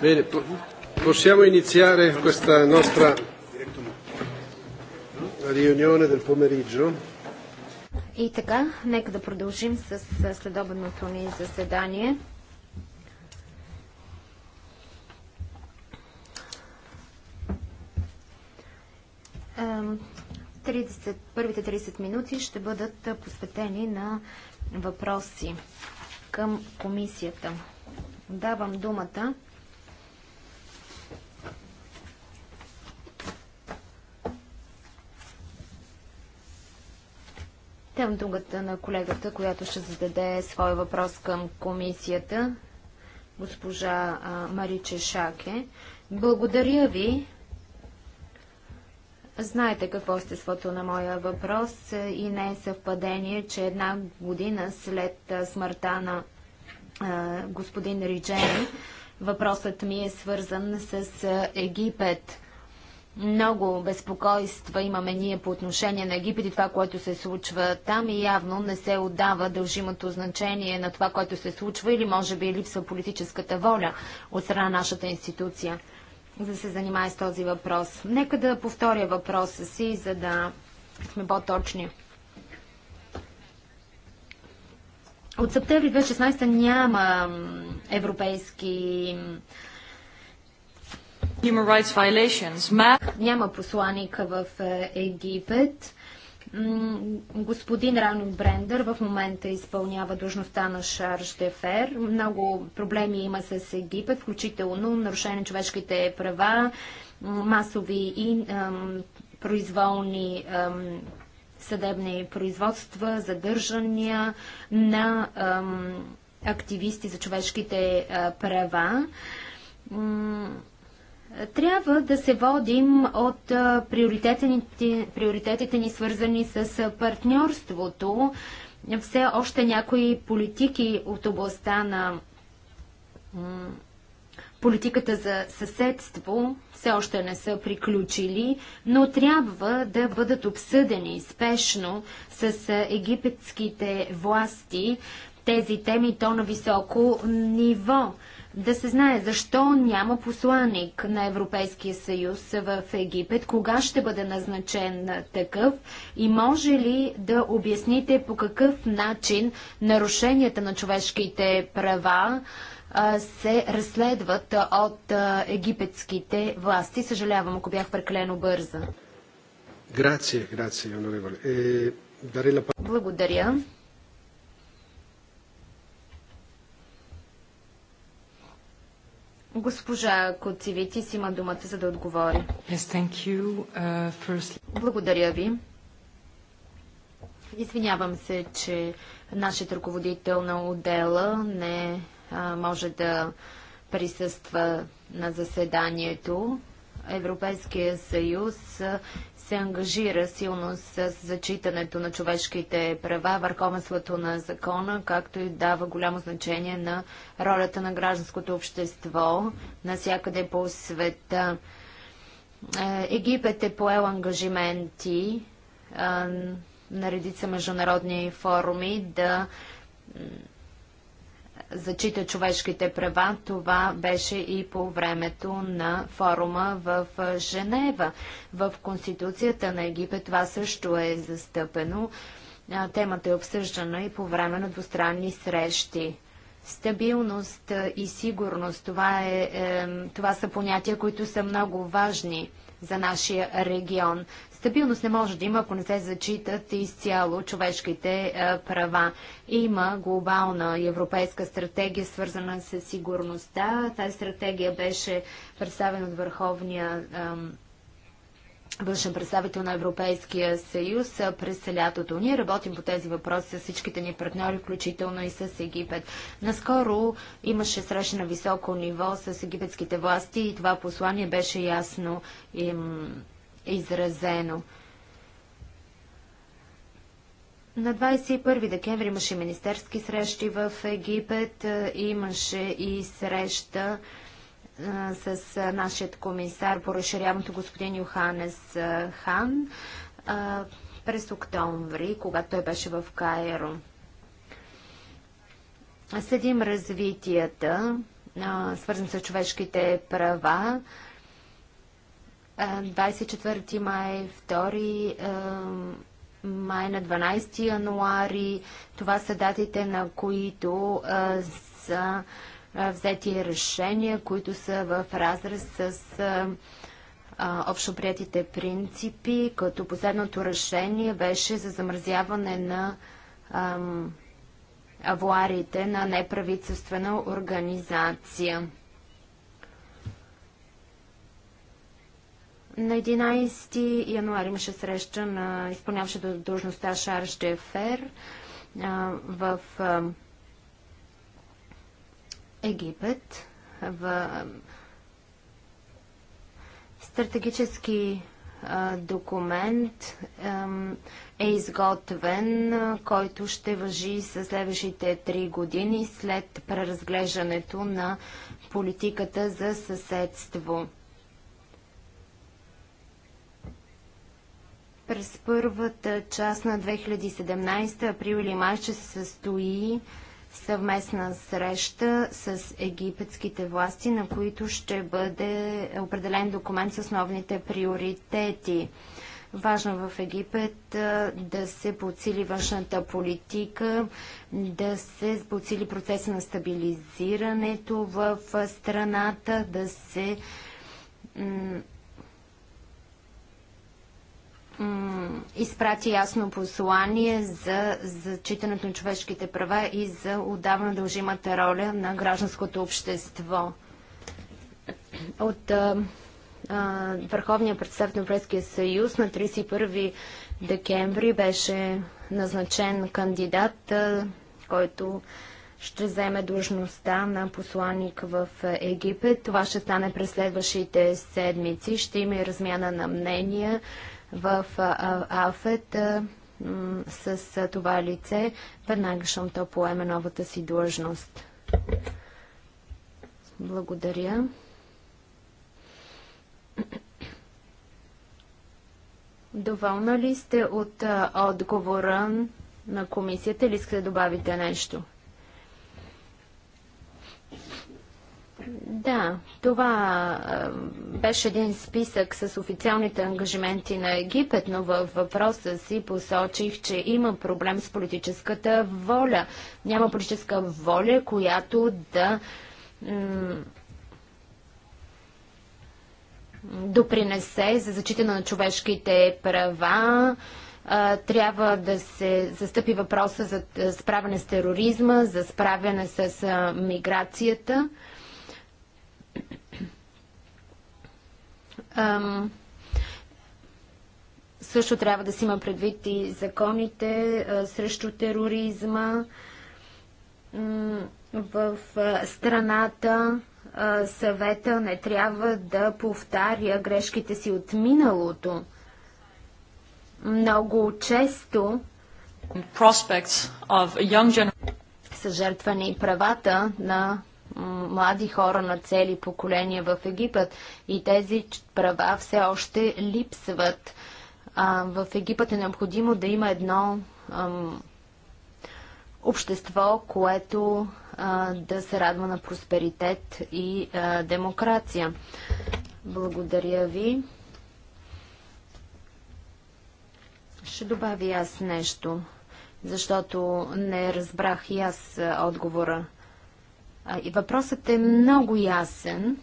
Bene, possiamo iniziare questa nostra riunione del pomeriggio. И така, нека да продължим с следобедното ни заседание. първите 30 минути ще бъдат посветени на въпроси към комисията давам думата Тем другата на колегата, която ще зададе своя въпрос към комисията, госпожа Мариче Шаке. Благодаря ви. Знаете какво сте естеството на моя въпрос и не е съвпадение, че една година след смъртта на господин Риджени, Въпросът ми е свързан с Египет. Много безпокойства имаме ние по отношение на Египет и това, което се случва там и явно не се отдава дължимото значение на това, което се случва или може би е липсва политическата воля от страна нашата институция за да се занимае с този въпрос. Нека да повторя въпроса си, за да сме по-точни. От септември 2016 няма европейски няма посланика в е, Египет. Господин Рано Брендер в момента изпълнява должността на Шарж Дефер. Много проблеми има с Египет, включително нарушение на човешките права, масови и ам, произволни ам, съдебни производства, задържания на ам, активисти за човешките а, права. Трябва да се водим от приоритетите, приоритетите ни, свързани с партньорството. Все още някои политики от областта на политиката за съседство все още не са приключили, но трябва да бъдат обсъдени спешно с египетските власти тези теми то на високо ниво. Да се знае защо няма посланник на Европейския съюз в Египет, кога ще бъде назначен такъв и може ли да обясните по какъв начин нарушенията на човешките права се разследват от египетските власти. Съжалявам, ако бях прекалено бърза. Грация, грация, е, Благодаря. Госпожа Коцивитис има думата, за да отговори. Yes, thank you. Uh, first... Благодаря ви. Извинявам се, че нашият ръководител на отдела не може да присъства на заседанието. Европейския съюз се ангажира силно с зачитането на човешките права, върховенството на закона, както и дава голямо значение на ролята на гражданското общество насякъде по света. Е, Египет е поел ангажименти е, на редица международни форуми да зачита човешките права. Това беше и по времето на форума в Женева. В Конституцията на Египет това също е застъпено. Темата е обсъждана и по време на двустранни срещи. Стабилност и сигурност, това, е, е, това са понятия, които са много важни за нашия регион. Стабилност не може да има, ако не се зачитат изцяло човешките е, права. Има глобална европейска стратегия, свързана с сигурността. Тази стратегия беше представена от Върховния външен представител на Европейския съюз през лятото. Ние работим по тези въпроси с всичките ни партньори, включително и с Египет. Наскоро имаше среща на високо ниво с египетските власти и това послание беше ясно им изразено. На 21 декември имаше министерски срещи в Египет, имаше и среща с нашият комисар по разширяването господин Йоханес Хан през октомври, когато той беше в Кайро. Следим развитията, свързан с човешките права. 24 май, 2 е май на 12 януари. Това са датите, на които са взети решения, които са в разрез с общоприятите принципи, като последното решение беше за замразяване на авуарите на неправителствена организация. На 11 януари имаше среща на изпълняващата длъжността Шарж Дефер в Египет. В стратегически документ е изготвен, който ще въжи за следващите три години след преразглеждането на политиката за съседство. През първата част на 2017, април или май, ще се състои съвместна среща с египетските власти, на които ще бъде определен документ с основните приоритети. Важно в Египет да се подсили външната политика, да се подсили процеса на стабилизирането в страната, да се изпрати ясно послание за зачитането на човешките права и за отдавна дължимата роля на гражданското общество. От а, а, Върховния представител на Европейския съюз на 31 декември беше назначен кандидат, а, който ще вземе длъжността на посланник в Египет. Това ще стане през следващите седмици. Ще има и размяна на мнения в АФЕТ с това лице, веднага щом то поеме новата си длъжност. Благодаря. Доволна ли сте от отговора на комисията или искате да добавите нещо? Да, това беше един списък с официалните ангажименти на Египет, но във въпроса си посочих, че има проблем с политическата воля. Няма политическа воля, която да допринесе за зачитане на човешките права, трябва да се застъпи въпроса за справяне с тероризма, за справяне с миграцията също трябва да си има предвид и законите а, срещу тероризма в а, страната. А, съвета не трябва да повтаря грешките си от миналото. Много често са жертвани правата на млади хора на цели поколения в Египет и тези права все още липсват. А, в Египет е необходимо да има едно ам, общество, което а, да се радва на просперитет и а, демокрация. Благодаря ви. Ще добавя аз нещо, защото не разбрах и аз отговора. И въпросът е много ясен.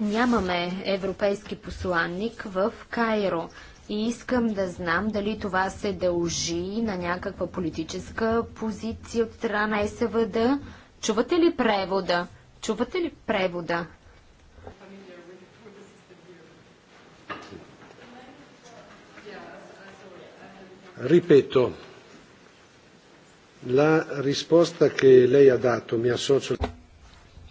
Нямаме европейски посланник в Кайро. И искам да знам дали това се дължи на някаква политическа позиция от страна на СВД. Чувате ли превода? Чувате ли превода? Ripeto, La risposta che lei ha dato mi associo.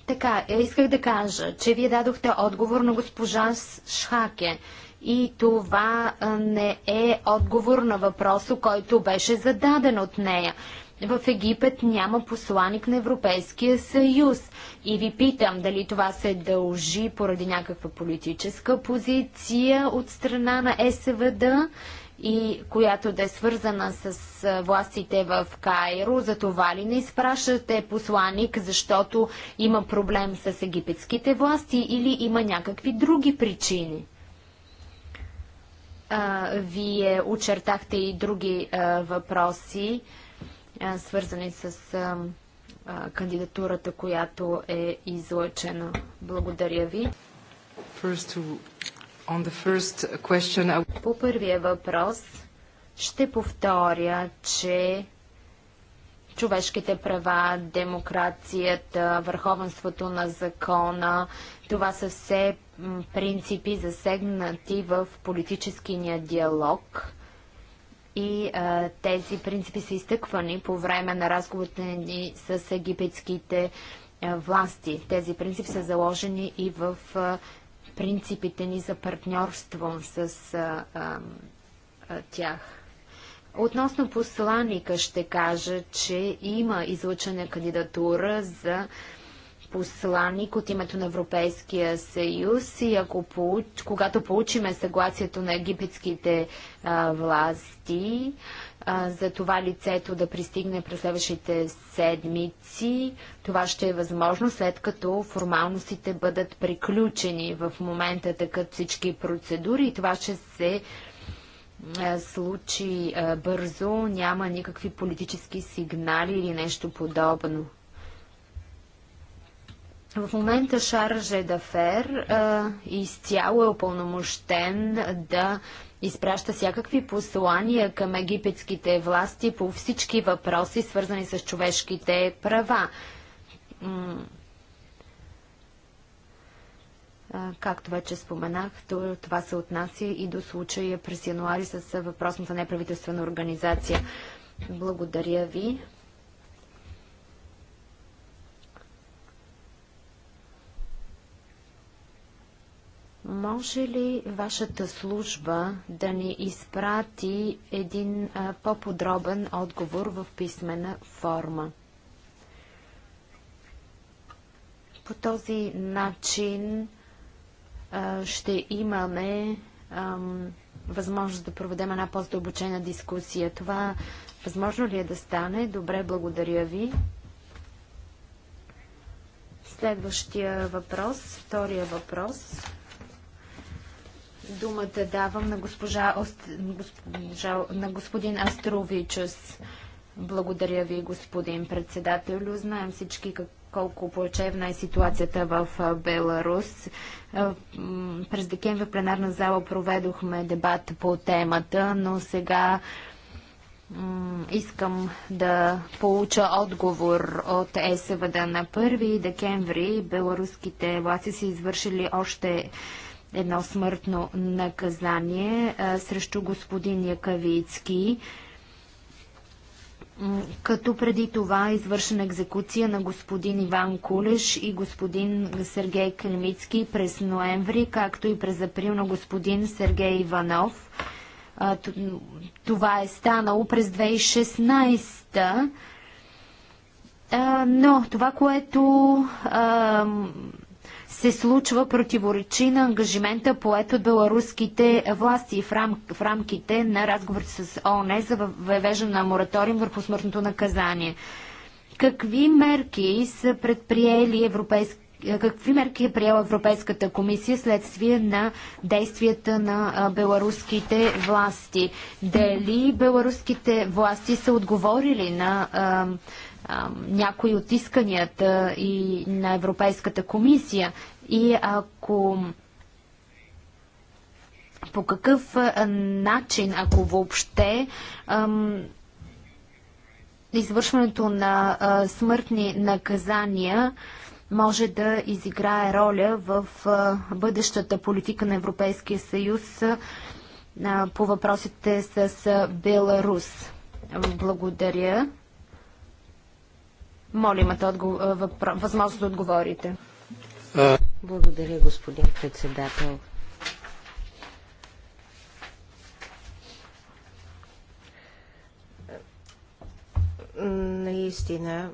Така, е, исках да кажа, че вие дадохте отговор на госпожа Шхаке и това не е отговор на въпроса, който беше зададен от нея. В Египет няма посланик на Европейския съюз. И ви питам дали това се дължи поради някаква политическа позиция от страна на СВД и която да е свързана с властите в Кайро. За това ли не изпращате посланик, защото има проблем с египетските власти или има някакви други причини? А, вие очертахте и други а, въпроси, а, свързани с кандидатурата, която е излъчена. Благодаря ви. First to по първия въпрос ще повторя, че човешките права, демокрацията, върховенството на закона, това са все принципи засегнати в политическия диалог и а, тези принципи са изтъквани по време на разговорите ни с египетските а, власти. Тези принципи са заложени и в а, принципите ни за партньорство с а, а, тях. Относно посланика, ще кажа, че има излъчена кандидатура за посланник от името на Европейския съюз и ако получ... когато получиме съгласието на египетските а, власти, а, а, за това лицето да пристигне през следващите седмици. Това ще е възможно след като формалностите бъдат приключени в момента така всички процедури и това ще се случи а, бързо, няма никакви политически сигнали или нещо подобно. В момента Шарже Дафер изцяло е опълномощен да изпраща всякакви послания към египетските власти по всички въпроси, свързани с човешките права. Както вече споменах, това се отнася и до случая през януари с въпросната неправителствена организация. Благодаря ви. Може ли вашата служба да ни изпрати един по-подробен отговор в писмена форма? По този начин а, ще имаме ам, възможност да проведем една по-здълбочена дискусия. Това възможно ли е да стане? Добре, благодаря ви. Следващия въпрос, втория въпрос. Думата давам на, госпожа, госпожа, на господин Астровичус. Благодаря ви, господин председател. Знаем всички как, колко плачевна е ситуацията в Беларус. През декември в пленарна зала проведохме дебат по темата, но сега искам да получа отговор от ЕСВД на 1 декември. Беларуските власти са извършили още едно смъртно наказание а, срещу господин Якавицки, като преди това е извършена екзекуция на господин Иван Кулеш и господин Сергей Калмицки през ноември, както и през април на господин Сергей Иванов. А, това е станало през 2016 -та. но това, което а, се случва противоречи на ангажимента поет от беларуските власти в, рам, в рамките на разговорите с ООН за въвеждане на мораториум върху смъртното наказание. Какви мерки са предприели европейски Какви мерки е приела Европейската комисия следствие на действията на беларуските власти? Дали беларуските власти са отговорили на някои от исканията и на Европейската комисия. И ако по какъв начин, ако въобще, ам, извършването на а, смъртни наказания може да изиграе роля в а, бъдещата политика на Европейския съюз по въпросите с Беларус. Благодаря. Моля, имате възможност да отговорите. Благодаря, господин председател. Наистина,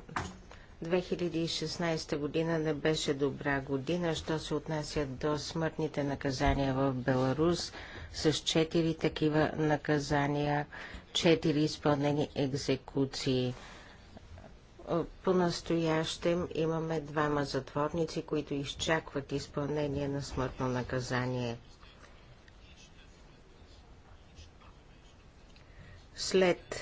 2016 година не беше добра година, що се отнася до смъртните наказания в Беларус с 4 такива наказания, 4 изпълнени екзекуции – по-настоящем имаме двама затворници, които изчакват изпълнение на смъртно наказание. След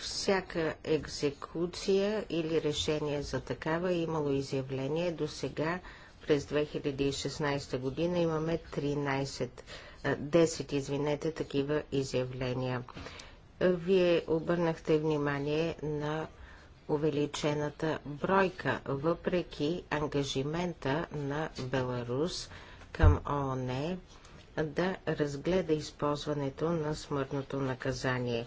всяка екзекуция или решение за такава е имало изявление. До сега през 2016 година имаме 13 10, извинете, такива изявления. Вие обърнахте внимание на увеличената бройка, въпреки ангажимента на Беларус към ООН да разгледа използването на смъртното наказание.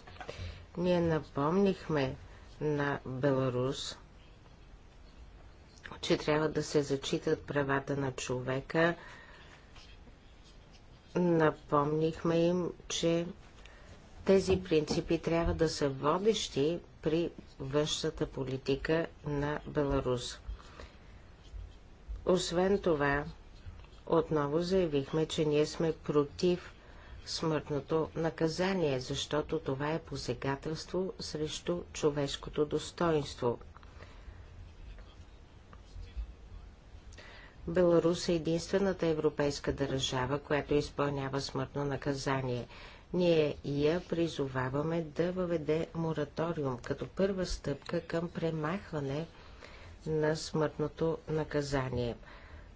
Ние напомнихме на Беларус, че трябва да се зачитат правата на човека, Напомнихме им, че тези принципи трябва да са водещи при външната политика на Беларус. Освен това, отново заявихме, че ние сме против смъртното наказание, защото това е посегателство срещу човешкото достоинство. Беларус е единствената европейска държава, която изпълнява смъртно наказание. Ние я призоваваме да въведе мораториум като първа стъпка към премахване на смъртното наказание.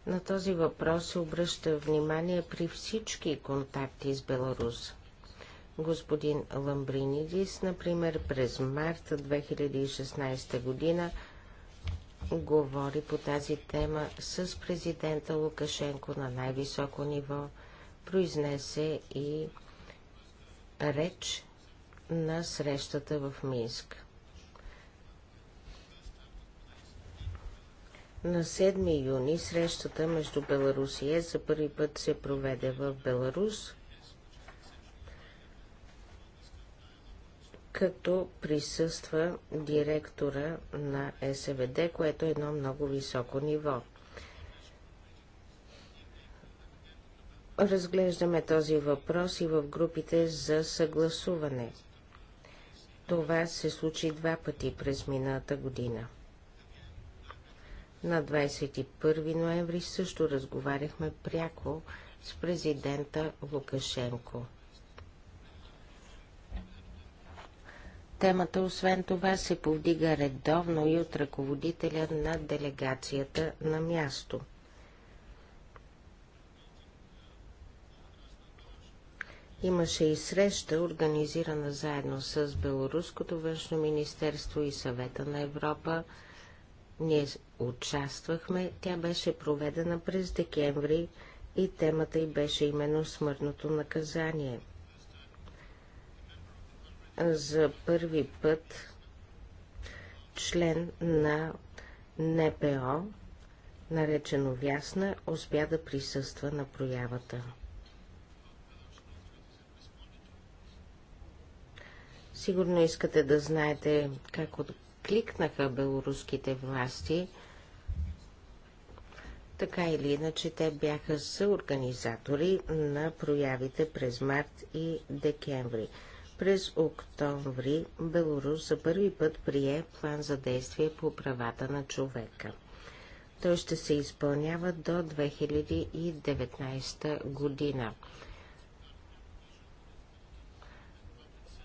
На този въпрос се обръща внимание при всички контакти с Беларус. Господин Ламбринидис, например, през март 2016 година говори по тази тема с президента Лукашенко на най-високо ниво, произнесе и реч на срещата в Минск. На 7 юни срещата между Беларусия за първи път се проведе в Беларус. като присъства директора на СВД, което е едно много високо ниво. Разглеждаме този въпрос и в групите за съгласуване. Това се случи два пъти през мината година. На 21 ноември също разговаряхме пряко с президента Лукашенко. Темата освен това се повдига редовно и от ръководителя на делегацията на място. Имаше и среща, организирана заедно с Белоруското външно министерство и съвета на Европа. Ние участвахме, тя беше проведена през декември и темата й беше именно смъртното наказание – за първи път член на НПО, наречено Вясна, успя да присъства на проявата. Сигурно искате да знаете как откликнаха белоруските власти. Така или иначе, те бяха съорганизатори на проявите през март и декември. През октомври Беларус за първи път прие план за действие по правата на човека. Той ще се изпълнява до 2019 година.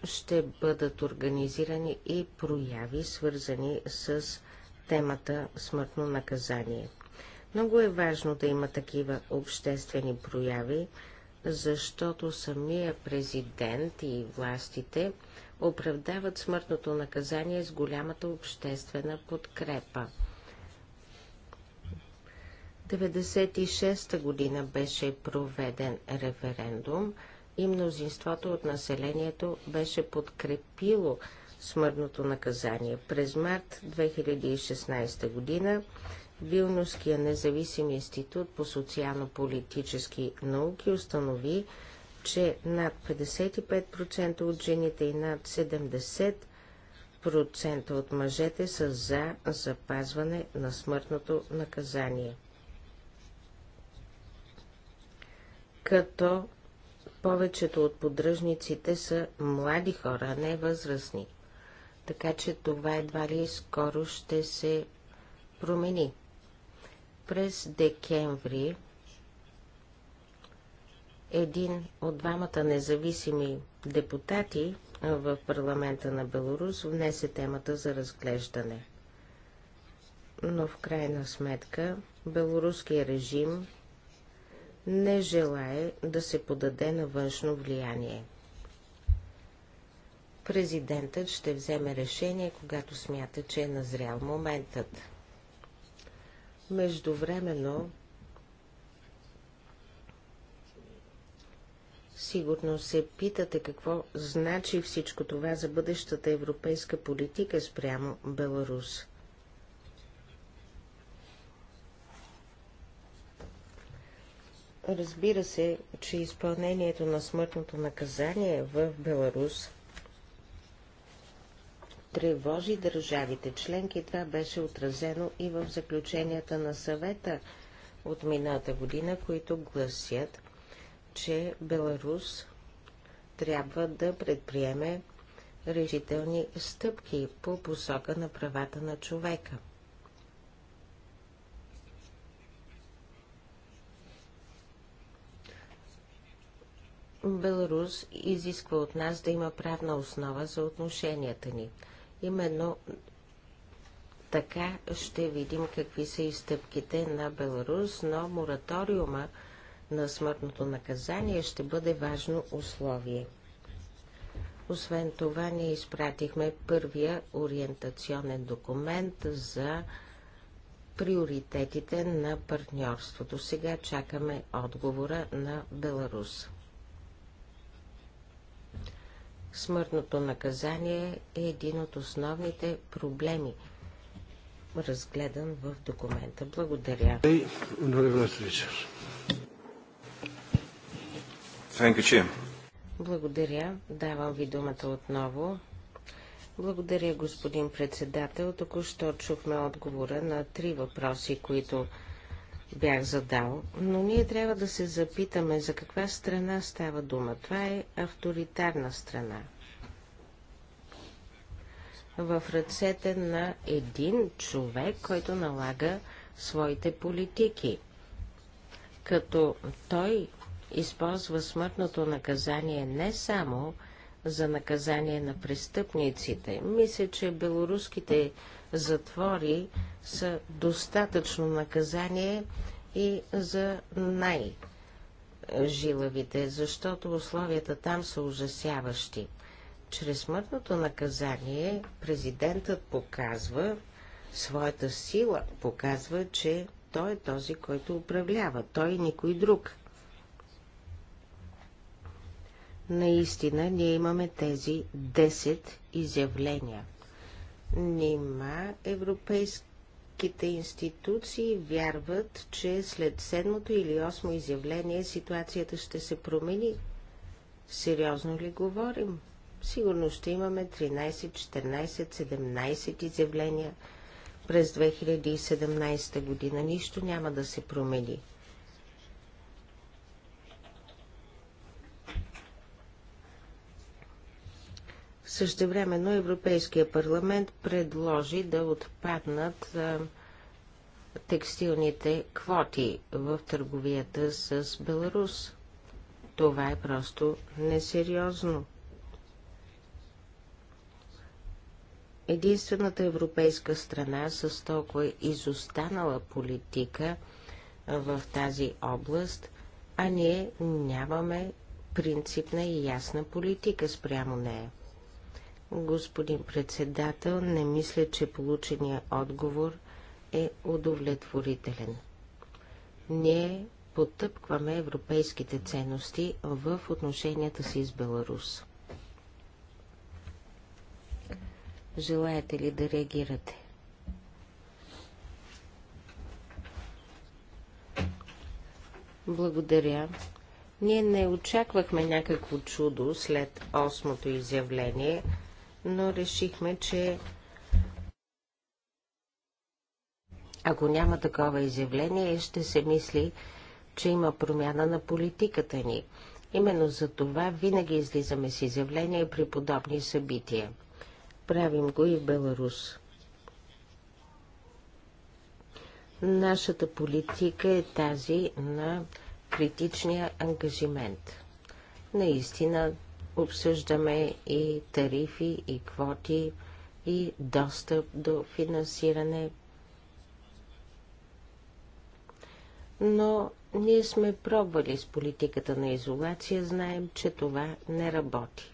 Ще бъдат организирани и прояви, свързани с темата смъртно наказание. Много е важно да има такива обществени прояви, защото самия президент и властите оправдават смъртното наказание с голямата обществена подкрепа. 1996 година беше проведен референдум и мнозинството от населението беше подкрепило смъртното наказание. През март 2016 година Вилнюския е независим институт по социално-политически науки установи, че над 55% от жените и над 70% от мъжете са за запазване на смъртното наказание. Като повечето от поддръжниците са млади хора, а не възрастни. Така че това едва ли скоро ще се промени. През декември един от двамата независими депутати в парламента на Беларус внесе темата за разглеждане. Но в крайна сметка беларуският режим не желае да се подаде на външно влияние. Президентът ще вземе решение, когато смята, че е назрял моментът. Междувременно Сигурно се питате какво значи всичко това за бъдещата европейска политика спрямо Беларус. Разбира се, че изпълнението на смъртното наказание в Беларус тревожи държавите членки. Това беше отразено и в заключенията на съвета от мината година, които гласят, че Беларус трябва да предприеме решителни стъпки по посока на правата на човека. Беларус изисква от нас да има правна основа за отношенията ни – Именно така ще видим какви са изтъпките на Беларус, но мораториума на смъртното наказание ще бъде важно условие. Освен това, ние изпратихме първия ориентационен документ за приоритетите на партньорството. Сега чакаме отговора на Беларус. Смъртното наказание е един от основните проблеми, разгледан в документа. Благодаря. Благодаря. Давам ви думата отново. Благодаря, господин председател. Току-що чухме отговора на три въпроси, които бях задал, но ние трябва да се запитаме за каква страна става дума. Това е авторитарна страна. В ръцете на един човек, който налага своите политики. Като той използва смъртното наказание не само за наказание на престъпниците. Мисля, че белоруските затвори са достатъчно наказание и за най-жилавите, защото условията там са ужасяващи. Чрез смъртното наказание президентът показва своята сила, показва, че той е този, който управлява, той и е никой друг. Наистина ние имаме тези 10 изявления – Нима европейските институции вярват, че след седмото или осмо изявление ситуацията ще се промени? Сериозно ли говорим? Сигурно ще имаме 13, 14, 17 изявления през 2017 година. Нищо няма да се промени. Същевременно Европейския парламент предложи да отпаднат текстилните квоти в търговията с Беларус. Това е просто несериозно. Единствената европейска страна с толкова изостанала политика в тази област, а ние нямаме принципна и ясна политика спрямо нея. Господин председател, не мисля, че получения отговор е удовлетворителен. Ние потъпкваме европейските ценности в отношенията си с Беларус. Желаете ли да реагирате? Благодаря. Ние не очаквахме някакво чудо след осмото изявление – но решихме, че ако няма такова изявление, ще се мисли, че има промяна на политиката ни. Именно за това винаги излизаме с изявления при подобни събития. Правим го и в Беларус. Нашата политика е тази на критичния ангажимент. Наистина Обсъждаме и тарифи, и квоти, и достъп до финансиране. Но ние сме пробвали с политиката на изолация, знаем, че това не работи.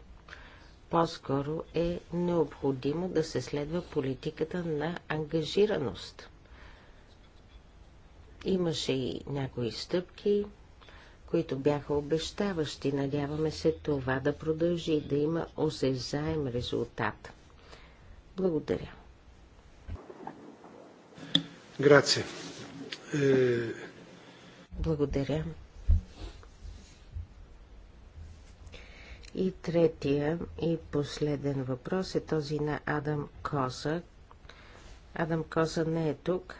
По-скоро е необходимо да се следва политиката на ангажираност. Имаше и някои стъпки, които бяха обещаващи. Надяваме се това да продължи да има осезаем резултат. Благодаря. Грация. Е, Благодаря. И третия и последен въпрос е този на Адам Коса. Адам Коса не е тук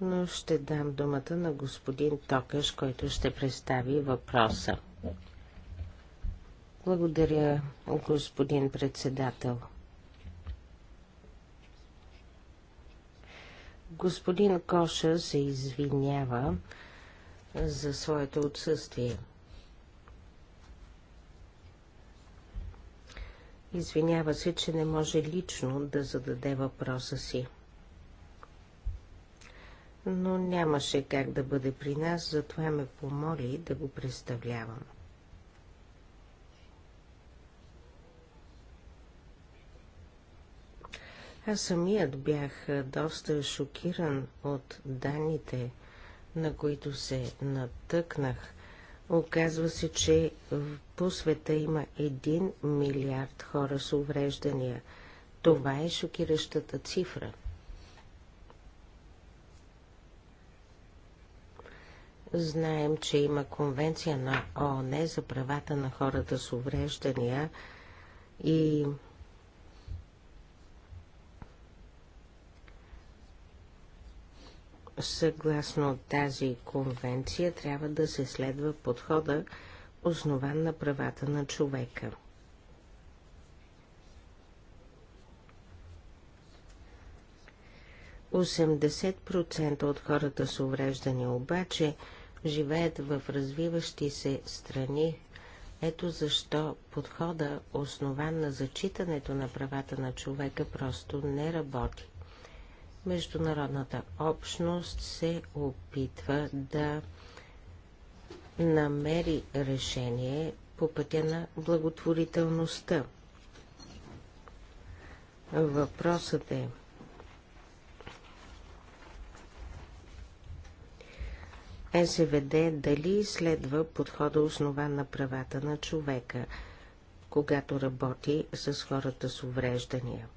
но ще дам думата на господин Токаш, който ще представи въпроса. Благодаря, господин председател. Господин Коша се извинява за своето отсъствие. Извинява се, че не може лично да зададе въпроса си но нямаше как да бъде при нас, затова ме помоли да го представлявам. Аз самият бях доста шокиран от данните, на които се натъкнах. Оказва се, че по света има 1 милиард хора с увреждания. Това е шокиращата цифра – Знаем, че има конвенция на ООН за правата на хората с увреждания и съгласно тази конвенция трябва да се следва подхода, основан на правата на човека. Осемдесет процента от хората с увреждания обаче – живеят в развиващи се страни. Ето защо подхода, основан на зачитането на правата на човека, просто не работи. Международната общност се опитва да намери решение по пътя на благотворителността. Въпросът е СВД дали следва подхода основа на правата на човека, когато работи с хората с увреждания.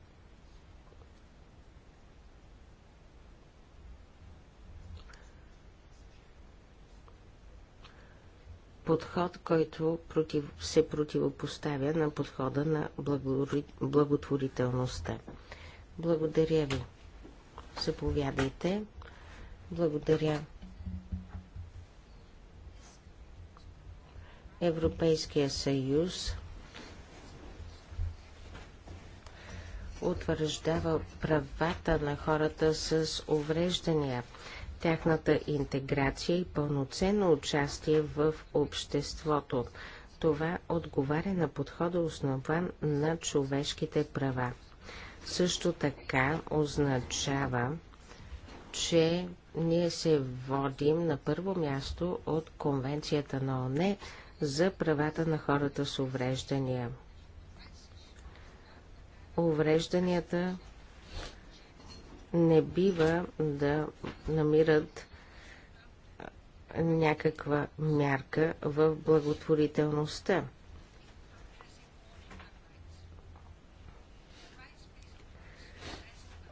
подход, който против, се противопоставя на подхода на благори, благотворителността. Благодаря ви. Заповядайте. Благодаря Европейския съюз утвърждава правата на хората с увреждания, тяхната интеграция и пълноценно участие в обществото. Това отговаря на подхода основан на човешките права. Също така означава, че ние се водим на първо място от Конвенцията на ОНЕ за правата на хората с увреждания. Уврежданията не бива да намират някаква мярка в благотворителността.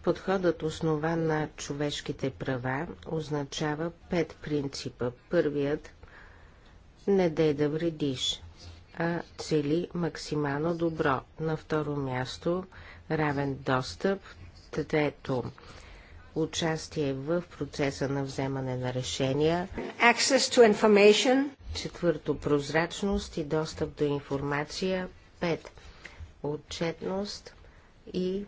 Подходът основан на човешките права означава пет принципа. Първият не дей да вредиш, а цели максимално добро. На второ място равен достъп, трето участие в процеса на вземане на решения, Access to information. четвърто прозрачност и достъп до информация, пет отчетност и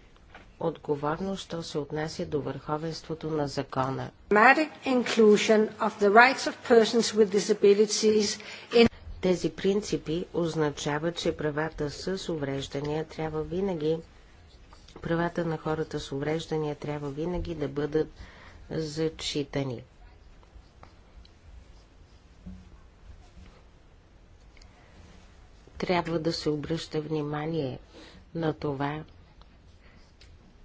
отговорност, що се отнася до върховенството на закона. Тези принципи означават, че правата с увреждания трябва винаги, правата на хората с увреждания трябва винаги да бъдат зачитани. Трябва да се обръща внимание на това,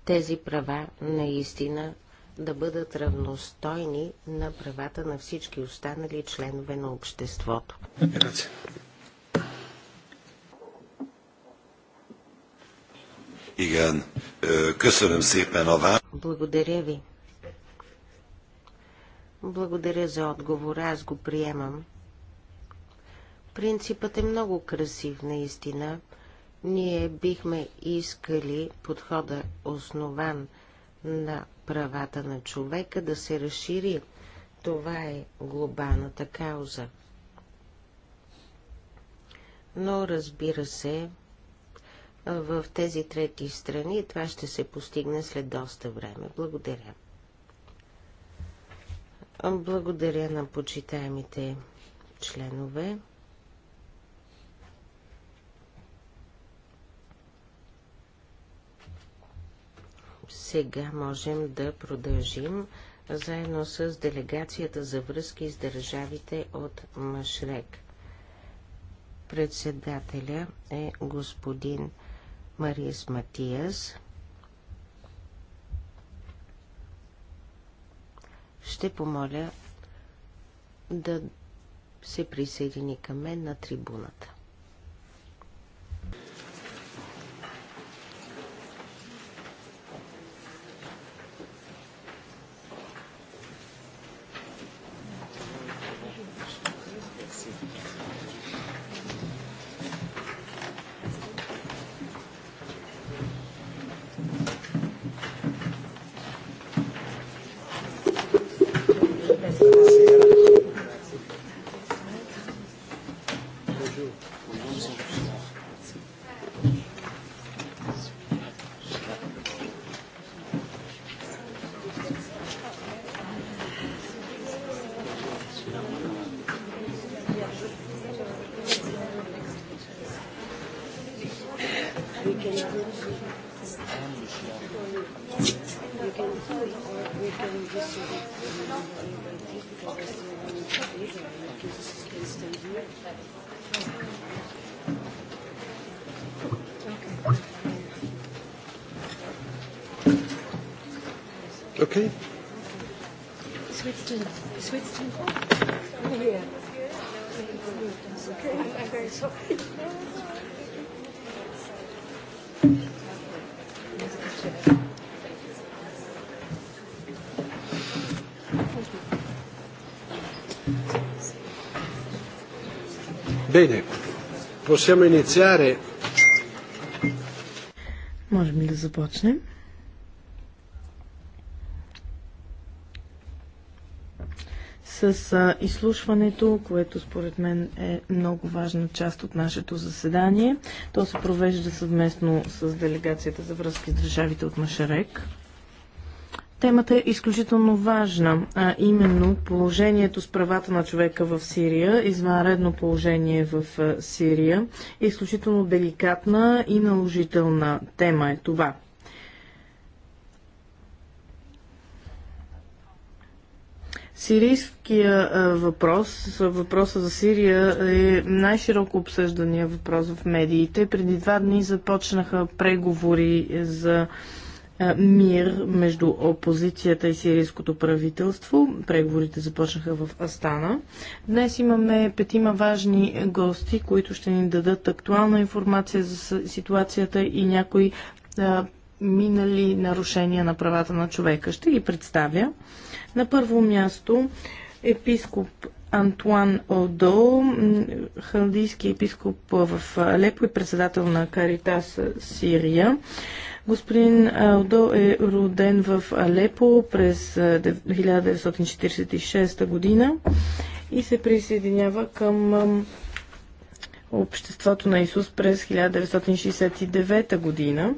тези права наистина да бъдат равностойни на правата на всички останали членове на обществото. Благодаря ви. Благодаря за отговора, аз го приемам. Принципът е много красив, наистина. Ние бихме искали подхода основан на правата на човека да се разшири. Това е глобалната кауза. Но разбира се, в тези трети страни това ще се постигне след доста време. Благодаря. Благодаря на почитаемите членове. сега можем да продължим заедно с делегацията за връзки с държавите от Машрек. Председателя е господин Марис Матиас. Ще помоля да се присъедини към мен на трибуната. Bene, possiamo iniziare. Можем ли да започнем? С а, изслушването, което според мен е много важна част от нашето заседание. То се провежда съвместно с делегацията за връзки с държавите от Машарек. Темата е изключително важна, а именно положението с правата на човека в Сирия, извънредно положение в Сирия, е изключително деликатна и наложителна тема е това. Сирийския въпрос, въпроса за Сирия е най-широко обсъждания въпрос в медиите. Преди два дни започнаха преговори за мир между опозицията и сирийското правителство. Преговорите започнаха в Астана. Днес имаме петима важни гости, които ще ни дадат актуална информация за ситуацията и някои а, минали нарушения на правата на човека. Ще ги представя. На първо място епископ Антуан Одо, халдийски епископ в Алепо и председател на Каритас Сирия. Господин Алдо е роден в Алепо през 1946 година и се присъединява към Обществото на Исус през 1969 година.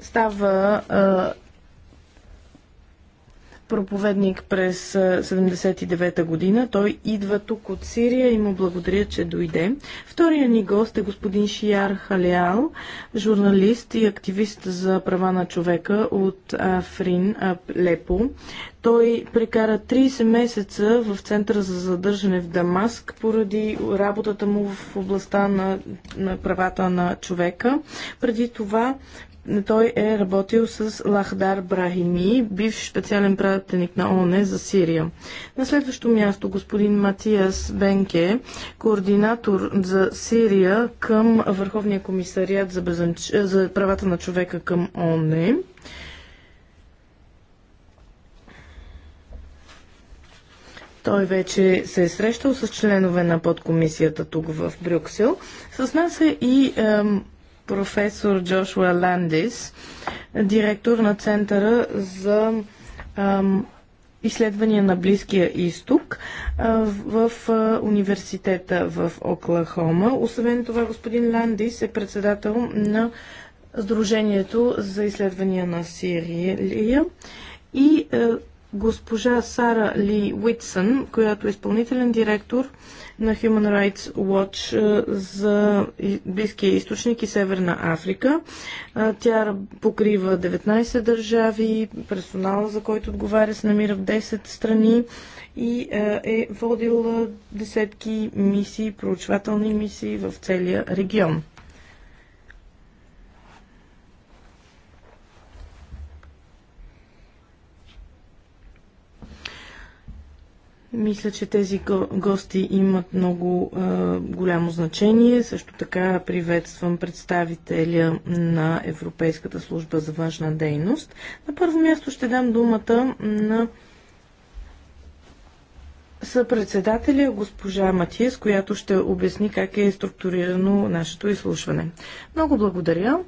Става проповедник през 79-та година. Той идва тук от Сирия и му благодаря, че дойде. Втория ни гост е господин Шияр Халеал, журналист и активист за права на човека от Африн Лепо. Той прекара 30 месеца в Центъра за задържане в Дамаск поради работата му в областта на, на правата на човека. Преди това той е работил с Лахдар Брахими, бивш специален пратеник на ООН за Сирия. На следващо място господин Матиас Бенке, координатор за Сирия към Върховния комисариат за, безънч... за правата на човека към ООН. Той вече се е срещал с членове на подкомисията тук в Брюксел. С нас е и ем, професор Джошуа Ландис, директор на Центъра за ам, изследвания на Близкия изток в университета в Оклахома. Освен това, господин Ландис е председател на Сдружението за изследвания на Сирия и госпожа Сара Ли Уитсън, която е изпълнителен директор на Human Rights Watch е, за Близкия източник и Северна Африка. Е, тя покрива 19 държави, персонала, за който отговаря, се намира в 10 страни и е, е водила десетки мисии, проучвателни мисии в целия регион. Мисля, че тези гости имат много е, голямо значение. Също така приветствам представителя на Европейската служба за външна дейност. На първо място ще дам думата на съпредседателя госпожа Матиес, която ще обясни как е структурирано нашето изслушване. Много благодаря.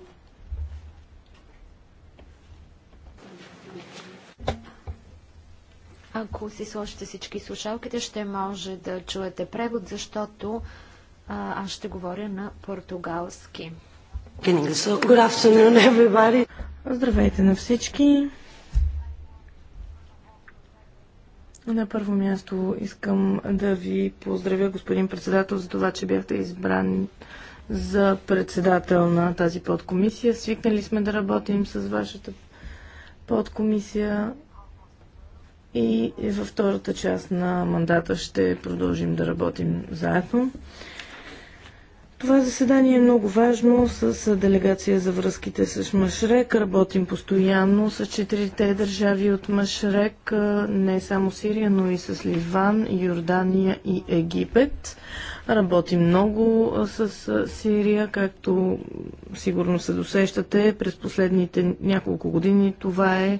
Ако си сложите всички слушалките, ще може да чуете превод, защото а, аз ще говоря на португалски. Здравейте на всички! На първо място искам да ви поздравя, господин председател, за това, че бяхте избран за председател на тази подкомисия. Свикнали сме да работим с вашата подкомисия и във втората част на мандата ще продължим да работим заедно. Това заседание е много важно с делегация за връзките с Машрек. Работим постоянно с четирите държави от Машрек, не само Сирия, но и с Ливан, Йордания и Египет. Работим много с Сирия, както сигурно се досещате. През последните няколко години това е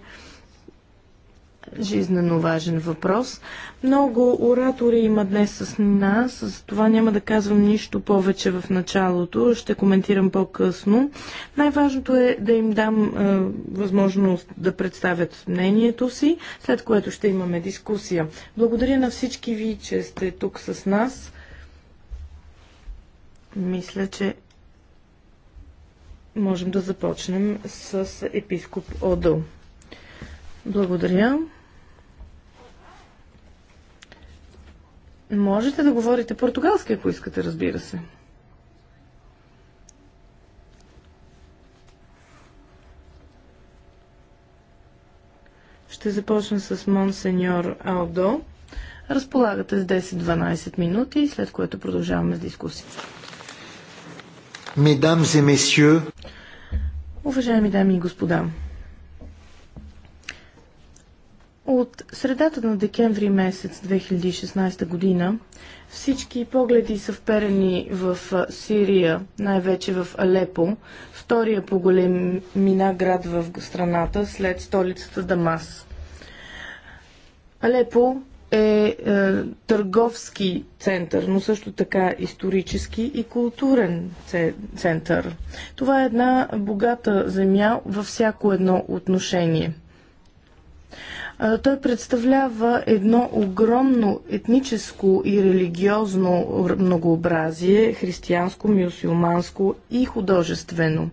жизненно важен въпрос. Много оратори има днес с нас, за това няма да казвам нищо повече в началото, ще коментирам по-късно. Най-важното е да им дам е, възможност да представят мнението си, след което ще имаме дискусия. Благодаря на всички ви, че сте тук с нас. Мисля, че можем да започнем с епископ Одъл. Благодаря. Можете да говорите португалски, ако искате, разбира се. Ще започна с Монсеньор Алдо. Разполагате с 10-12 минути, след което продължаваме с дискусията. Mesdames et messieurs, Уважаеми дами и господа, от средата на декември месец 2016 година всички погледи са вперени в Сирия, най-вече в Алепо, втория по големина град в страната след столицата Дамас. Алепо е, е търговски център, но също така исторически и културен център. Това е една богата земя във всяко едно отношение. Той представлява едно огромно етническо и религиозно многообразие, християнско, мюсюлманско и художествено.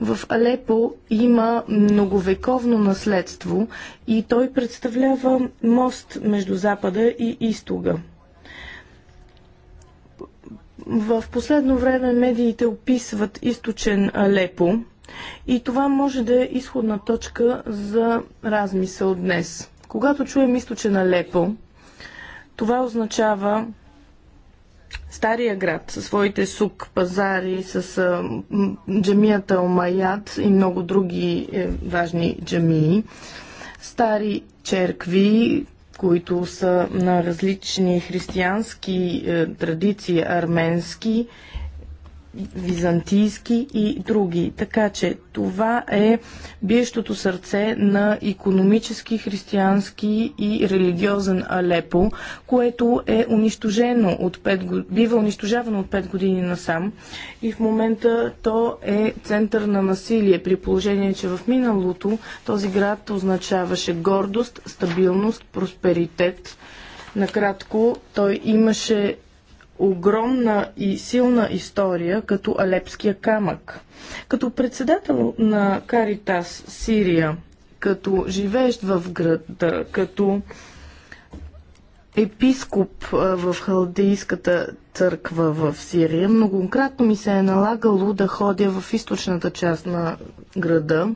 В Алепо има многовековно наследство и той представлява мост между Запада и Изтога. В последно време медиите описват източен Алепо и това може да е изходна точка за размисъл днес. Когато чуем източен Алепо, това означава Стария град със своите сук, пазари, с а, джамията Омаят и много други е, важни джамии. Стари черкви, които са на различни християнски е, традиции, арменски византийски и други. Така че това е биещото сърце на економически, християнски и религиозен Алепо, което е унищожено от 5 години, бива унищожавано от 5 години насам и в момента то е център на насилие при положение, че в миналото този град означаваше гордост, стабилност, просперитет. Накратко, той имаше огромна и силна история като Алепския камък. Като председател на Каритас Сирия, като живеещ в града, като епископ в халдейската църква в Сирия. Многократно ми се е налагало да ходя в източната част на града,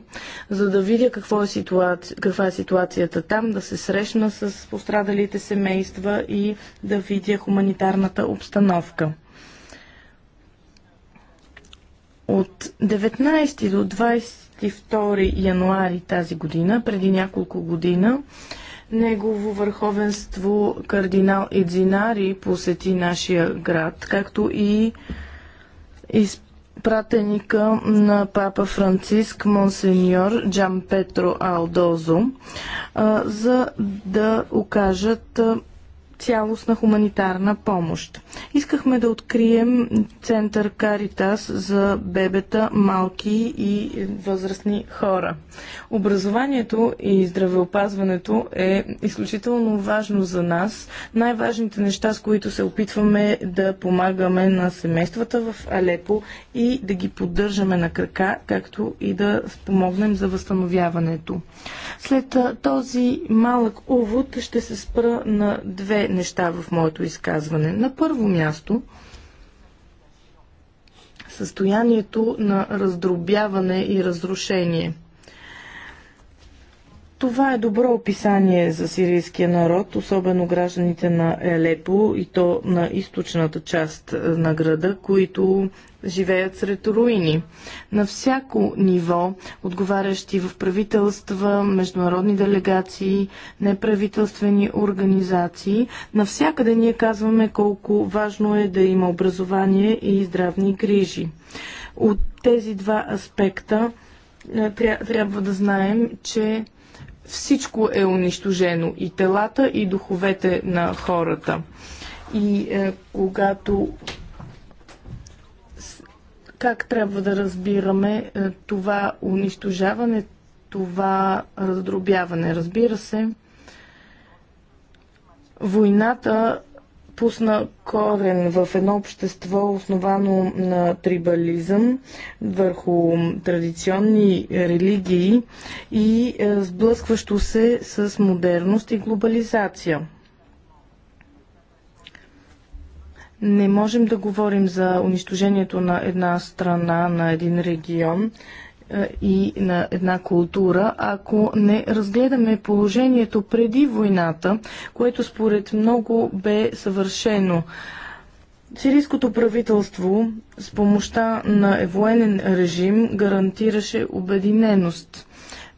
за да видя какво е ситуаци... каква е ситуацията там, да се срещна с пострадалите семейства и да видя хуманитарната обстановка. От 19 до 22 януари тази година, преди няколко година, Негово върховенство кардинал Идзинари посети нашия град, както и изпратеника на папа Франциск монсеньор Джан Петро Алдозо, за да окажат цялостна хуманитарна помощ. Искахме да открием център Каритас за бебета, малки и възрастни хора. Образованието и здравеопазването е изключително важно за нас. Най-важните неща, с които се опитваме да помагаме на семействата в Алепо и да ги поддържаме на крака, както и да спомогнем за възстановяването. След този малък увод ще се спра на две неща в моето изказване. На първо място, състоянието на раздробяване и разрушение – това е добро описание за сирийския народ, особено гражданите на Елепо и то на източната част е, на града, които живеят сред руини. На всяко ниво, отговарящи в правителства, международни делегации, неправителствени организации, навсякъде ние казваме колко важно е да има образование и здравни грижи. От тези два аспекта е, трябва да знаем, че всичко е унищожено и телата, и духовете на хората. И е, когато как трябва да разбираме е, това унищожаване, това раздробяване? Разбира се, войната пусна корен в едно общество, основано на трибализъм, върху традиционни религии и е, сблъскващо се с модерност и глобализация. Не можем да говорим за унищожението на една страна, на един регион, е, и на една култура, ако не разгледаме положението преди войната, което според много бе съвършено. Сирийското правителство с помощта на военен режим гарантираше обединеност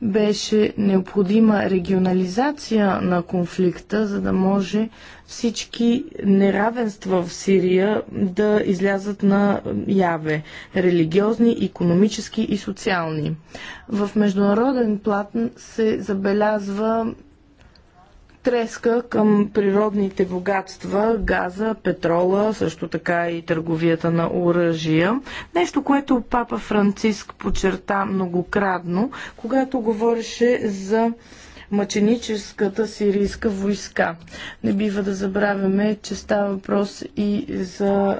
беше необходима регионализация на конфликта, за да може всички неравенства в Сирия да излязат на яве религиозни, економически и социални. В международен план се забелязва треска към природните богатства, газа, петрола, също така и търговията на оръжия. Нещо, което папа Франциск подчерта многократно, когато говореше за мъченическата сирийска войска. Не бива да забравяме, че става въпрос и за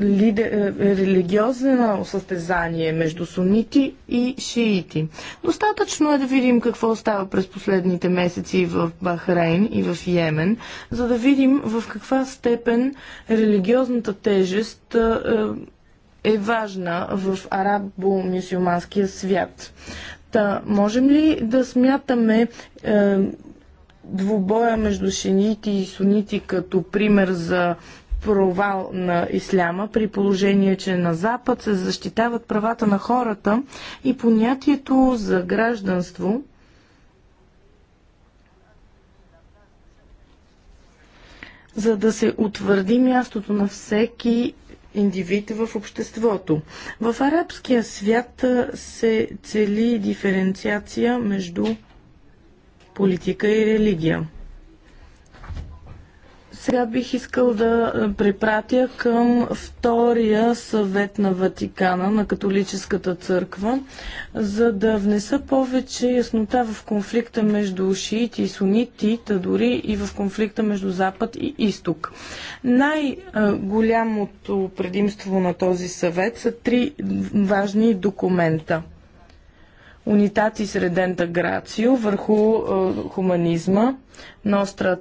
лидер, е, религиозно състезание между сунити и шиити. Достатъчно е да видим какво става през последните месеци в Бахрейн и в Йемен, за да видим в каква степен религиозната тежест е, е важна в арабо-мюсюлманския свят. Та, можем ли да смятаме е, двубоя между шиити и сунити като пример за провал на исляма, при положение, че на Запад се защитават правата на хората и понятието за гражданство за да се утвърди мястото на всеки индивид в обществото. В арабския свят се цели диференциация между политика и религия. Сега бих искал да е, препратя към втория съвет на Ватикана, на католическата църква, за да внеса повече яснота в конфликта между шиити и сунити, та дори и в конфликта между Запад и Изток. Най-голямото предимство на този съвет са три важни документа – Унитати Средента грацио върху е, хуманизма,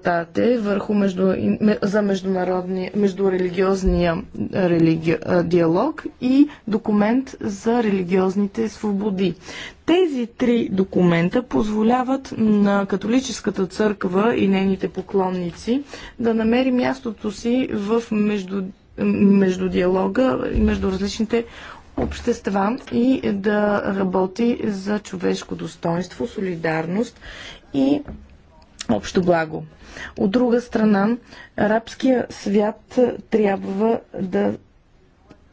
тате, върху между, за международни, междурелигиозния е, религи, е, диалог и документ за религиозните свободи. Тези три документа позволяват на католическата църква и нейните поклонници да намери мястото си в между е, между диалога и между различните общества и да работи за човешко достоинство, солидарност и общо благо. От друга страна, арабския свят трябва да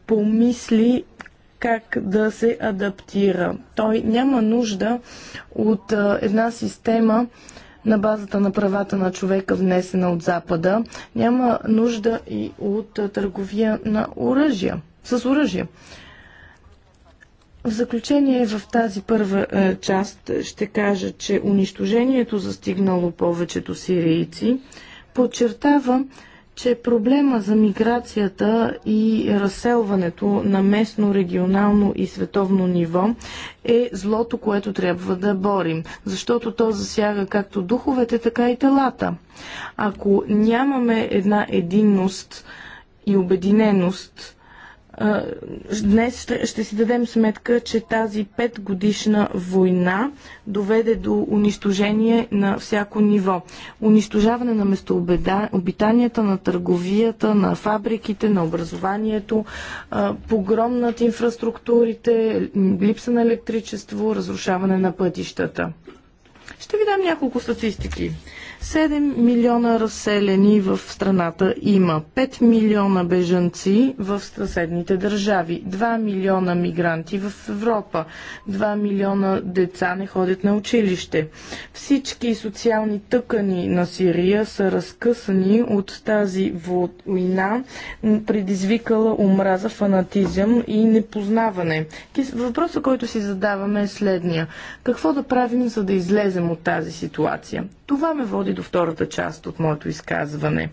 помисли как да се адаптира. Той няма нужда от една система на базата на правата на човека, внесена от Запада. Няма нужда и от търговия на оръжия, с оръжия. В заключение в тази първа е, част ще кажа, че унищожението застигнало повечето сирийци подчертава, че проблема за миграцията и разселването на местно, регионално и световно ниво е злото, което трябва да борим, защото то засяга както духовете, така и телата. Ако нямаме една единност и обединеност, Днес ще, си дадем сметка, че тази петгодишна война доведе до унищожение на всяко ниво. Унищожаване на местообитанията, на търговията, на фабриките, на образованието, погром над инфраструктурите, липса на електричество, разрушаване на пътищата. Ще ви дам няколко статистики. 7 милиона разселени в страната има, 5 милиона бежанци в съседните държави, 2 милиона мигранти в Европа, 2 милиона деца не ходят на училище. Всички социални тъкани на Сирия са разкъсани от тази война, предизвикала омраза, фанатизъм и непознаване. Въпросът, който си задаваме е следния. Какво да правим, за да излезем излезем от тази ситуация. Това ме води до втората част от моето изказване.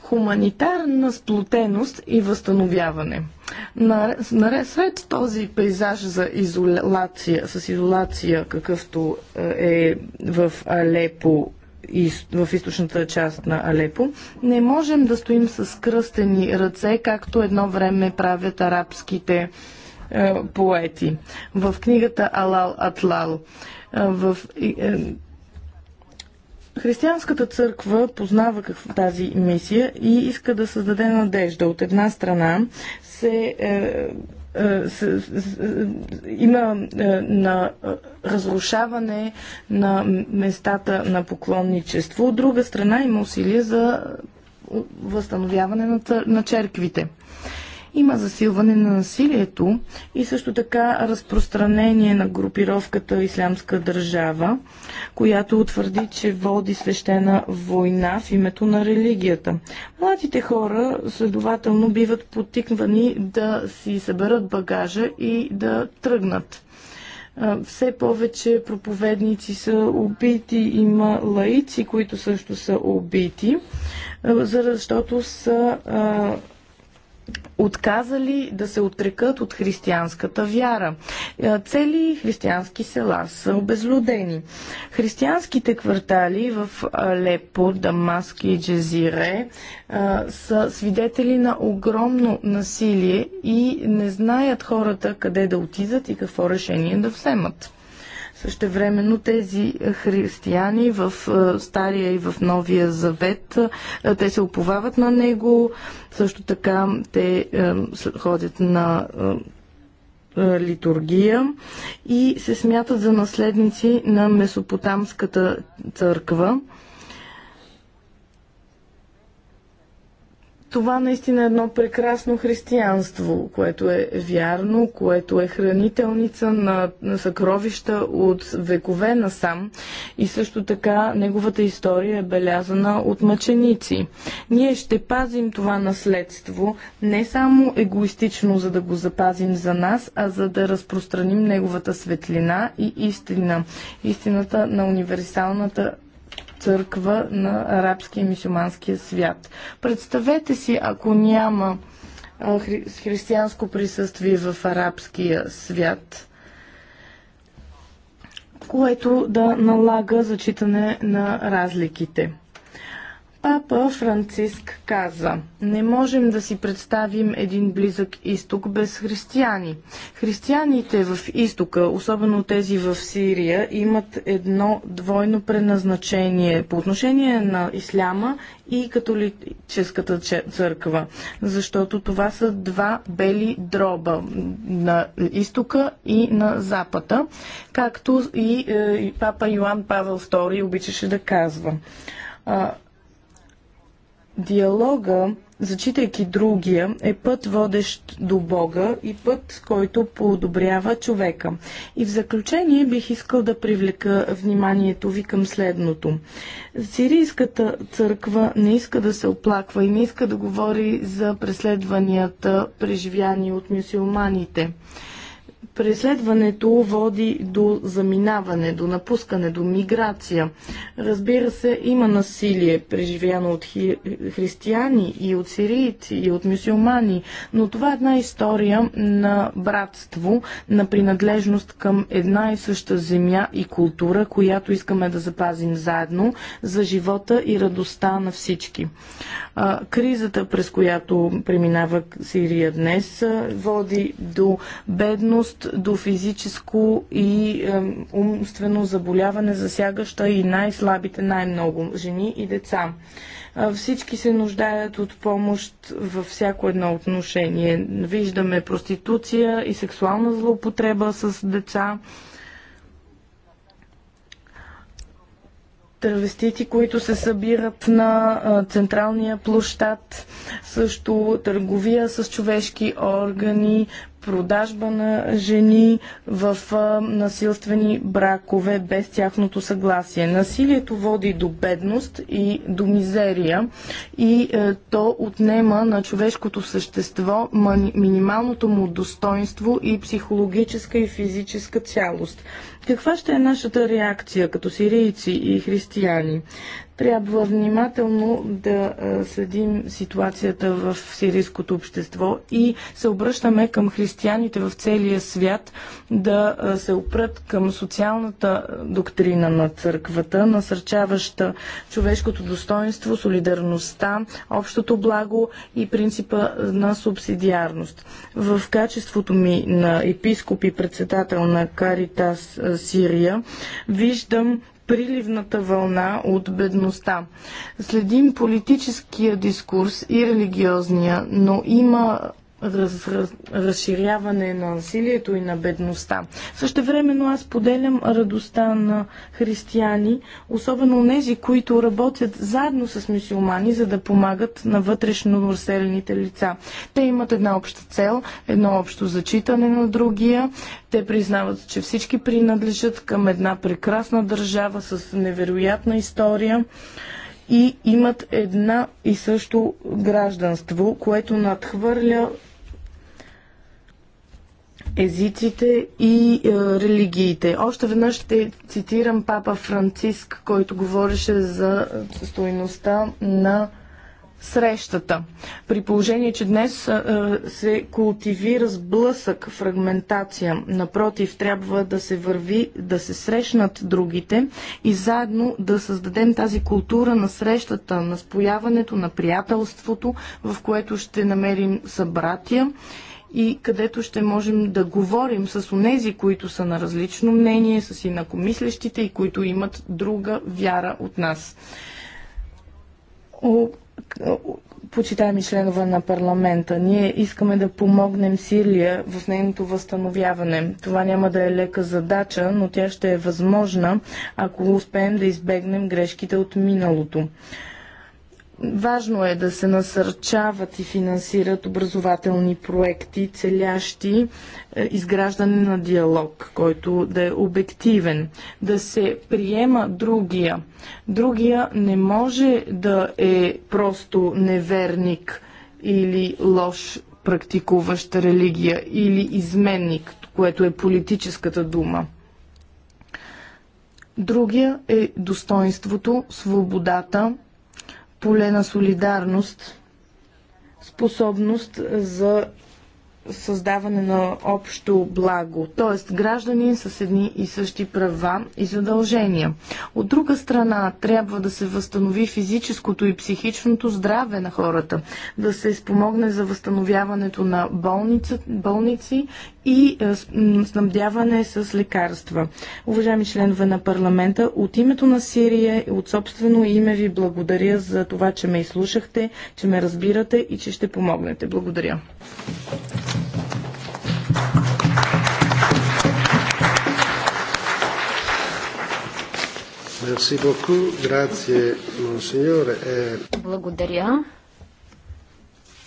Хуманитарна сплотеност и възстановяване. Наред този пейзаж за изолация, с изолация, какъвто е, е в Алепо в източната част на Алепо. Не можем да стоим с кръстени ръце, както едно време правят арабските е, поети. В книгата Алал Атлал е, в е, Християнската църква познава тази мисия и иска да създаде надежда. От една страна се, е, е, има е, на разрушаване на местата на поклонничество. От друга страна има усилия за възстановяване на, на черквите. Има засилване на насилието и също така разпространение на групировката Ислямска държава, която утвърди, че води свещена война в името на религията. Младите хора следователно биват потиквани да си съберат багажа и да тръгнат все повече проповедници са убити, има лаици, които също са убити, защото са отказали да се отрекат от християнската вяра. Е, цели християнски села са обезлюдени. Християнските квартали в Алепо, Дамаск и Джезире е, са свидетели на огромно насилие и не знаят хората къде да отидат и какво решение да вземат. Същевременно тези християни в е, Стария и в Новия Завет, е, те се оповават на него, също така те е, ходят на литургия и се смятат за наследници на Месопотамската църква. това наистина е едно прекрасно християнство, което е вярно, което е хранителница на, на съкровища от векове насам и също така неговата история е белязана от мъченици. Ние ще пазим това наследство не само егоистично, за да го запазим за нас, а за да разпространим неговата светлина и истина. Истината на универсалната църква на арабския и мисюманския свят. Представете си, ако няма хри- християнско присъствие в арабския свят, което да налага зачитане на разликите. Папа Франциск каза, не можем да си представим един близък изток без християни. Християните в изтока, особено тези в Сирия, имат едно двойно предназначение по отношение на исляма и католическата църква, защото това са два бели дроба на изтока и на запада, както и, е, и папа Йоан Павел II обичаше да казва Диалога, зачитайки другия, е път водещ до Бога и път, който подобрява човека. И в заключение бих искал да привлека вниманието ви към следното. Сирийската църква не иска да се оплаква и не иска да говори за преследванията, преживяни от мюсюлманите. Преследването води до заминаване, до напускане, до миграция. Разбира се, има насилие, преживяно от хи... християни и от сирийци и от мюсюлмани, но това е една история на братство, на принадлежност към една и съща земя и култура, която искаме да запазим заедно за живота и радостта на всички. Кризата, през която преминава Сирия днес, води до бедност, до физическо и е, умствено заболяване, засягаща и най-слабите най-много жени и деца. Всички се нуждаят от помощ във всяко едно отношение. Виждаме проституция и сексуална злоупотреба с деца. тървестити, които се събират на централния площад, също търговия с човешки органи, продажба на жени в насилствени бракове без тяхното съгласие. Насилието води до бедност и до мизерия и е, то отнема на човешкото същество минималното му достоинство и психологическа и физическа цялост. Каква ще е нашата реакция като сирийци и християни? Трябва внимателно да следим ситуацията в сирийското общество и се обръщаме към християните в целия свят да се опрат към социалната доктрина на църквата, насърчаваща човешкото достоинство, солидарността, общото благо и принципа на субсидиарност. В качеството ми на епископ и председател на Каритас Сирия виждам приливната вълна от бедността. Следим политическия дискурс и религиозния, но има раз, раз, разширяване на насилието и на бедността. Също времено аз поделям радостта на християни, особено нези, които работят заедно с мусулмани, за да помагат на вътрешно населените лица. Те имат една обща цел, едно общо зачитане на другия. Те признават, че всички принадлежат към една прекрасна държава с невероятна история и имат една и също гражданство, което надхвърля езиците и е, религиите. Още веднъж ще цитирам папа Франциск, който говореше за е, стойността на срещата. При положение, че днес е, е, се култивира сблъсък, фрагментация. Напротив, трябва да се върви, да се срещнат другите и заедно да създадем тази култура на срещата, на спояването, на приятелството, в което ще намерим събратия и където ще можем да говорим с онези, които са на различно мнение, с инакомислещите и които имат друга вяра от нас. Почитаеми членове на парламента, ние искаме да помогнем Сирия в нейното възстановяване. Това няма да е лека задача, но тя ще е възможна, ако успеем да избегнем грешките от миналото. Важно е да се насърчават и финансират образователни проекти, целящи е, изграждане на диалог, който да е обективен, да се приема другия. Другия не може да е просто неверник или лош практикуваща религия или изменник, което е политическата дума. Другия е достоинството, свободата, поле на солидарност, способност за създаване на общо благо, т.е. граждани с едни и същи права и задължения. От друга страна, трябва да се възстанови физическото и психичното здраве на хората, да се спомогне за възстановяването на болница, болници и е, снабдяване с лекарства. Уважаеми членове на парламента, от името на Сирия и от собствено име ви благодаря за това, че ме изслушахте, че ме разбирате и че ще помогнете. Благодаря. Eh, Благодаря.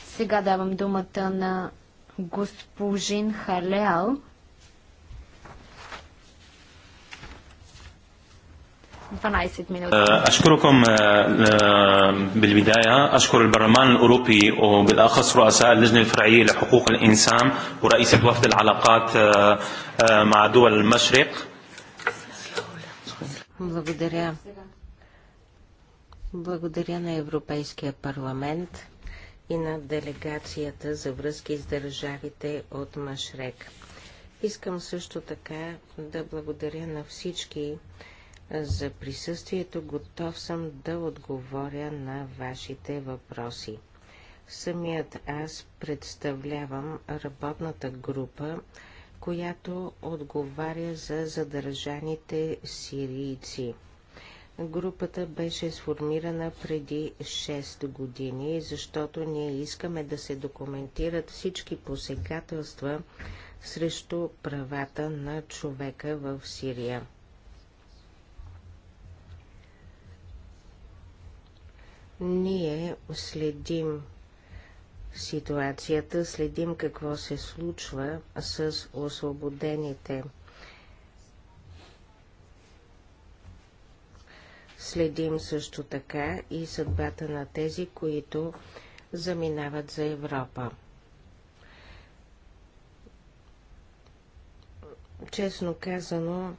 Сега давам думата на госпожин Халеал 12 минути. أشكركم بالبداية أشكر البرلمان الأوروبي وبالأخص رؤساء اللجنة الفرعية لحقوق الإنسان ورئيسة وفد العلاقات مع دول المشرق Благодаря. Благодаря на Европейския парламент и на делегацията за връзки с държавите от Машрек. Искам също така да благодаря на всички, за присъствието. Готов съм да отговоря на вашите въпроси. Самият аз представлявам работната група, която отговаря за задържаните сирийци. Групата беше сформирана преди 6 години, защото ние искаме да се документират всички посегателства срещу правата на човека в Сирия. Ние следим ситуацията, следим какво се случва с освободените. Следим също така и съдбата на тези, които заминават за Европа. Честно казано,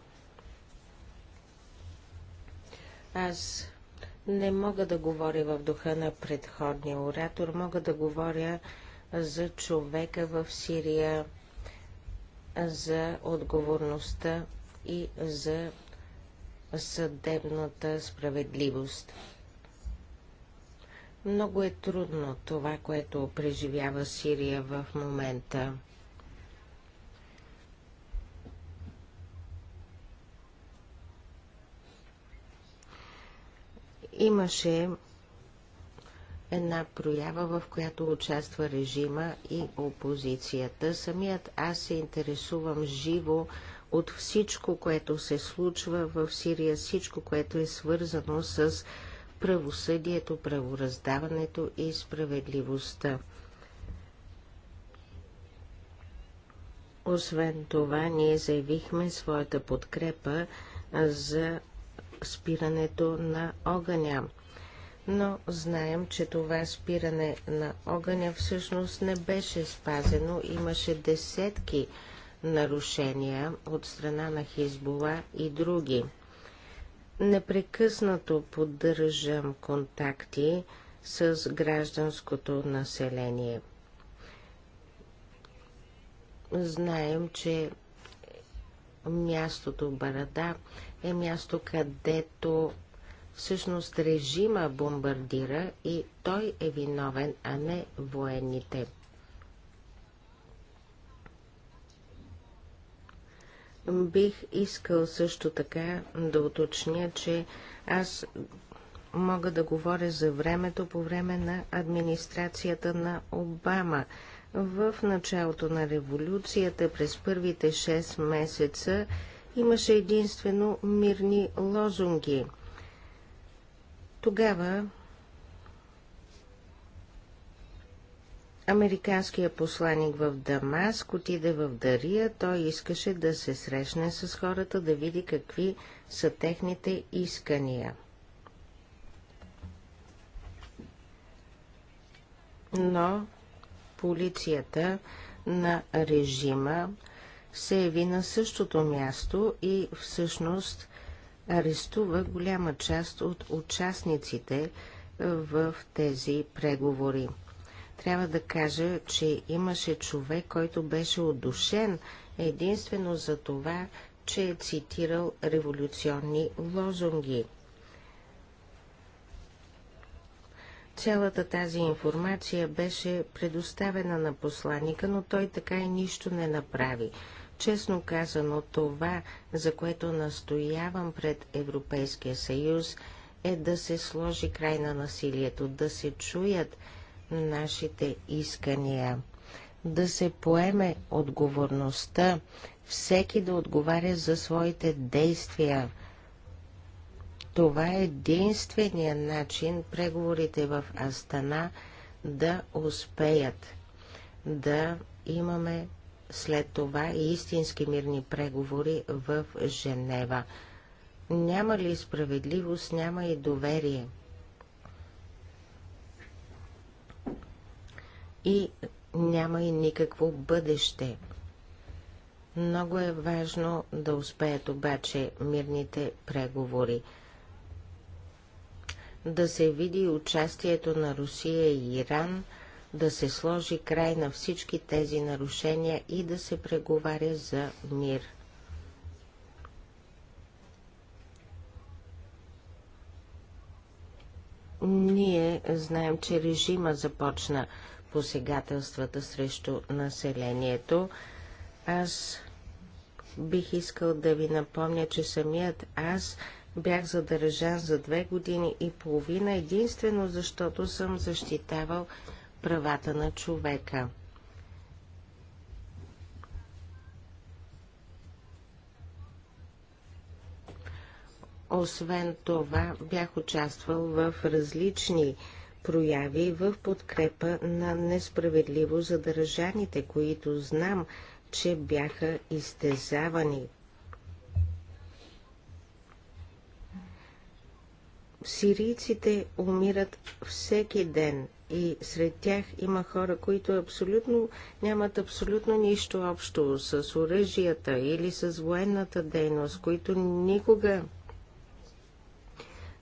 аз не мога да говоря в духа на предходния оратор, мога да говоря за човека в Сирия, за отговорността и за съдебната справедливост. Много е трудно това, което преживява Сирия в момента. Имаше една проява, в която участва режима и опозицията. Самият аз се интересувам живо от всичко, което се случва в Сирия, всичко, което е свързано с правосъдието, правораздаването и справедливостта. Освен това, ние заявихме своята подкрепа за спирането на огъня. Но знаем, че това спиране на огъня всъщност не беше спазено. Имаше десетки нарушения от страна на Хизбола и други. Непрекъснато поддържам контакти с гражданското население. Знаем, че мястото Барада е място, където всъщност режима бомбардира и той е виновен, а не военните. Бих искал също така да уточня, че аз мога да говоря за времето по време на администрацията на Обама. В началото на революцията, през първите 6 месеца, имаше единствено мирни лозунги. Тогава Американският посланник в Дамаск отиде в Дария, той искаше да се срещне с хората, да види какви са техните искания. Но полицията на режима се яви на същото място и всъщност арестува голяма част от участниците в тези преговори. Трябва да кажа, че имаше човек, който беше отдушен единствено за това, че е цитирал революционни лозунги – Цялата тази информация беше предоставена на посланника, но той така и нищо не направи. Честно казано, това, за което настоявам пред Европейския съюз, е да се сложи край на насилието, да се чуят нашите искания, да се поеме отговорността, всеки да отговаря за своите действия – това е единствения начин преговорите в Астана да успеят да имаме след това истински мирни преговори в Женева. Няма ли справедливост, няма и доверие. И няма и никакво бъдеще. Много е важно да успеят обаче мирните преговори да се види участието на Русия и Иран, да се сложи край на всички тези нарушения и да се преговаря за мир. Ние знаем, че режима започна посегателствата срещу населението. Аз бих искал да ви напомня, че самият аз Бях задържан за две години и половина, единствено защото съм защитавал правата на човека. Освен това, бях участвал в различни прояви в подкрепа на несправедливо задържаните, които знам, че бяха изтезавани. Сирийците умират всеки ден и сред тях има хора, които абсолютно нямат абсолютно нищо общо с оръжията или с военната дейност, които никога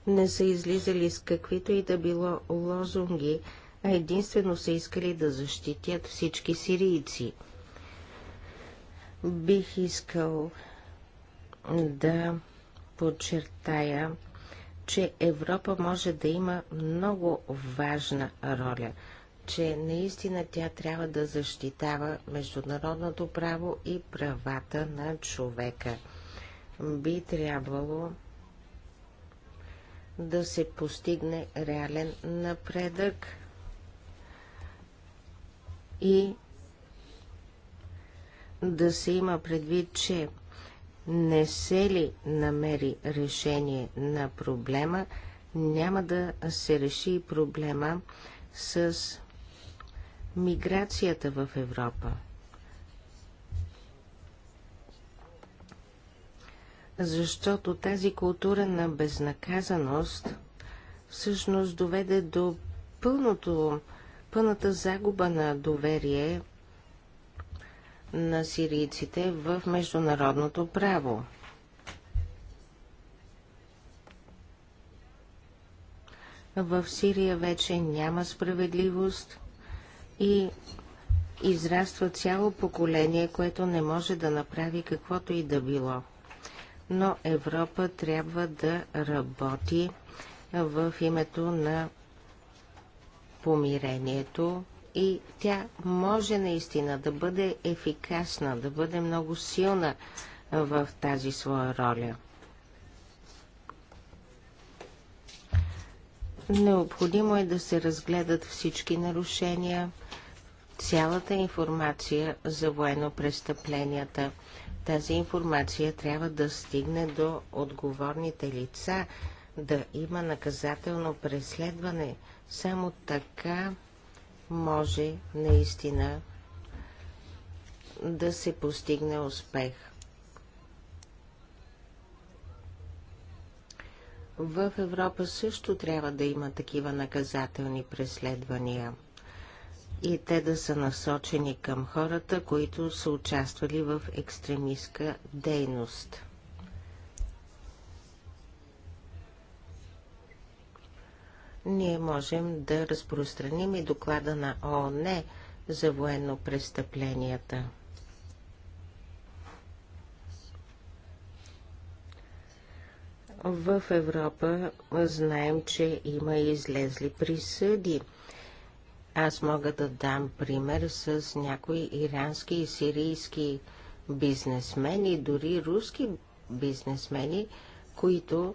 не са излизали с каквито и да било лозунги, а единствено са искали да защитят всички сирийци. Бих искал да подчертая, че Европа може да има много важна роля, че наистина тя трябва да защитава международното право и правата на човека. Би трябвало да се постигне реален напредък и да се има предвид, че не се ли намери решение на проблема, няма да се реши проблема с миграцията в Европа. Защото тази култура на безнаказаност всъщност доведе до пълното, пълната загуба на доверие на сирийците в международното право. В Сирия вече няма справедливост и израства цяло поколение, което не може да направи каквото и да било. Но Европа трябва да работи в името на помирението, и тя може наистина да бъде ефикасна, да бъде много силна в тази своя роля. Необходимо е да се разгледат всички нарушения, цялата информация за военно престъпленията. Тази информация трябва да стигне до отговорните лица, да има наказателно преследване. Само така може наистина да се постигне успех. В Европа също трябва да има такива наказателни преследвания и те да са насочени към хората, които са участвали в екстремистка дейност. ние можем да разпространим и доклада на ООН за военно престъпленията. В Европа знаем, че има излезли присъди. Аз мога да дам пример с някои ирански и сирийски бизнесмени, дори руски бизнесмени, които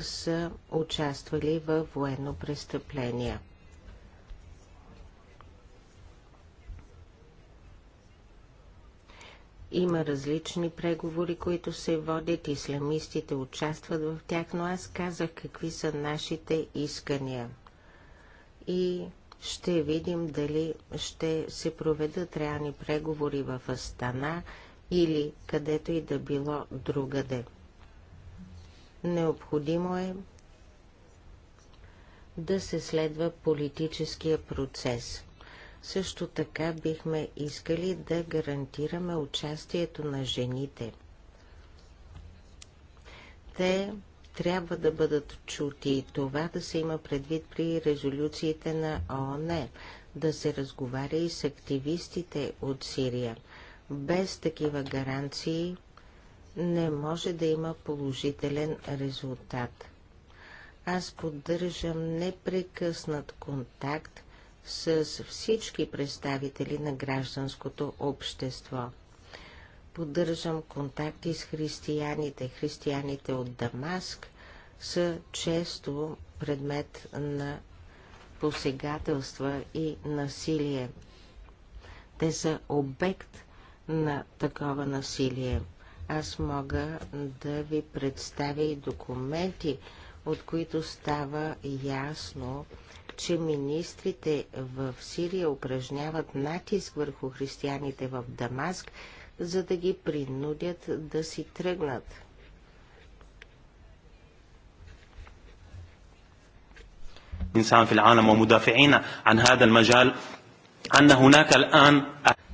са участвали в военно престъпление. Има различни преговори, които се водят, исламистите участват в тях, но аз казах какви са нашите искания. И ще видим дали ще се проведат реални преговори в Астана или където и да било другаде. Необходимо е да се следва политическия процес. Също така бихме искали да гарантираме участието на жените. Те трябва да бъдат чути и това да се има предвид при резолюциите на ООН, да се разговаря и с активистите от Сирия. Без такива гаранции не може да има положителен резултат. Аз поддържам непрекъснат контакт с всички представители на гражданското общество. Поддържам контакти с християните. Християните от Дамаск са често предмет на посегателства и насилие. Те са обект на такова насилие аз мога да ви представя и документи, от които става ясно, че министрите в Сирия упражняват натиск върху християните в Дамаск, за да ги принудят да си тръгнат.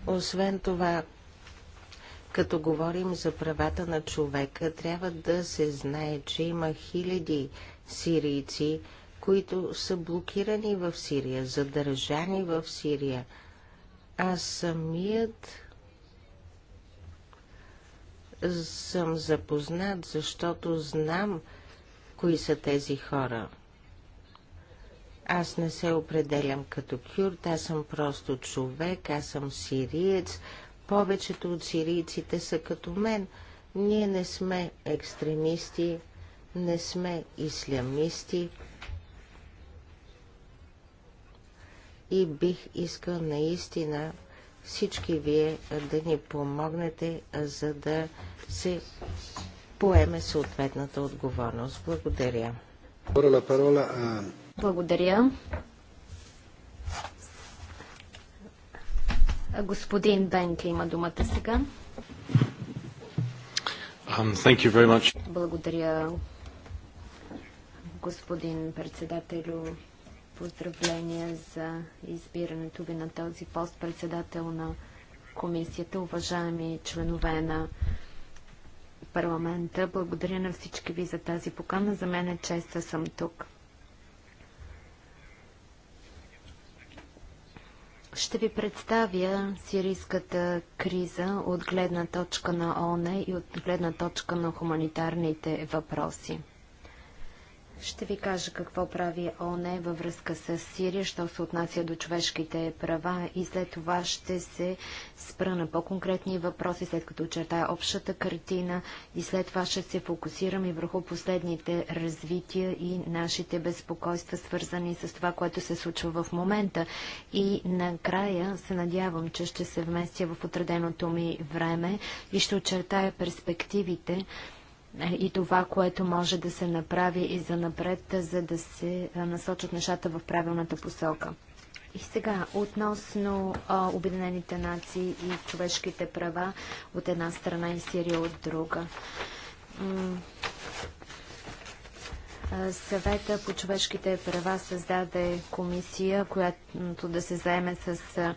освен това, като говорим за правата на човека, трябва да се знае, че има хиляди сирийци, които са блокирани в Сирия, задържани в Сирия. А самият съм запознат, защото знам кои са тези хора. Аз не се определям като кюрт, аз съм просто човек, аз съм сириец, повечето от сирийците са като мен. Ние не сме екстремисти, не сме ислямисти. И бих искал наистина всички вие да ни помогнете, за да се поеме съответната отговорност. Благодаря. Благодаря. Господин Бенке има думата сега. Um, Благодаря, господин председателю. Поздравления за избирането ви на този пост председател на комисията, уважаеми членове на парламента. Благодаря на всички ви за тази покана. За мен е чест да съм тук. Ще ви представя сирийската криза от гледна точка на ОНЕ и от гледна точка на хуманитарните въпроси. Ще ви кажа какво прави ОНЕ във връзка с Сирия, що се отнася до човешките права и след това ще се спра на по-конкретни въпроси, след като очертая общата картина и след това ще се фокусирам и върху последните развития и нашите безпокойства, свързани с това, което се случва в момента. И накрая се надявам, че ще се вместя в отреденото ми време и ще очертая перспективите, и това, което може да се направи и за напред, за да се насочат нещата в правилната посока. И сега, относно а, Обединените нации и човешките права от една страна и Сирия от друга. М съвета по човешките права създаде комисия, която да се заеме с а,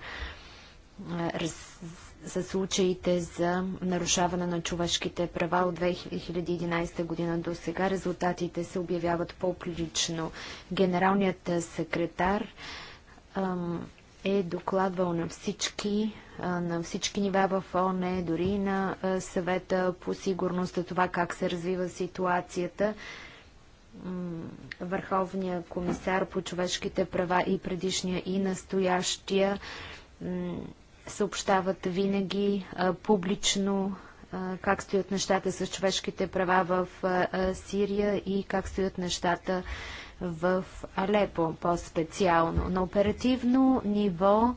раз за случаите за нарушаване на човешките права от 2011 година до сега. Резултатите се обявяват по-прилично. Генералният секретар е докладвал на всички, на всички нива в ОНЕ, дори на съвета по сигурност за това как се развива ситуацията. Върховния комисар по човешките права и предишния и настоящия съобщават винаги публично как стоят нещата с човешките права в Сирия и как стоят нещата в Алепо по-специално. На оперативно ниво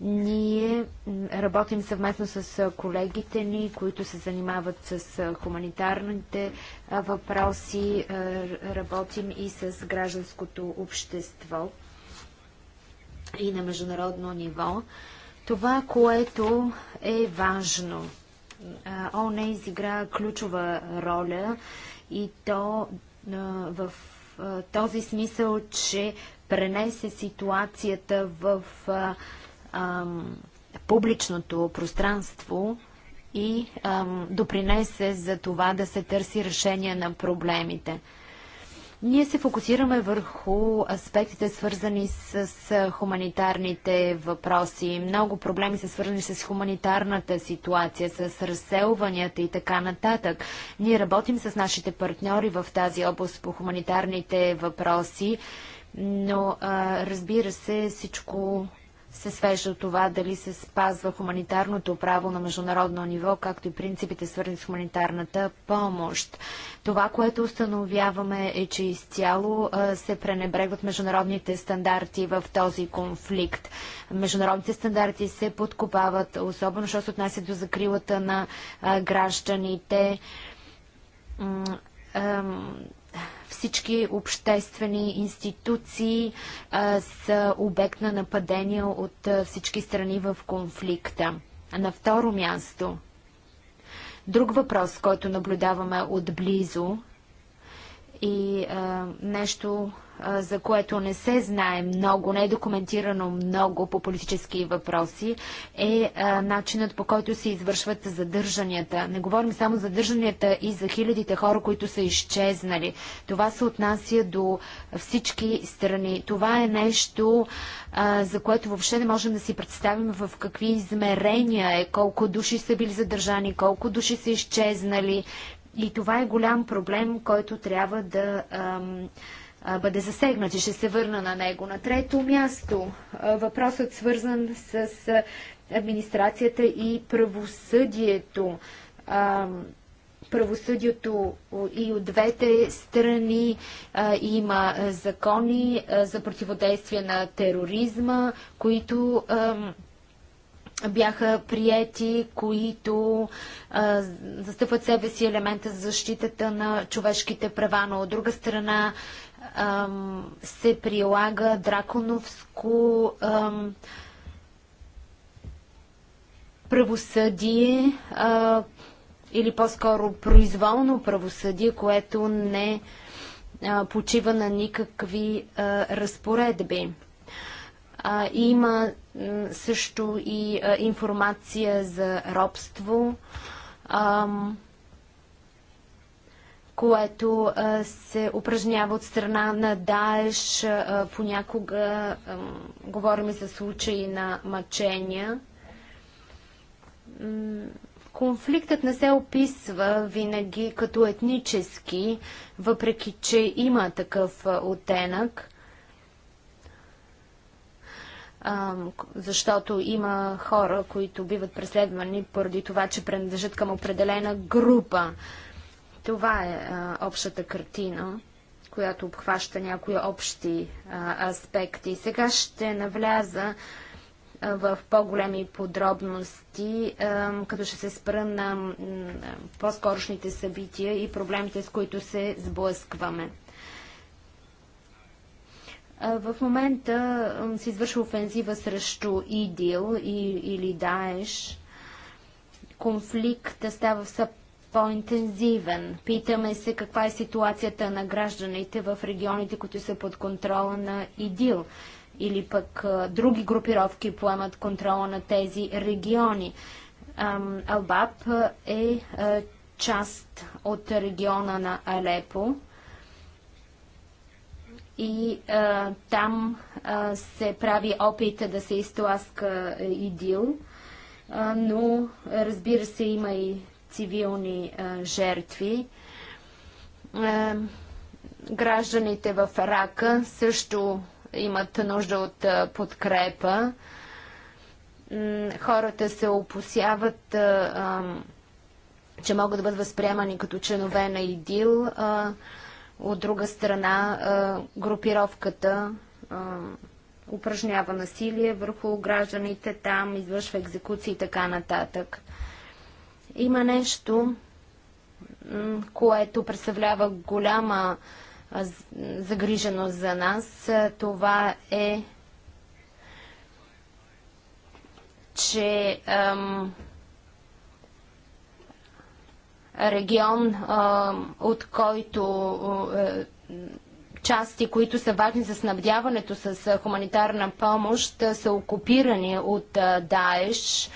ние работим съвместно с колегите ни, които се занимават с хуманитарните въпроси, работим и с гражданското общество и на международно ниво. Това, което е важно. ООН изигра ключова роля и то в този смисъл, че пренесе ситуацията в публичното пространство и ам, допринесе за това да се търси решение на проблемите. Ние се фокусираме върху аспектите, свързани с, с хуманитарните въпроси. Много проблеми са свързани с хуманитарната ситуация, с разселванията и така нататък. Ние работим с нашите партньори в тази област по хуманитарните въпроси, но а, разбира се, всичко се свежда от това дали се спазва хуманитарното право на международно ниво, както и принципите свързани с хуманитарната помощ. Това, което установяваме е, че изцяло се пренебрегват международните стандарти в този конфликт. Международните стандарти се подкопават, особено що се отнася до закрилата на гражданите всички обществени институции а, са обект на нападения от а, всички страни в конфликта. На второ място, друг въпрос, който наблюдаваме отблизо и а, нещо, за което не се знае много, не е документирано много по политически въпроси, е начинът по който се извършват задържанията. Не говорим само за задържанията и за хилядите хора, които са изчезнали. Това се отнася до всички страни. Това е нещо, за което въобще не можем да си представим в какви измерения е, колко души са били задържани, колко души са изчезнали. И това е голям проблем, който трябва да. Ам, бъде засегнат и ще се върна на него. На трето място въпросът свързан с администрацията и правосъдието. Правосъдието и от двете страни има закони за противодействие на тероризма, които бяха приети, които а, застъпват себе си елемента за защитата на човешките права, но от друга страна се прилага драконовско правосъдие или по-скоро произволно правосъдие, което не почива на никакви разпоредби. Има също и информация за робство което а, се упражнява от страна на Даеш. А, понякога а, говорим и за случаи на мъчения. Конфликтът не се описва винаги като етнически, въпреки че има такъв оттенък, защото има хора, които биват преследвани поради това, че принадлежат към определена група. Това е а, общата картина, която обхваща някои общи а, аспекти. Сега ще навляза а, в по-големи подробности, като ще се спра на по-скорошните събития и проблемите, с които се сблъскваме. В момента се извършва офензива срещу ИДИЛ и, или Даеш. Конфликта става все по-интензивен. Питаме се каква е ситуацията на гражданите в регионите, които са под контрола на ИДИЛ или пък а, други групировки поемат контрола на тези региони. Ам, Албаб е а, част от региона на Алепо и а, там а, се прави опит да се изтласка ИДИЛ, а, но разбира се има и цивилни а, жертви. А, гражданите в Рака също имат нужда от а, подкрепа. Хората се опосяват, че могат да бъдат възприемани като членове на ИДИЛ. От друга страна, групировката упражнява насилие върху гражданите там, извършва екзекуции и така нататък. Има нещо, което представлява голяма загриженост за нас. Това е, че ам, регион, ам, от който части, които са важни за снабдяването с хуманитарна помощ, са окупирани от Даеш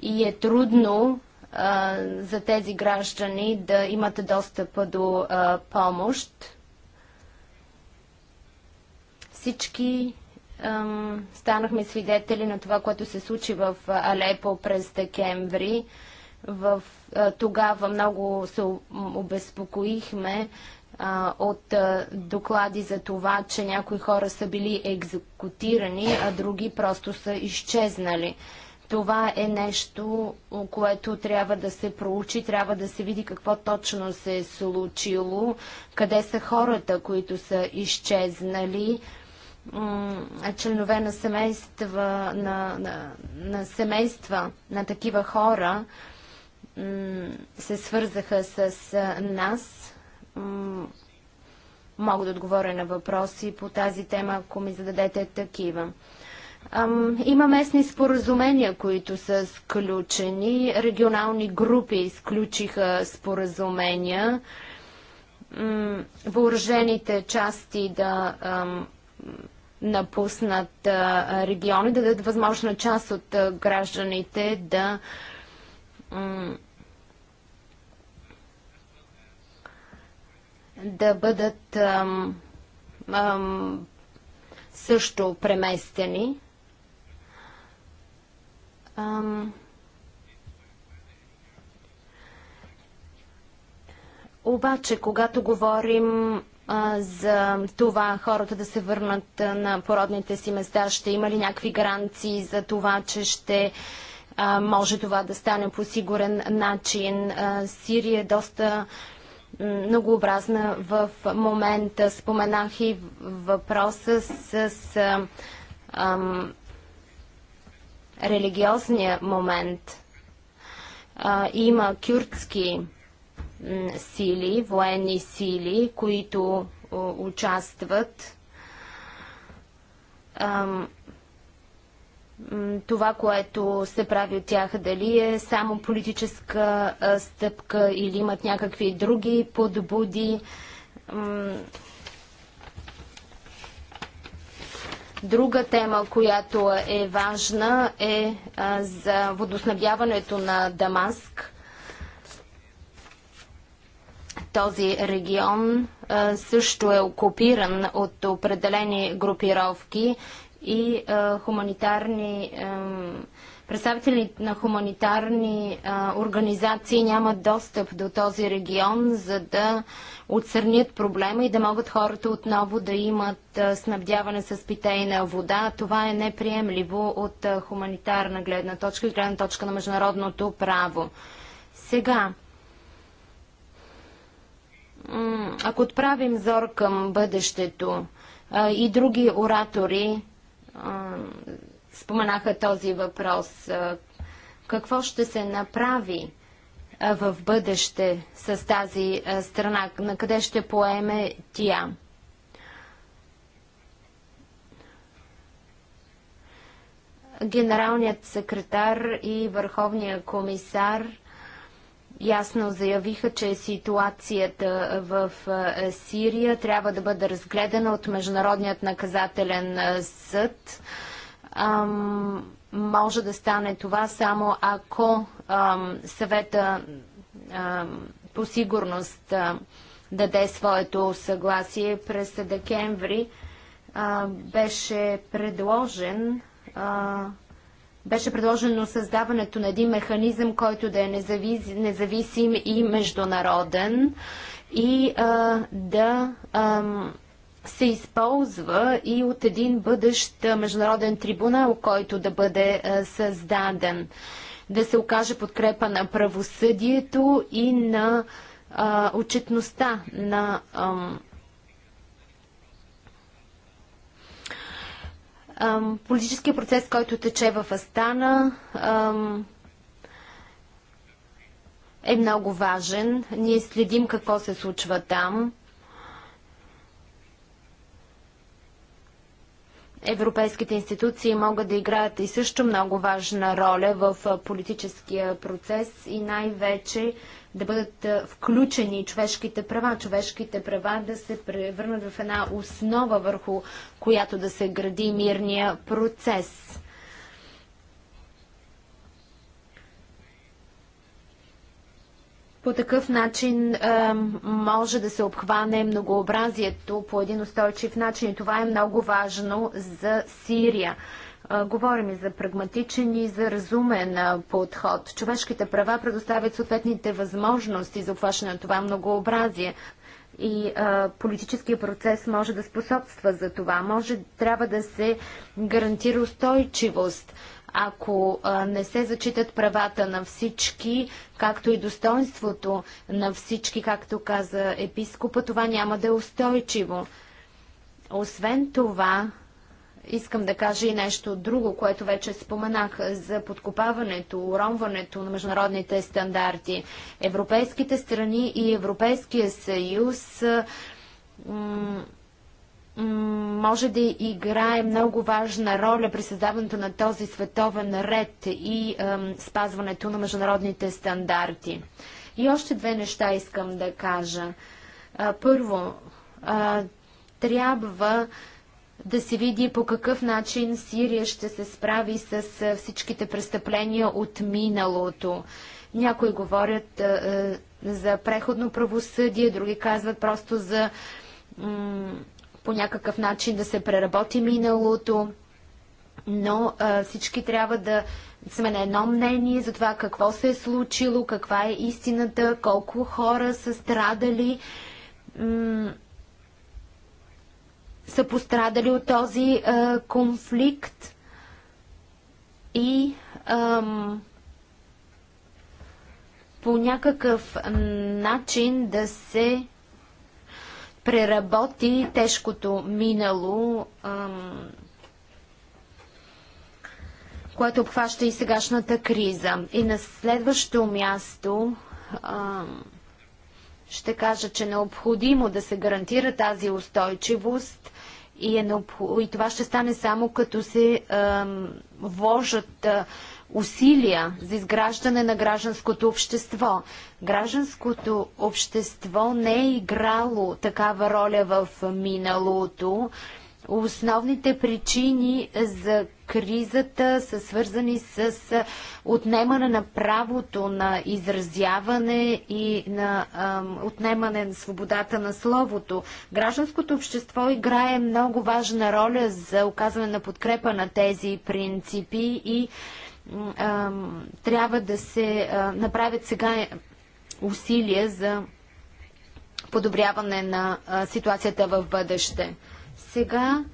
и е трудно за тези граждани да имат достъп до помощ. Всички станахме свидетели на това, което се случи в Алепо през декември. В, тогава много се обезпокоихме от доклади за това, че някои хора са били екзекутирани, а други просто са изчезнали. Това е нещо, което трябва да се проучи, трябва да се види какво точно се е случило, къде са хората, които са изчезнали, членове на семейства, на, на, на семейства на такива хора се свързаха с нас. Мога да отговоря на въпроси по тази тема, ако ми зададете такива. Има местни споразумения, които са сключени. Регионални групи изключиха споразумения. Въоръжените части да напуснат региони, да дадат възможна част от гражданите да да бъдат също преместени. Um, обаче, когато говорим а, за това хората да се върнат а, на породните си места, ще има ли някакви гаранции за това, че ще а, може това да стане по сигурен начин? Сирия е доста многообразна в момента. Споменах и въпроса с, с а, религиозния момент. има кюртски сили, военни сили, които участват. Това, което се прави от тях, дали е само политическа стъпка или имат някакви други подбуди, Друга тема, която е важна е за водоснабяването на Дамаск. Този регион също е окупиран от определени групировки и хуманитарни представители на хуманитарни а, организации нямат достъп до този регион, за да отсърнят проблема и да могат хората отново да имат а, снабдяване с питейна вода. Това е неприемливо от а, хуманитарна гледна точка и гледна точка на международното право. Сега, ако отправим зор към бъдещето а, и други оратори, споменаха този въпрос. Какво ще се направи в бъдеще с тази страна? На къде ще поеме тя? Генералният секретар и върховният комисар ясно заявиха, че ситуацията в Сирия трябва да бъде разгледана от Международният наказателен съд. Ам, може да стане това само ако ам, съвета ам, по сигурност ам, даде своето съгласие. През декември а, беше предложен а, беше предложено създаването на един механизъм, който да е независим, независим и международен и а, да ам, се използва и от един бъдещ международен трибунал, който да бъде създаден. Да се окаже подкрепа на правосъдието и на а, отчетността на ам, ам, политическия процес, който тече в Астана. Ам, е много важен. Ние следим какво се случва там. Европейските институции могат да играят и също много важна роля в политическия процес и най-вече да бъдат включени човешките права, човешките права да се превърнат в една основа върху която да се гради мирния процес. По такъв начин а, е, може да се обхване многообразието по един устойчив начин и това е много важно за Сирия. А, е, говорим и за прагматичен и за разумен е, подход. Човешките права предоставят съответните възможности за обхващане на това многообразие и политическият политическия процес може да способства за това. Може, трябва да се гарантира устойчивост ако не се зачитат правата на всички, както и достоинството на всички, както каза епископа, това няма да е устойчиво. Освен това, искам да кажа и нещо друго, което вече споменах за подкопаването, уронването на международните стандарти. Европейските страни и Европейския съюз може да играе много важна роля при създаването на този световен ред и спазването на международните стандарти. И още две неща искам да кажа. А, първо, а, трябва да се види по какъв начин Сирия ще се справи с всичките престъпления от миналото. Някои говорят а, за преходно правосъдие, други казват просто за по някакъв начин да се преработи миналото, но а, всички трябва да сме на едно мнение за това какво се е случило, каква е истината, колко хора са страдали, са пострадали от този а, конфликт и ам, по някакъв начин да се преработи тежкото минало, ам, което обхваща и сегашната криза. И на следващо място ам, ще кажа, че е необходимо да се гарантира тази устойчивост и, е необх... и това ще стане само като се ам, вложат усилия за изграждане на гражданското общество. Гражданското общество не е играло такава роля в миналото. Основните причини за кризата са свързани с отнемане на правото на изразяване и на отнемане на свободата на словото. Гражданското общество играе много важна роля за оказване на подкрепа на тези принципи и трябва да се направят сега усилия за подобряване на ситуацията в бъдеще. Сега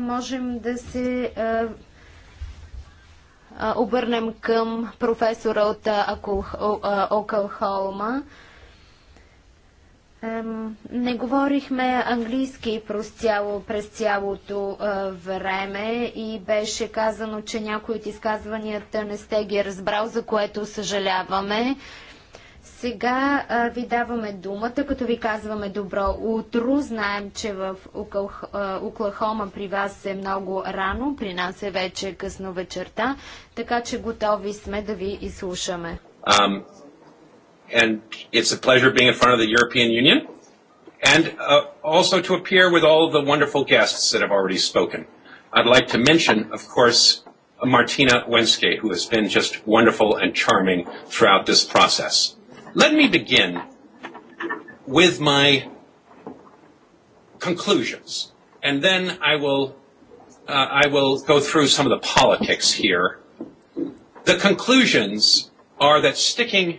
можем да се обърнем към професора от Окълхолма. Не говорихме английски цяло, през цялото време и беше казано, че някои от изказванията не сте ги разбрал, за което съжаляваме. Сега ви даваме думата, като ви казваме добро утро. Знаем, че в Оклахома при вас е много рано, при нас е вече късно вечерта, така че готови сме да ви изслушаме. Um, and it's a pleasure being in front of the European Union and uh, also to appear with all of the wonderful guests that have already spoken. I'd like to mention, of course, Martina Wenske, who has been just wonderful and charming throughout this process. Let me begin with my conclusions, and then I will, uh, I will go through some of the politics here. The conclusions are that sticking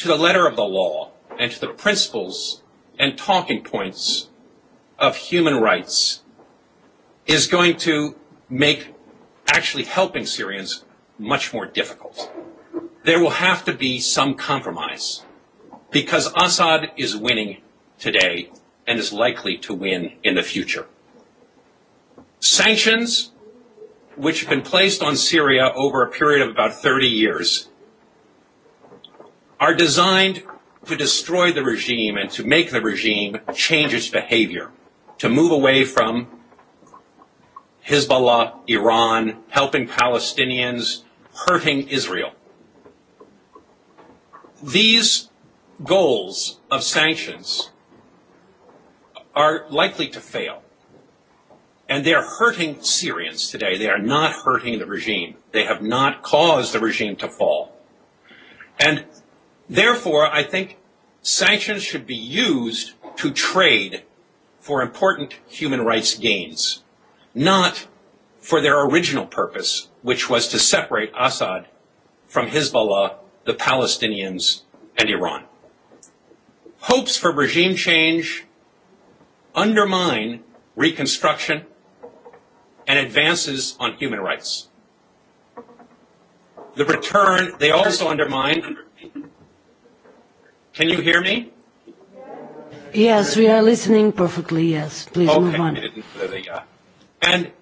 to the letter of the law and to the principles and talking points of human rights is going to make actually helping Syrians much more difficult. There will have to be some compromise because Assad is winning today and is likely to win in the future. Sanctions, which have been placed on Syria over a period of about 30 years, are designed to destroy the regime and to make the regime change its behavior, to move away from Hezbollah, Iran, helping Palestinians, hurting Israel. These goals of sanctions are likely to fail. And they are hurting Syrians today. They are not hurting the regime. They have not caused the regime to fall. And Therefore, I think sanctions should be used to trade for important human rights gains, not for their original purpose, which was to separate Assad from Hezbollah, the Palestinians, and Iran. Hopes for regime change undermine reconstruction and advances on human rights. The return, they also undermine Can you hear me? Yes, we are listening perfectly. Yes, please okay. move on. And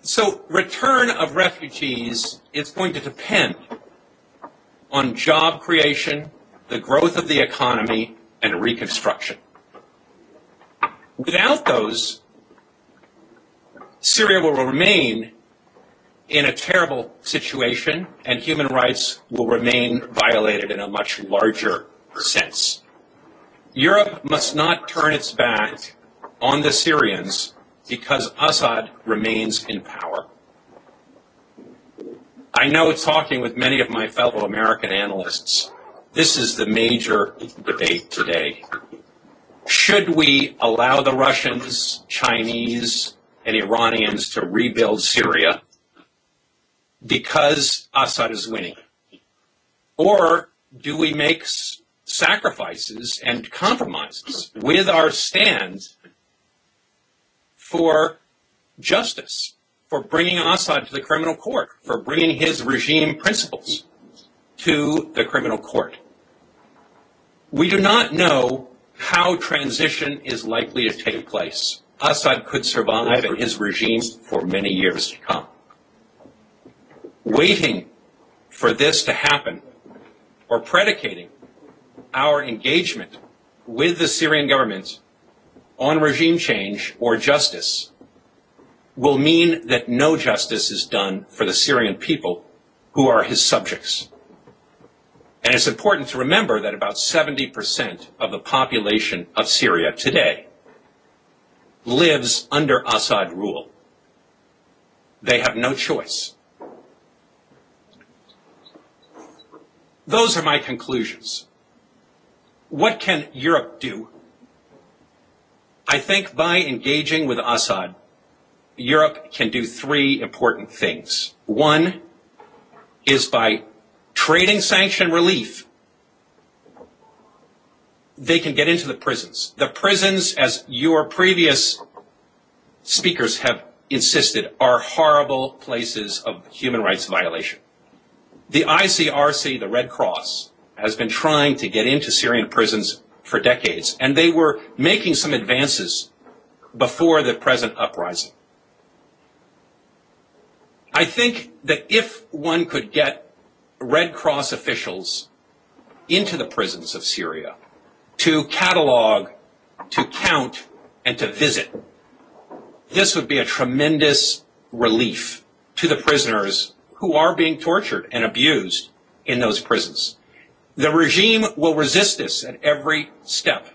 so, return of refugees is going to depend on job creation, the growth of the economy, and reconstruction. Without those, Syria will remain in a terrible situation, and human rights will remain violated in a much larger sense. Europe must not turn its back on the Syrians because Assad remains in power. I know talking with many of my fellow American analysts, this is the major debate today. Should we allow the Russians, Chinese, and Iranians to rebuild Syria because Assad is winning? Or do we make sacrifices and compromises with our stand for justice, for bringing Assad to the criminal court, for bringing his regime principles to the criminal court. We do not know how transition is likely to take place. Assad could survive in his regime for many years to come. Waiting for this to happen or predicating our engagement with the Syrian government on regime change or justice will mean that no justice is done for the Syrian people who are his subjects. And it's important to remember that about 70% of the population of Syria today lives under Assad rule. They have no choice. Those are my conclusions what can Europe do? I think by engaging with Assad, Europe can do three important things. One is by trading sanction relief, they can get into the prisons. The prisons, as your previous speakers have insisted, are horrible places of human rights violation. The ICRC, the Red Cross, has been trying to get into Syrian prisons for decades, and they were making some advances before the present uprising. I think that if one could get Red Cross officials into the prisons of Syria to catalog, to count, and to visit, this would be a tremendous relief to the prisoners who are being tortured and abused in those prisons. The regime will resist this at every step.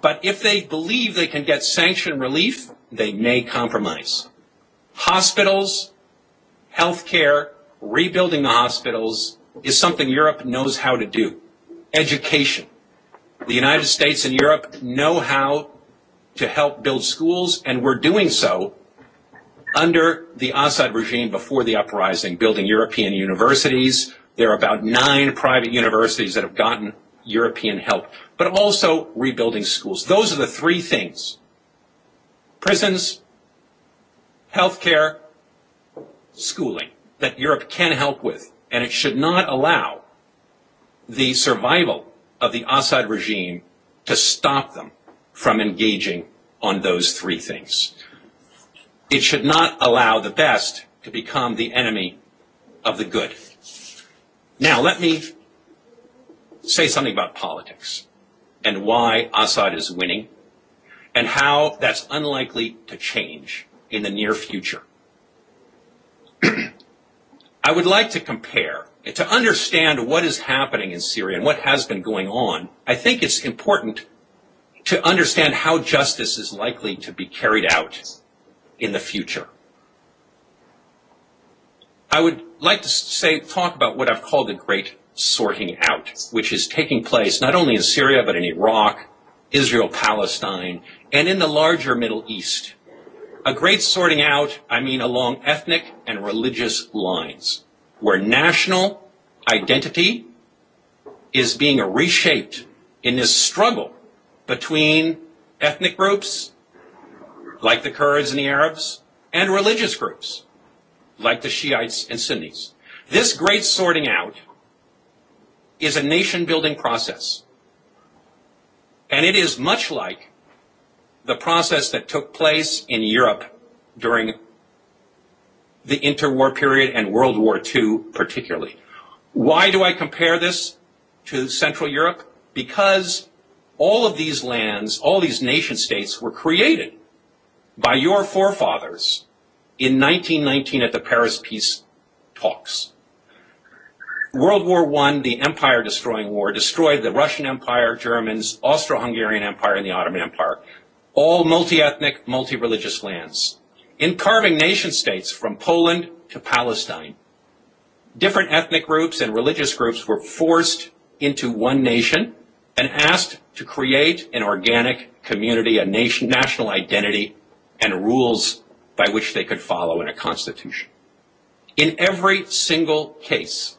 But if they believe they can get sanction relief, they may compromise. Hospitals, health care, rebuilding the hospitals is something Europe knows how to do. Education. The United States and Europe know how to help build schools, and we're doing so under the Assad regime before the uprising, building European universities, There are about nine private universities that have gotten European help, but also rebuilding schools. Those are the three things prisons, healthcare, schooling that Europe can help with. And it should not allow the survival of the Assad regime to stop them from engaging on those three things. It should not allow the best to become the enemy of the good. Now, let me say something about politics and why Assad is winning and how that's unlikely to change in the near future. I would like to compare to understand what is happening in Syria and what has been going on. I think it's important to understand how justice is likely to be carried out in the future. I would like to say, talk about what I've called the great sorting out, which is taking place not only in Syria, but in Iraq, Israel, Palestine, and in the larger Middle East. A great sorting out, I mean, along ethnic and religious lines, where national identity is being reshaped in this struggle between ethnic groups, like the Kurds and the Arabs, and religious groups like the Shiites and Sunnis. This great sorting out is a nation building process. And it is much like the process that took place in Europe during the interwar period and World War II particularly. Why do I compare this to Central Europe? Because all of these lands, all these nation states were created by your forefathers in 1919 at the Paris peace talks. World War I, the empire destroying war, destroyed the Russian Empire, Germans, Austro Hungarian Empire, and the Ottoman Empire. All multi ethnic, multi religious lands. In carving nation states from Poland to Palestine, different ethnic groups and religious groups were forced into one nation and asked to create an organic community, a nation, national identity, and rules by which they could follow in a constitution. In every single case,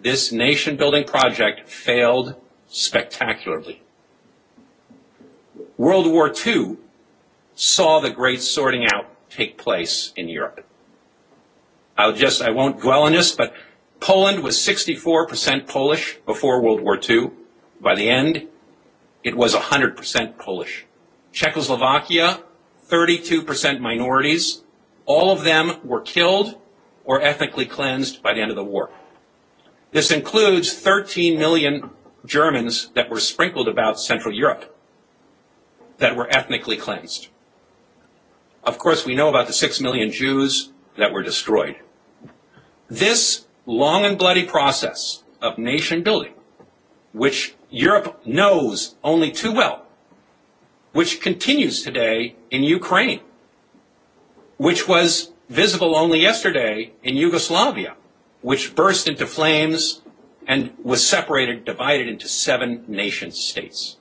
this nation building project failed spectacularly. World War II saw the great sorting out take place in Europe. I'll just, I won't dwell on this, but Poland was 64% Polish before World War II. By the end, it was 100% Polish. Czechoslovakia 32% minorities. All of them were killed or ethnically cleansed by the end of the war. This includes 13 million Germans that were sprinkled about Central Europe that were ethnically cleansed. Of course, we know about the 6 million Jews that were destroyed. This long and bloody process of nation building, which Europe knows only too well, which continues today in Ukraine, which was visible only yesterday in Yugoslavia, which burst into flames and was separated, divided into seven nation states.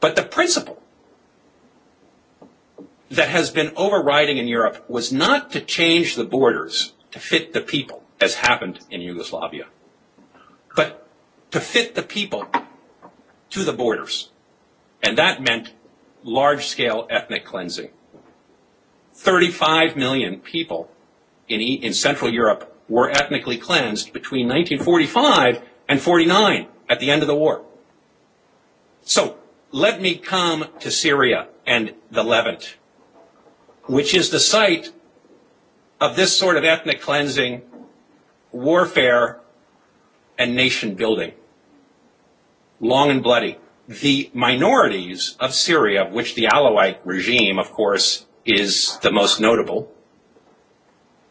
But the principle that has been overriding in Europe was not to change the borders to fit the people, as happened in Yugoslavia, but to fit the people to the borders. And that meant large-scale ethnic cleansing. 35 million people in, e- in Central Europe were ethnically cleansed between 1945 and 49 at the end of the war. So let me come to Syria and the Levant, which is the site of this sort of ethnic cleansing, warfare, and nation building. Long and bloody the minorities of Syria, of which the Alawite regime, of course, is the most notable,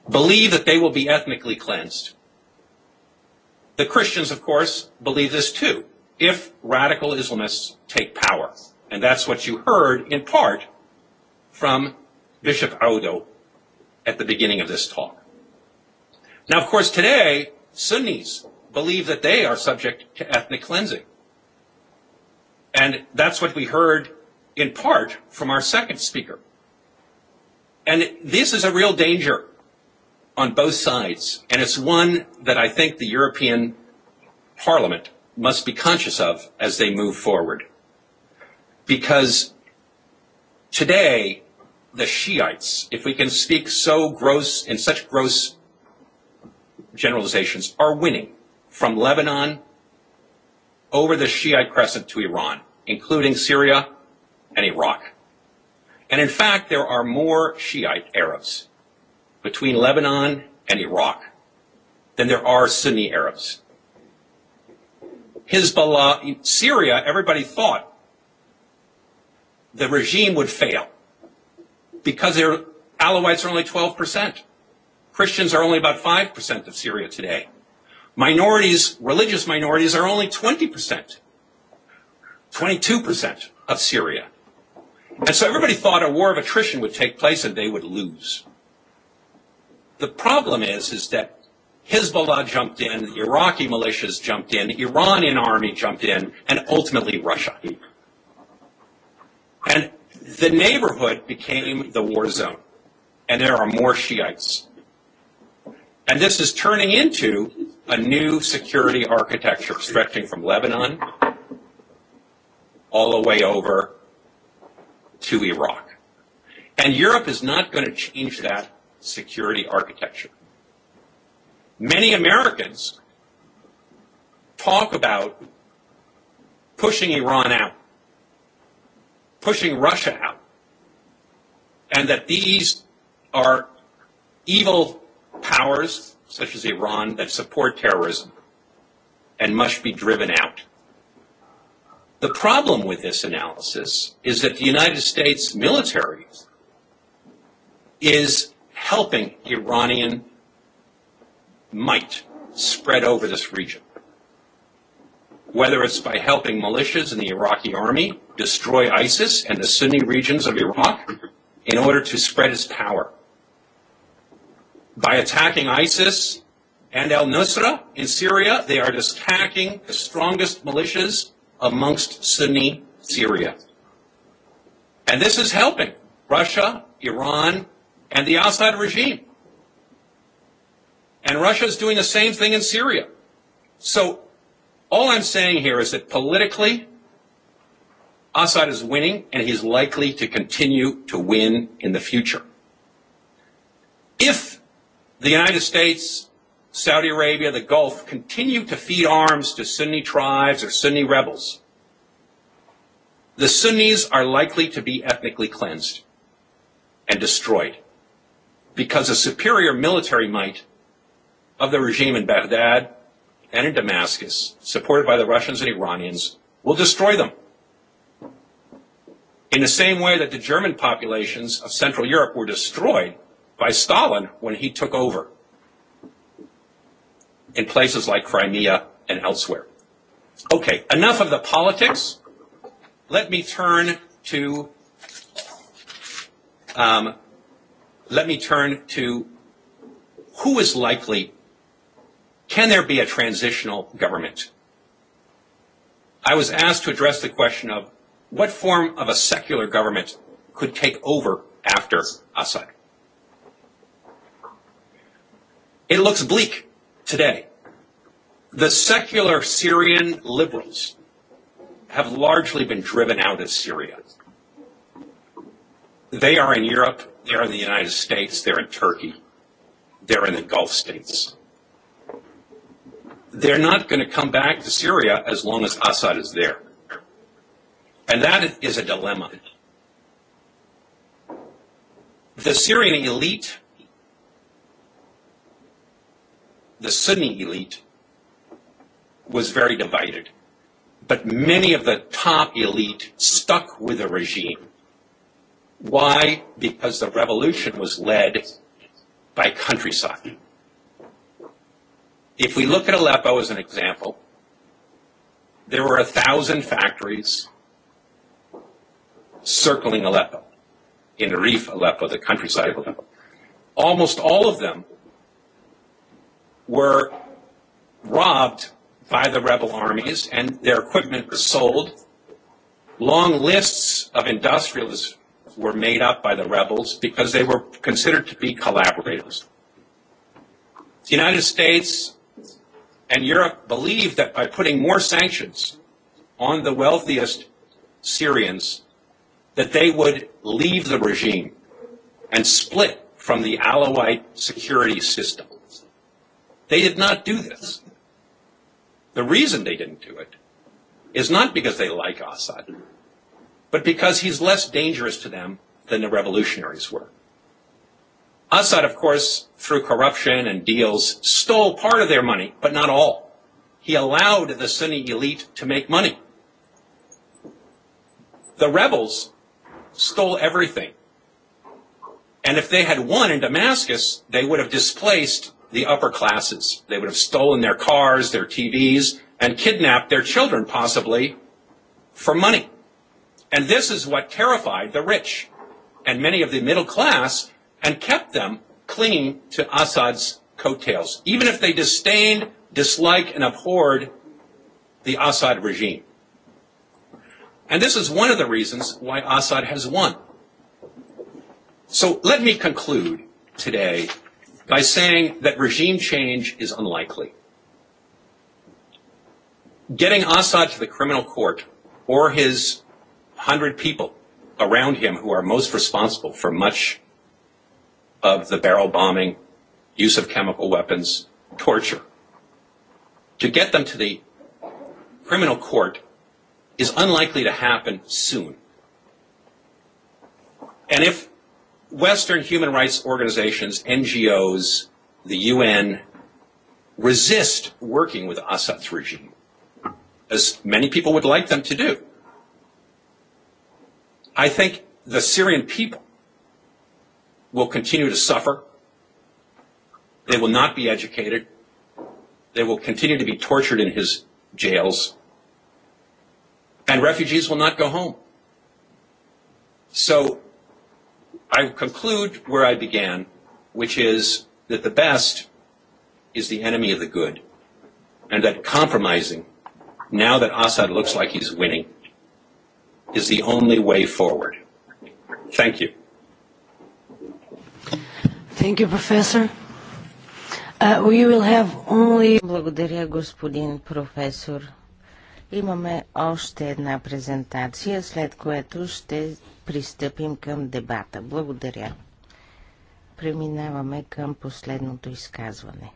believe that they will be ethnically cleansed. The Christians, of course, believe this too, if radical Islamists take power. And that's what you heard in part from Bishop Audo at the beginning of this talk. Now, of course, today, Sunnis believe that they are subject to ethnic cleansing. And that's what we heard in part from our second speaker. And this is a real danger on both sides. And it's one that I think the European Parliament must be conscious of as they move forward. Because today, the Shiites, if we can speak so gross, in such gross generalizations, are winning from Lebanon over the Shiite crescent to Iran, including Syria and Iraq. And in fact, there are more Shiite Arabs between Lebanon and Iraq than there are Sunni Arabs. Hezbollah, Syria, everybody thought the regime would fail because their Alawites are only 12%. Christians are only about 5% of Syria today. Minorities, religious minorities, are only 20%, 22% of Syria. And so everybody thought a war of attrition would take place and they would lose. The problem is, is that Hezbollah jumped in, Iraqi militias jumped in, Iranian army jumped in, and ultimately Russia. And the neighborhood became the war zone. And there are more Shiites. And this is turning into a new security architecture stretching from Lebanon all the way over to Iraq. And Europe is not going to change that security architecture. Many Americans talk about pushing Iran out, pushing Russia out, and that these are evil powers such as Iran, that support terrorism and must be driven out. The problem with this analysis is that the United States military is helping Iranian might spread over this region. Whether it's by helping militias in the Iraqi army destroy ISIS and the Sunni regions of Iraq in order to spread its power. By attacking ISIS and al Nusra in Syria, they are attacking the strongest militias amongst Sunni Syria. And this is helping Russia, Iran, and the Assad regime. And Russia is doing the same thing in Syria. So all I'm saying here is that politically, Assad is winning and he's likely to continue to win in the future. If The United States, Saudi Arabia, the Gulf continue to feed arms to Sunni tribes or Sunni rebels. The Sunnis are likely to be ethnically cleansed and destroyed because the superior military might of the regime in Baghdad and in Damascus, supported by the Russians and Iranians, will destroy them. In the same way that the German populations of Central Europe were destroyed by Stalin when he took over in places like Crimea and elsewhere. Okay, enough of the politics. Let me turn to um, let me turn to who is likely. Can there be a transitional government? I was asked to address the question of what form of a secular government could take over after Assad. It looks bleak today. The secular Syrian liberals have largely been driven out of Syria. They are in Europe, they are in the United States, they're in Turkey, they're in the Gulf states. They're not going to come back to Syria as long as Assad is there. And that is a dilemma. The Syrian elite the Sunni elite was very divided. But many of the top elite stuck with the regime. Why? Because the revolution was led by countryside. If we look at Aleppo as an example, there were a thousand factories circling Aleppo, in Arif Aleppo, the countryside of Aleppo. Almost all of them were robbed by the rebel armies and their equipment was sold. Long lists of industrialists were made up by the rebels because they were considered to be collaborators. The United States and Europe believed that by putting more sanctions on the wealthiest Syrians, that they would leave the regime and split from the Alawite security system. They did not do this. The reason they didn't do it is not because they like Assad, but because he's less dangerous to them than the revolutionaries were. Assad, of course, through corruption and deals, stole part of their money, but not all. He allowed the Sunni elite to make money. The rebels stole everything. And if they had won in Damascus, they would have displaced the upper classes. They would have stolen their cars, their TVs, and kidnapped their children, possibly, for money. And this is what terrified the rich and many of the middle class and kept them clinging to Assad's coattails, even if they disdained, disliked, and abhorred the Assad regime. And this is one of the reasons why Assad has won. So let me conclude today by saying that regime change is unlikely. Getting Assad to the criminal court or his hundred people around him who are most responsible for much of the barrel bombing, use of chemical weapons, torture, to get them to the criminal court is unlikely to happen soon. And if Western human rights organizations, NGOs, the UN, resist working with Assad's regime, as many people would like them to do. I think the Syrian people will continue to suffer. They will not be educated. They will continue to be tortured in his jails. And refugees will not go home. So I conclude where I began, which is that the best is the enemy of the good, and that compromising, now that Assad looks like he's winning, is the only way forward. Thank you. Thank you, Professor. Uh, we will have only... Благодаря, господин професор. Имаме още една презентация, след което ще пристъпим към дебата. Благодаря. Преминаваме към последното изказване.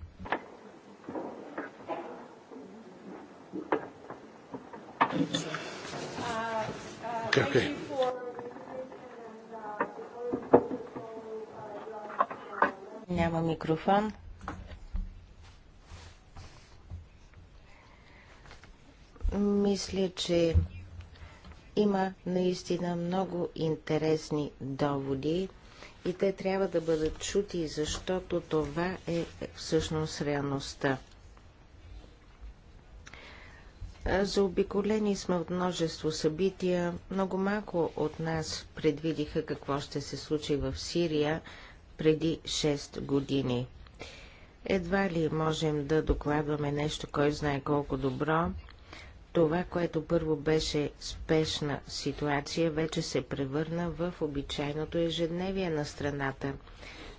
Okay, Няма микрофон. Мисля, че има наистина много интересни доводи и те трябва да бъдат чути, защото това е всъщност реалността. Заобиколени сме от множество събития. Много малко от нас предвидиха какво ще се случи в Сирия преди 6 години. Едва ли можем да докладваме нещо, кой знае колко добро, това, което първо беше спешна ситуация, вече се превърна в обичайното ежедневие на страната.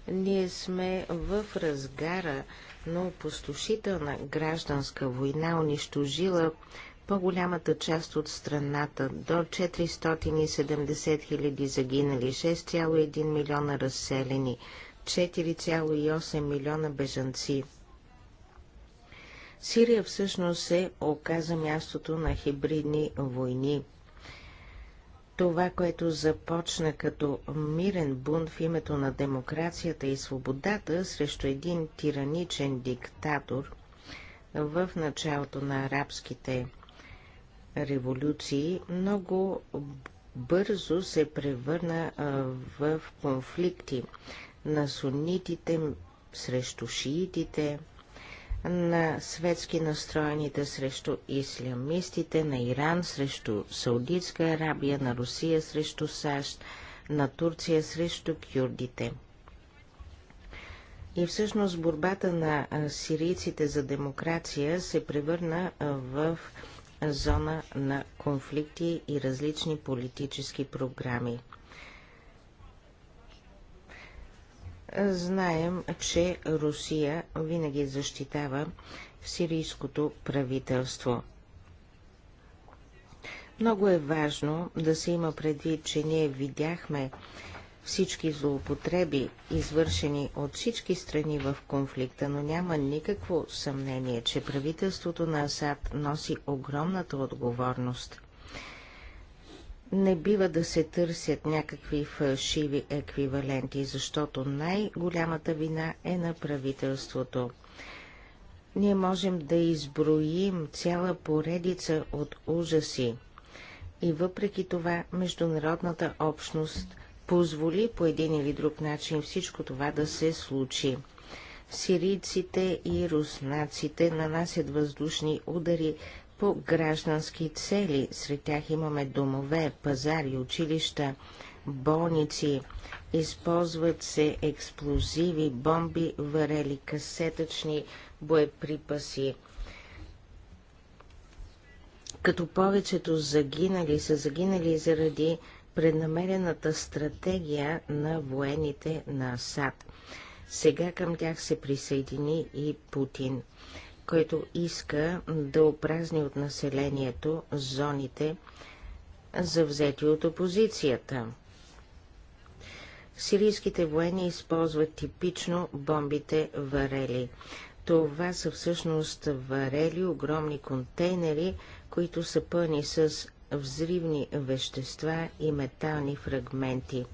Ние сме в разгара на опустошителна гражданска война, унищожила по-голямата част от страната, до 470 хиляди загинали, 6,1 милиона разселени, 4,8 милиона бежанци. Сирия всъщност се оказа мястото на хибридни войни. Това, което започна като мирен бунт в името на демокрацията и свободата срещу един тираничен диктатор в началото на арабските революции, много бързо се превърна в конфликти на сунитите срещу шиитите, на светски настроените срещу ислямистите, на Иран срещу Саудитска Арабия, на Русия срещу САЩ, на Турция срещу кюрдите. И всъщност борбата на сирийците за демокрация се превърна в зона на конфликти и различни политически програми – Знаем, че Русия винаги защитава сирийското правителство. Много е важно да се има предвид, че ние видяхме всички злоупотреби, извършени от всички страни в конфликта, но няма никакво съмнение, че правителството на Асад носи огромната отговорност. Не бива да се търсят някакви фалшиви еквиваленти, защото най-голямата вина е на правителството. Ние можем да изброим цяла поредица от ужаси. И въпреки това, международната общност позволи по един или друг начин всичко това да се случи. Сирийците и руснаците нанасят въздушни удари по граждански цели. Сред тях имаме домове, пазари, училища, болници. Използват се експлозиви, бомби, варели, касетъчни боеприпаси. Като повечето загинали са загинали заради преднамерената стратегия на военните на Асад. Сега към тях се присъедини и Путин който иска да опразни от населението зоните, завзети от опозицията. Сирийските военни използват типично бомбите варели. Това са всъщност варели, огромни контейнери, които са пълни с взривни вещества и метални фрагменти.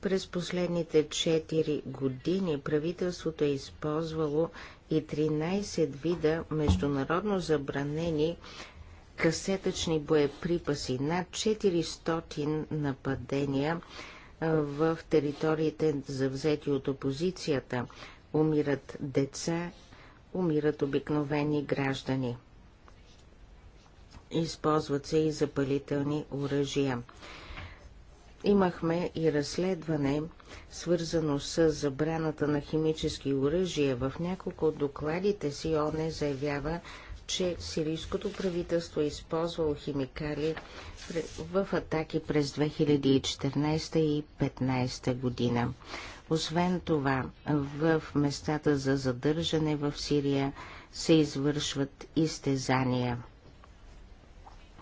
През последните 4 години правителството е използвало и 13 вида международно забранени касетъчни боеприпаси, над 400 нападения в териториите завзети от опозицията. Умират деца, умират обикновени граждани. Използват се и запалителни оръжия. Имахме и разследване, свързано с забраната на химически оръжия. В няколко от докладите си ОНЕ заявява, че сирийското правителство е използвало химикали в атаки през 2014 и 2015 година. Освен това, в местата за задържане в Сирия се извършват изтезания.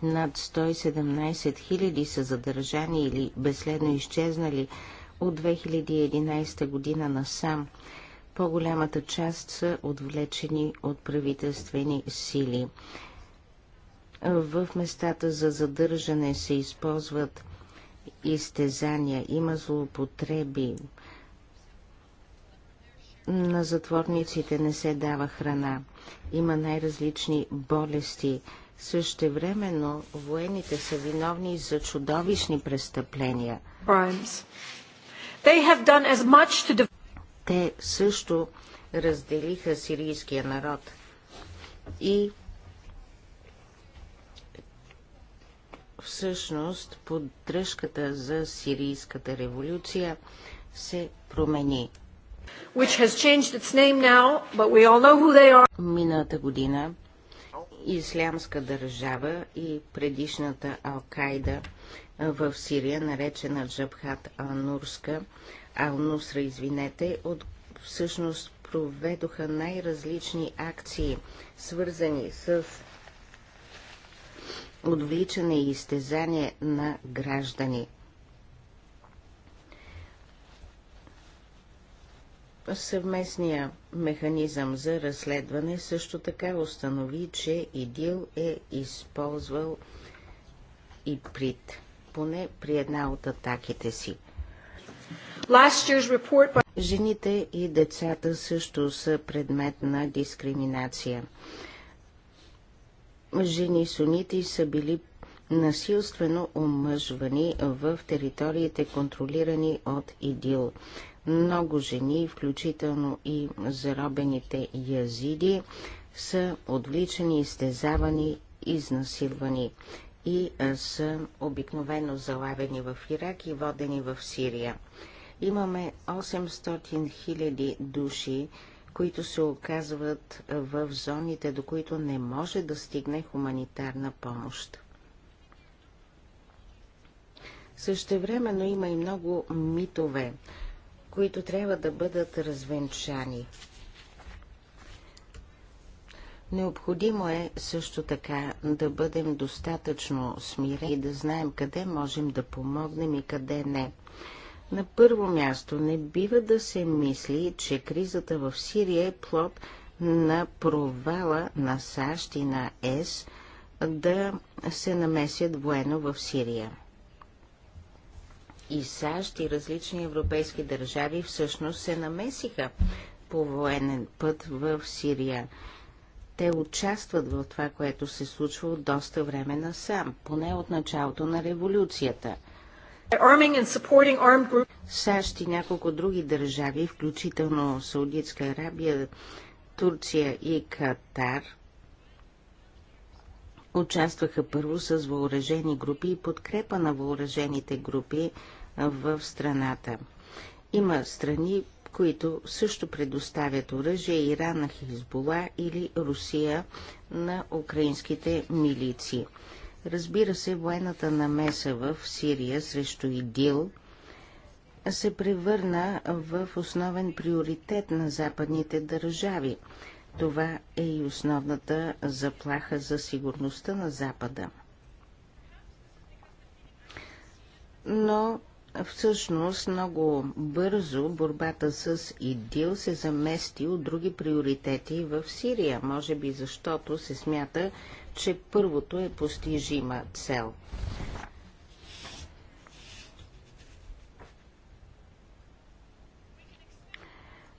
Над 117 000 са задържани или безследно изчезнали от 2011 година насам. По-голямата част са отвлечени от правителствени сили. В местата за задържане се използват изтезания, има злоупотреби. На затворниците не се дава храна. Има най-различни болести, Същевременно военните са виновни за чудовищни престъпления. To... Те също разделиха сирийския народ и всъщност поддръжката за сирийската революция се промени. Now, Миналата година ислямска държава и предишната Ал-Кайда в Сирия, наречена Джабхат Ал-Нурска, Ал-Нусра, извинете, от всъщност проведоха най-различни акции, свързани с отвличане и изтезание на граждани. Съвместния механизъм за разследване също така установи, че ИДИЛ е използвал и поне при една от атаките си. Жените и децата също са предмет на дискриминация. Жени сунити са били насилствено омъжвани в териториите, контролирани от ИДИЛ. Много жени, включително и заробените язиди, са отвличани, изтезавани, изнасилвани и са обикновено залавени в Ирак и водени в Сирия. Имаме 800 хиляди души, които се оказват в зоните, до които не може да стигне хуманитарна помощ. Същевременно има и много митове, които трябва да бъдат развенчани. Необходимо е също така да бъдем достатъчно смирени и да знаем къде можем да помогнем и къде не. На първо място не бива да се мисли, че кризата в Сирия е плод на провала на САЩ и на ЕС да се намесят военно в Сирия и САЩ и различни европейски държави всъщност се намесиха по военен път в Сирия. Те участват в това, което се случва от доста време насам, поне от началото на революцията. САЩ и няколко други държави, включително Саудитска Арабия, Турция и Катар, участваха първо с въоръжени групи и подкрепа на въоръжените групи в страната. Има страни, които също предоставят оръжие Иран на Хизбола или Русия на украинските милиции. Разбира се, военната намеса в Сирия срещу ИДИЛ се превърна в основен приоритет на западните държави. Това е и основната заплаха за сигурността на Запада. Но Всъщност много бързо борбата с ИДИЛ се замести от други приоритети в Сирия, може би защото се смята, че първото е постижима цел.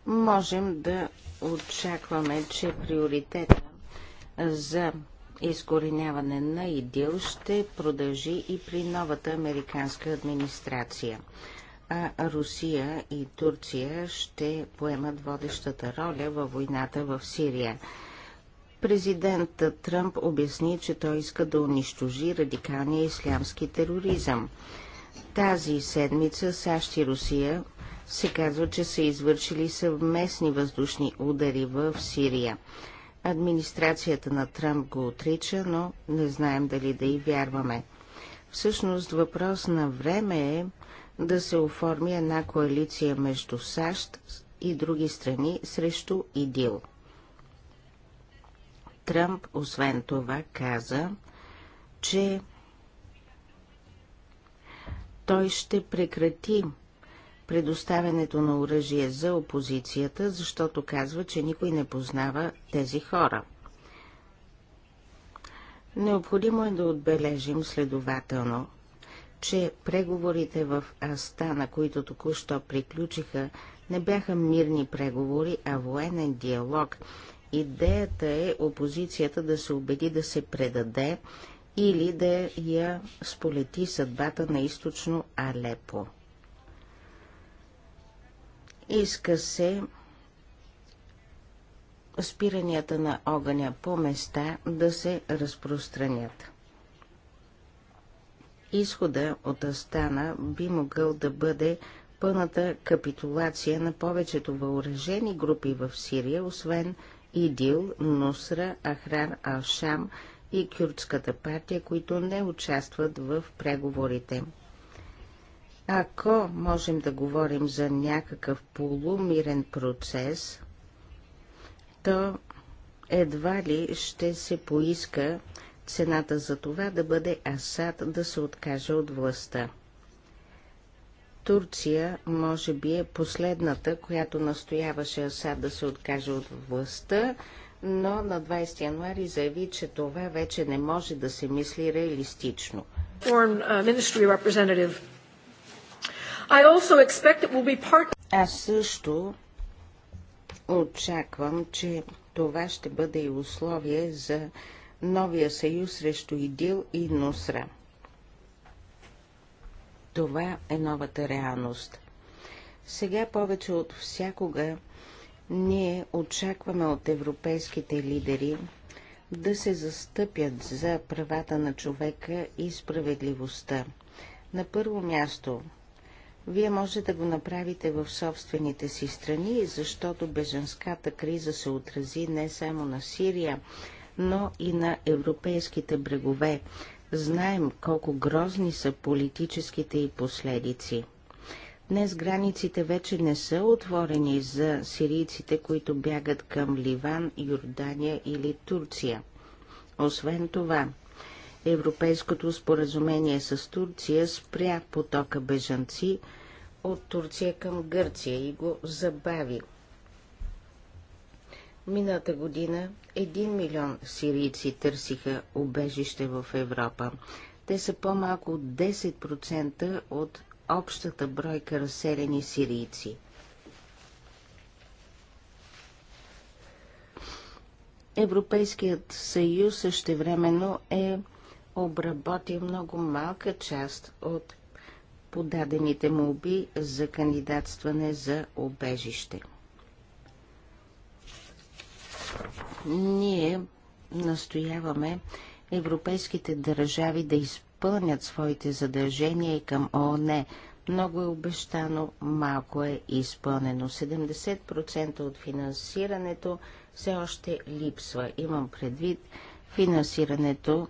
Можем да очакваме, че приоритета за изкореняване на ИДИЛ ще продължи и при новата американска администрация. А Русия и Турция ще поемат водещата роля във войната в Сирия. Президент Тръмп обясни, че той иска да унищожи радикалния ислямски тероризъм. Тази седмица САЩ и Русия се казва, че са извършили съвместни въздушни удари в Сирия. Администрацията на Тръмп го отрича, но не знаем дали да й вярваме. Всъщност въпрос на време е да се оформи една коалиция между САЩ и други страни срещу ИДИЛ. Тръмп освен това каза, че той ще прекрати предоставянето на оръжие за опозицията, защото казва, че никой не познава тези хора. Необходимо е да отбележим следователно, че преговорите в Астана, които току-що приключиха, не бяха мирни преговори, а военен диалог. Идеята е опозицията да се убеди да се предаде или да я сполети съдбата на източно Алепо. Иска се спиранията на огъня по места да се разпространят. Изхода от Астана би могъл да бъде пълната капитулация на повечето въоръжени групи в Сирия, освен ИДИЛ, Нусра, Ахран Алшам и Кюрдската партия, които не участват в преговорите. Ако можем да говорим за някакъв полумирен процес, то едва ли ще се поиска цената за това да бъде Асад да се откаже от властта. Турция може би е последната, която настояваше Асад да се откаже от властта, но на 20 януари заяви, че това вече не може да се мисли реалистично. Foreign, uh, I also expect it will be part... Аз също очаквам, че това ще бъде и условие за новия съюз срещу ИДИЛ и Нусра. Това е новата реалност. Сега повече от всякога ние очакваме от европейските лидери да се застъпят за правата на човека и справедливостта. На първо място вие може да го направите в собствените си страни, защото беженската криза се отрази не само на Сирия, но и на европейските брегове. Знаем колко грозни са политическите и последици. Днес границите вече не са отворени за сирийците, които бягат към Ливан, Йордания или Турция. Освен това, Европейското споразумение с Турция спря потока бежанци от Турция към Гърция и го забави. Мината година 1 милион сирийци търсиха убежище в Европа. Те са по-малко от 10% от общата бройка разселени сирийци. Европейският съюз същевременно е обработи много малка част от подадените молби за кандидатстване за обежище. Ние настояваме европейските държави да изпълнят своите задължения и към ООН. Много е обещано, малко е изпълнено. 70% от финансирането все още липсва. Имам предвид финансирането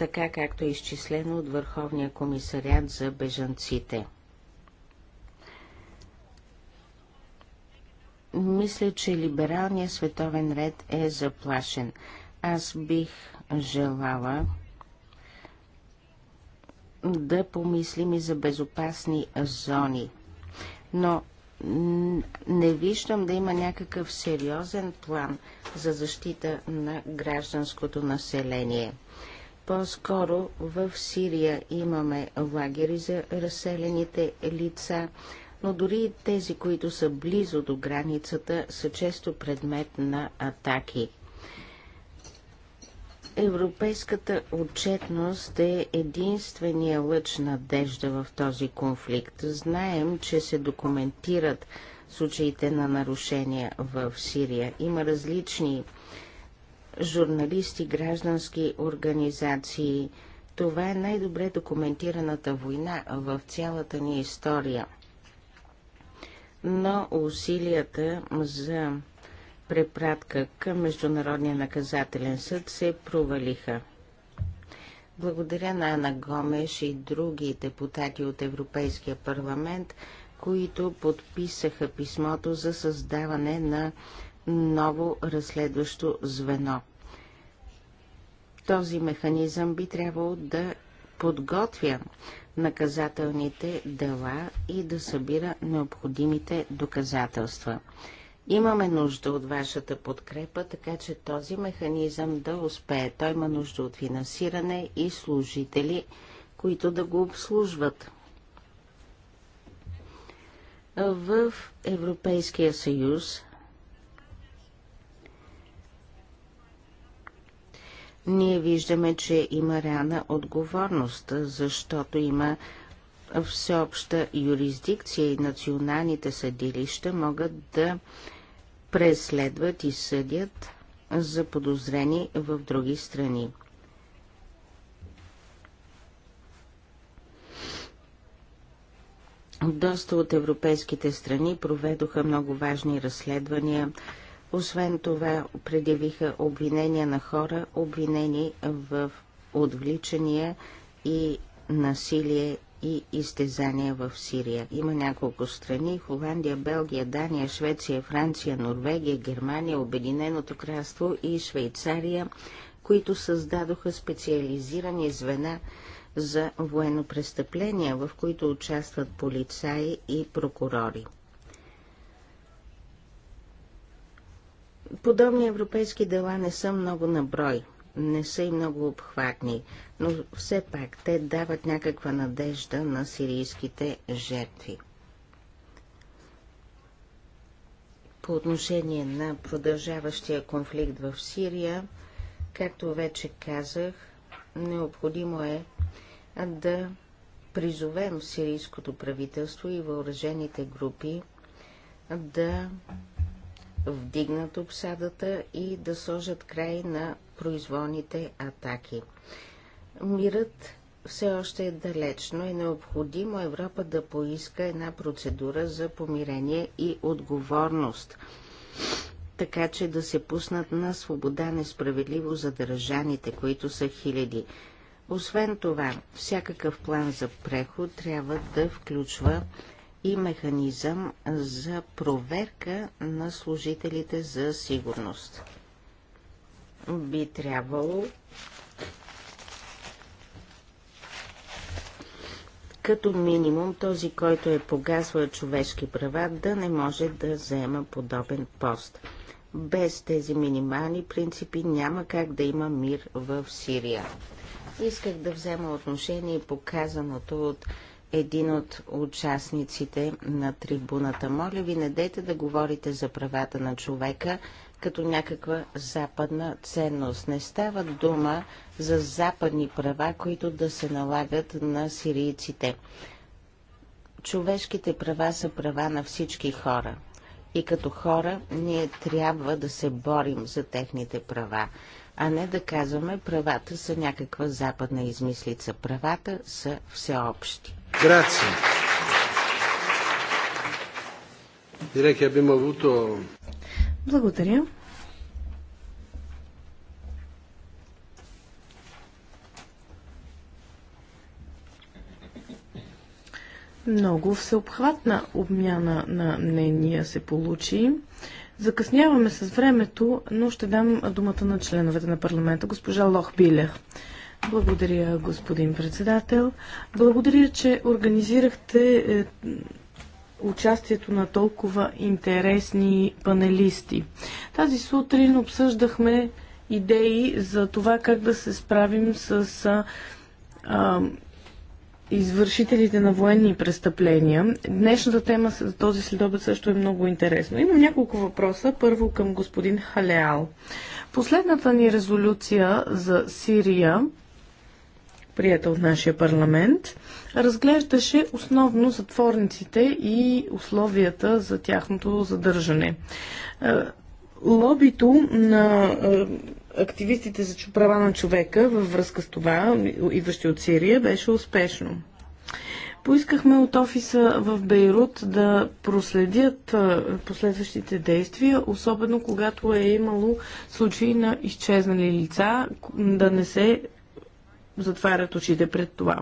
така както е изчислено от Върховния комисарят за бежанците. Мисля, че либералният световен ред е заплашен. Аз бих желала да помислим и за безопасни зони. Но не виждам да има някакъв сериозен план за защита на гражданското население. По-скоро в Сирия имаме лагери за разселените лица, но дори и тези, които са близо до границата, са често предмет на атаки. Европейската отчетност е единствения лъч надежда в този конфликт. Знаем, че се документират случаите на нарушения в Сирия. Има различни журналисти, граждански организации. Това е най-добре документираната война в цялата ни история. Но усилията за препратка към Международния наказателен съд се провалиха. Благодаря на Ана Гомеш и други депутати от Европейския парламент, които подписаха писмото за създаване на ново разследващо звено. Този механизъм би трябвало да подготвя наказателните дела и да събира необходимите доказателства. Имаме нужда от вашата подкрепа, така че този механизъм да успее. Той има нужда от финансиране и служители, които да го обслужват. В Европейския съюз ние виждаме, че има реална отговорност, защото има всеобща юрисдикция и националните съдилища могат да преследват и съдят за подозрени в други страни. Доста от европейските страни проведоха много важни разследвания освен това, предявиха обвинения на хора, обвинени в отвличания и насилие и изтезания в Сирия. Има няколко страни – Холандия, Белгия, Дания, Швеция, Франция, Норвегия, Германия, Обединеното кралство и Швейцария, които създадоха специализирани звена за военно престъпление, в които участват полицаи и прокурори. Подобни европейски дела не са много на брой, не са и много обхватни, но все пак те дават някаква надежда на сирийските жертви. По отношение на продължаващия конфликт в Сирия, както вече казах, необходимо е да призовем сирийското правителство и въоръжените групи да вдигнат обсадата и да сложат край на произволните атаки. Мирът все още е далеч, но е необходимо Европа да поиска една процедура за помирение и отговорност, така че да се пуснат на свобода несправедливо задържаните, които са хиляди. Освен това, всякакъв план за преход трябва да включва и механизъм за проверка на служителите за сигурност. Би трябвало като минимум този, който е погазвал човешки права, да не може да заема подобен пост. Без тези минимални принципи няма как да има мир в Сирия. Исках да взема отношение по казаното от един от участниците на трибуната. Моля ви, не дейте да говорите за правата на човека като някаква западна ценност. Не става дума за западни права, които да се налагат на сирийците. Човешките права са права на всички хора. И като хора ние трябва да се борим за техните права, а не да казваме правата са някаква западна измислица. Правата са всеобщи. Grazie. Direi che abbiamo avuto... Благодаря. Много всеобхватна обмяна на мнения се получи. Закъсняваме с времето, но ще дам думата на членовете на парламента, госпожа Лох Билех. Благодаря, господин председател. Благодаря, че организирахте е, участието на толкова интересни панелисти. Тази сутрин обсъждахме идеи за това как да се справим с а, а, извършителите на военни престъпления. Днешната тема за този следобед също е много интересна. Имам няколко въпроса. Първо към господин Халеал. Последната ни резолюция за Сирия прията от нашия парламент, разглеждаше основно затворниците и условията за тяхното задържане. Е, лобито на е, активистите за права на човека във връзка с това, идващи от Сирия, беше успешно. Поискахме от офиса в Бейрут да проследят е, последващите действия, особено когато е имало случаи на изчезнали лица, да не се затварят очите пред това.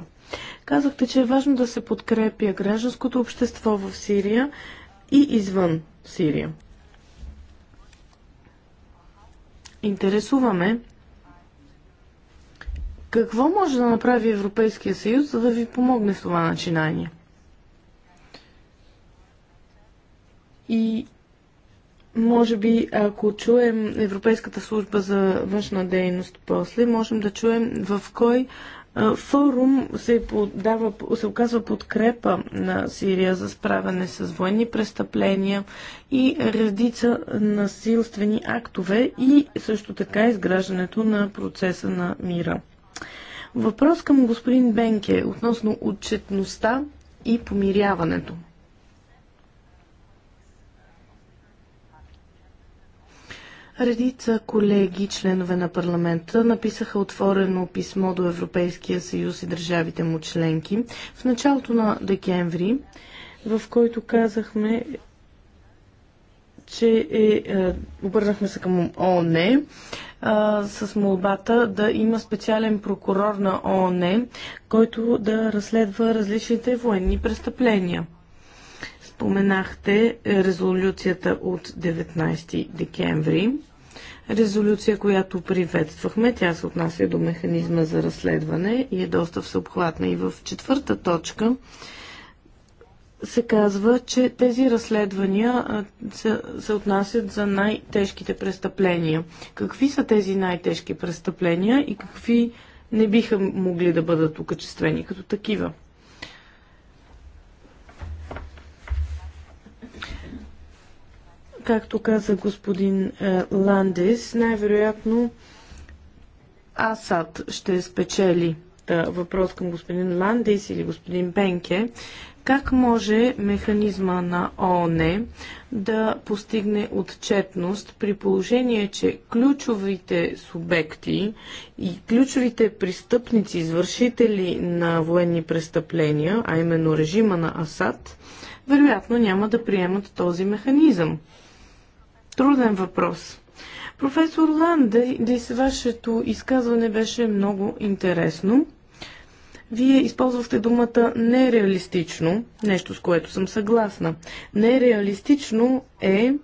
Казахте, че е важно да се подкрепя гражданското общество в Сирия и извън Сирия. Интересуваме какво може да направи Европейския съюз, за да ви помогне в това начинание? И може би, ако чуем Европейската служба за външна дейност после, можем да чуем в кой форум се, подава, се оказва подкрепа на Сирия за справяне с военни престъпления и редица насилствени актове и също така изграждането на процеса на мира. Въпрос към господин Бенке относно отчетността и помиряването. Редица колеги, членове на парламента, написаха отворено писмо до Европейския съюз и държавите му членки в началото на декември, в който казахме, че е, е, обърнахме се към ООН е, с молбата да има специален прокурор на ООН, който да разследва различните военни престъпления. Споменахте резолюцията от 19 декември. Резолюция, която приветствахме, тя се отнася до механизма за разследване и е доста всеобхватна. И в четвърта точка се казва, че тези разследвания се, се отнасят за най-тежките престъпления. Какви са тези най-тежки престъпления и какви не биха могли да бъдат окачествени като такива? Както каза господин е, Ландес, най-вероятно Асад ще спечели въпрос към господин Ландес или господин Бенке. Как може механизма на ООН да постигне отчетност при положение, че ключовите субекти и ключовите престъпници, извършители на военни престъпления, а именно режима на Асад, вероятно няма да приемат този механизъм? труден въпрос. Професор Ландис, вашето изказване беше много интересно. Вие използвахте думата нереалистично, нещо с което съм съгласна. Нереалистично е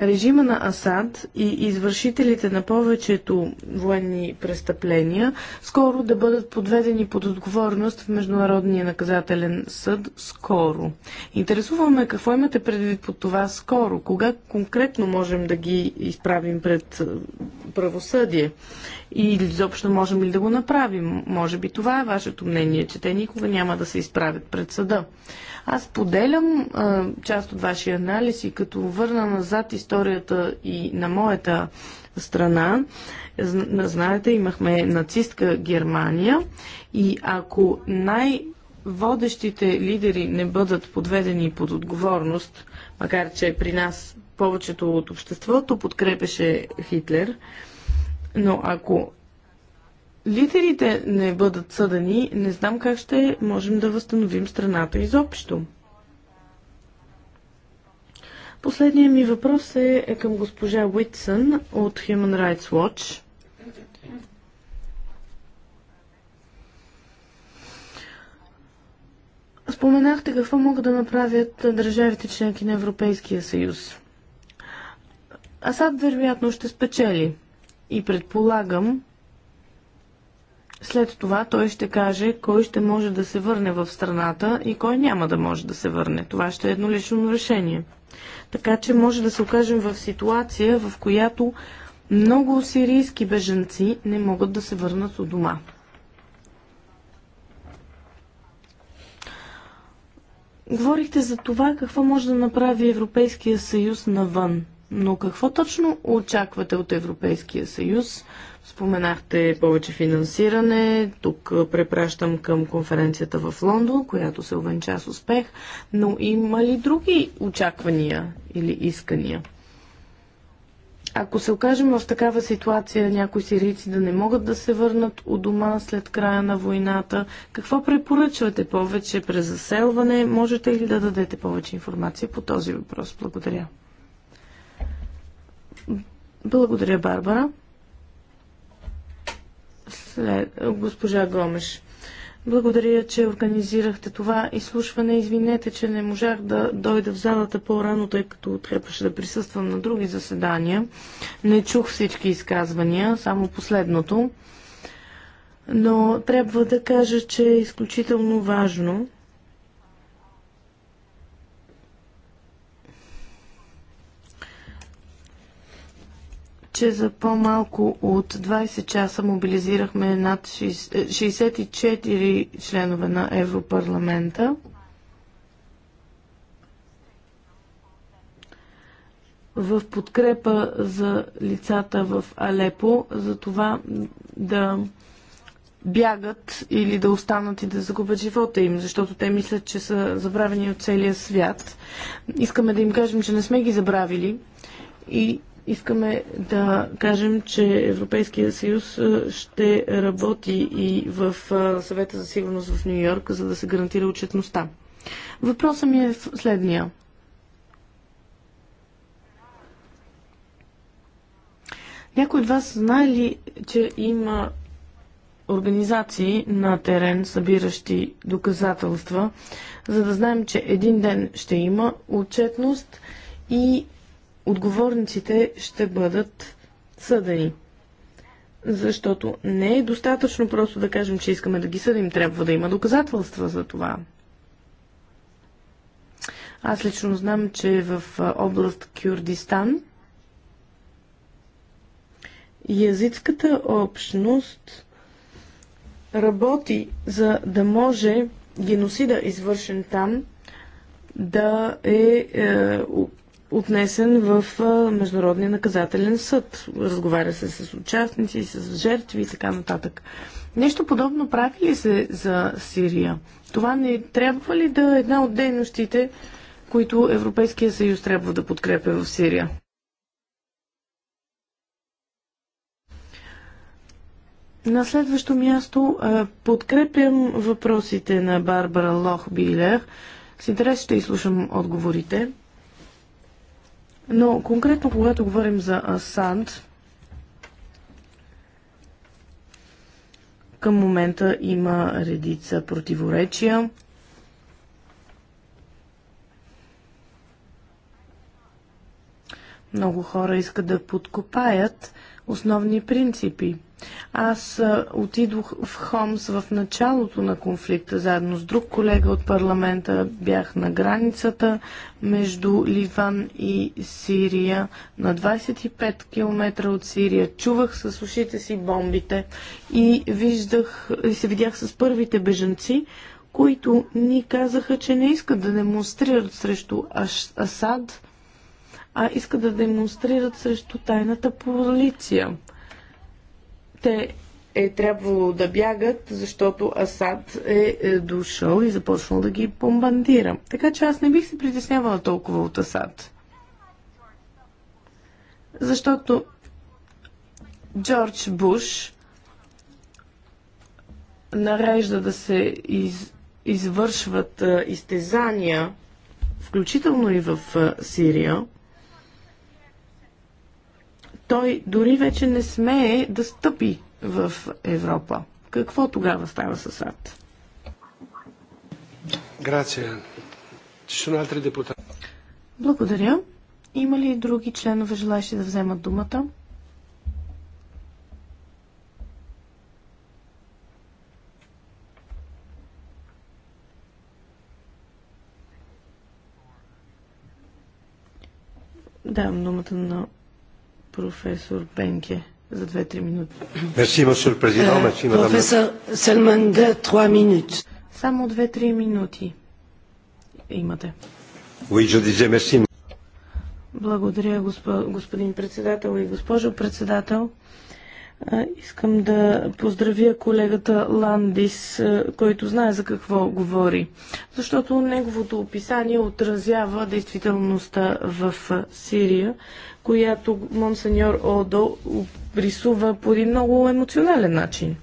Режима на Асад и извършителите на повечето военни престъпления скоро да бъдат подведени под отговорност в Международния наказателен съд скоро. Интересуваме какво имате предвид под това скоро, кога конкретно можем да ги изправим пред правосъдие и изобщо можем ли да го направим. Може би това е вашето мнение, че те никога няма да се изправят пред съда. Аз поделям а, част от вашия анализ и като върна назад историята и на моята страна, знаете, имахме нацистка Германия и ако най- водещите лидери не бъдат подведени под отговорност, макар че при нас повечето от обществото подкрепеше Хитлер, но ако лидерите не бъдат съдани, не знам как ще можем да възстановим страната изобщо. Последният ми въпрос е, е към госпожа Уитсън от Human Rights Watch. Споменахте какво могат да направят държавите членки на Европейския съюз. Асад вероятно ще спечели и предполагам, след това той ще каже кой ще може да се върне в страната и кой няма да може да се върне. Това ще е еднолично решение. Така че може да се окажем в ситуация, в която много сирийски беженци не могат да се върнат от дома. Говорихте за това какво може да направи Европейския съюз навън. Но какво точно очаквате от Европейския съюз Споменахте повече финансиране. Тук препращам към конференцията в Лондон, която се овенча с успех. Но има ли други очаквания или искания? Ако се окажем в такава ситуация, някои сирийци да не могат да се върнат у дома след края на войната, какво препоръчвате повече през заселване? Можете ли да дадете повече информация по този въпрос? Благодаря. Благодаря, Барбара след... госпожа Гомеш. Благодаря, че организирахте това изслушване. Извинете, че не можах да дойда в залата по-рано, тъй като трябваше да присъствам на други заседания. Не чух всички изказвания, само последното. Но трябва да кажа, че е изключително важно че за по-малко от 20 часа мобилизирахме над 64 е, членове на Европарламента. в подкрепа за лицата в Алепо, за това да бягат или да останат и да загубят живота им, защото те мислят, че са забравени от целия свят. Искаме да им кажем, че не сме ги забравили и Искаме да кажем, че Европейския съюз ще работи и в съвета за сигурност в Нью Йорк, за да се гарантира отчетността. Въпросът ми е следния. Някой от вас знае ли, че има организации на терен, събиращи доказателства, за да знаем, че един ден ще има отчетност и отговорниците ще бъдат съдени. Защото не е достатъчно просто да кажем, че искаме да ги съдим. Трябва да има доказателства за това. Аз лично знам, че в област Кюрдистан язитската общност работи за да може геносида, извършен там, да е, е отнесен в Международния наказателен съд. Разговаря се с участници, с жертви и така нататък. Нещо подобно прави ли се за Сирия? Това не трябва ли да е една от дейностите, които Европейския съюз трябва да подкрепя в Сирия? На следващо място подкрепям въпросите на Барбара Лохбилер. С интерес ще изслушам отговорите. Но конкретно, когато говорим за Асанд, към момента има редица противоречия. Много хора искат да подкопаят основни принципи – аз отидох в Хомс в началото на конфликта, заедно с друг колега от парламента. Бях на границата между Ливан и Сирия, на 25 км от Сирия. Чувах с ушите си бомбите и виждах, и се видях с първите бежанци, които ни казаха, че не искат да демонстрират срещу Аш, Асад, а искат да демонстрират срещу тайната полиция. Те е трябвало да бягат, защото Асад е, е дошъл и започнал да ги бомбандира. Така че аз не бих се притеснявала толкова от Асад. Защото Джордж Буш нарежда да се из, извършват а, е, изтезания, включително и в а, е, Сирия, той дори вече не смее да стъпи в Европа. Какво тогава става с САД? Грация. Благодаря. Има ли други членове желащи да вземат думата? Давам думата на професор Пенке за 2-3 минути. Мерси, мосър президент. Мерси, мадам. Професор Селман, 2 3 минути. Само 2-3 минути имате. Oui, je disais merci. Благодаря, господин председател и госпожо председател. Искам да поздравя колегата Ландис, който знае за какво говори, защото неговото описание отразява действителността в Сирия, която монсеньор Одо рисува по един много емоционален начин.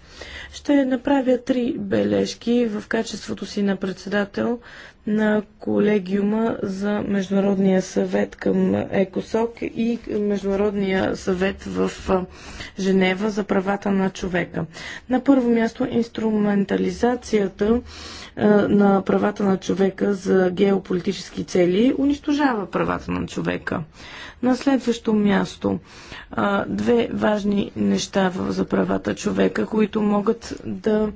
Ще направя три бележки в качеството си на председател на колегиума за Международния съвет към ЕКОСОК и Международния съвет в Женева за правата на човека. На първо място инструментализацията на правата на човека за геополитически цели унищожава правата на човека. На следващо място две важни неща за правата човека, които могат да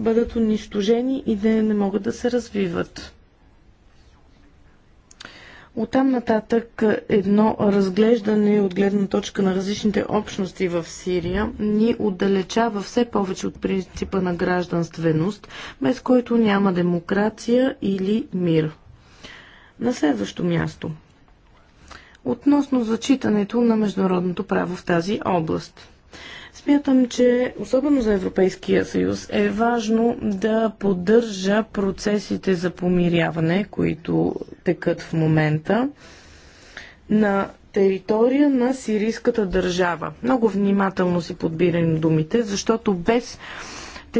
бъдат унищожени и да не могат да се развиват. От там нататък едно разглеждане от гледна точка на различните общности в Сирия ни отдалечава все повече от принципа на гражданственост, без който няма демокрация или мир. На следващо място. Относно зачитането на международното право в тази област. Смятам, че особено за Европейския съюз е важно да поддържа процесите за помиряване, които текат в момента на територия на сирийската държава. Много внимателно си подбирам думите, защото без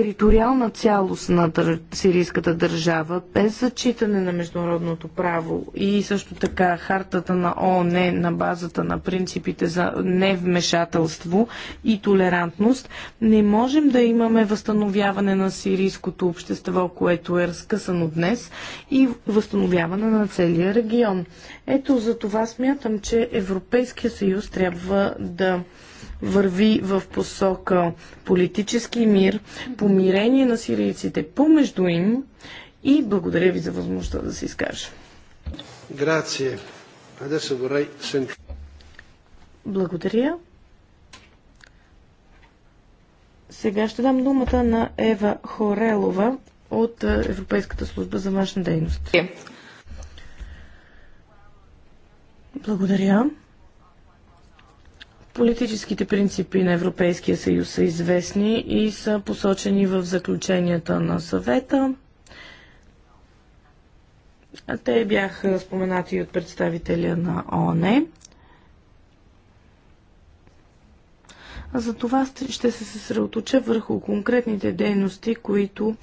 териториална цялост на дър... сирийската държава, без зачитане на международното право и също така хартата на ООН е на базата на принципите за невмешателство и толерантност, не можем да имаме възстановяване на сирийското общество, което е разкъсано днес и възстановяване на целия регион. Ето за това смятам, че Европейския съюз трябва да върви в посока политически мир, помирение на сирийците помежду им и благодаря ви за възможността да се изкажа. Благодаря. Сега ще дам думата на Ева Хорелова от е, Европейската служба за външна дейност. Благодаря. Политическите принципи на Европейския съюз са известни и са посочени в заключенията на съвета. Те бяха споменати и от представителя на ООН. За това ще се съсредоточа върху конкретните дейности, които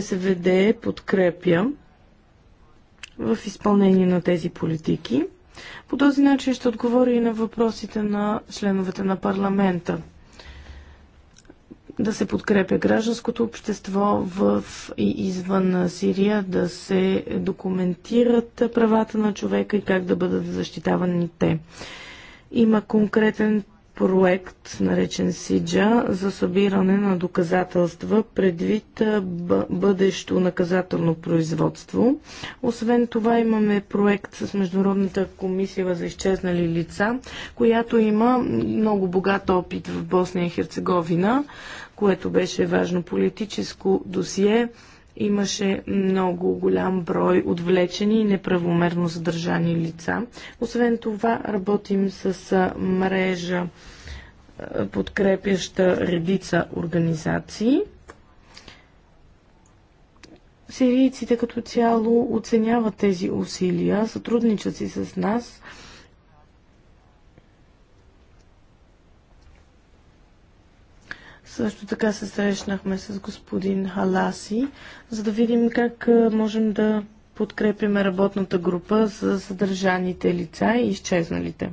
СВД подкрепя в изпълнение на тези политики. По този начин ще отговори и на въпросите на членовете на парламента. Да се подкрепя гражданското общество в и извън Сирия, да се документират правата на човека и как да бъдат защитавани те. Има конкретен проект, наречен СИДЖА, за събиране на доказателства предвид бъдещо наказателно производство. Освен това имаме проект с Международната комисия за изчезнали лица, която има много богат опит в Босния и Херцеговина, което беше важно политическо досие имаше много голям брой отвлечени и неправомерно задържани лица. Освен това, работим с мрежа, подкрепяща редица организации. Сирийците като цяло оценяват тези усилия, сътрудничат си с нас – Също така се срещнахме с господин Халаси, за да видим как можем да подкрепим работната група за задържаните лица и изчезналите.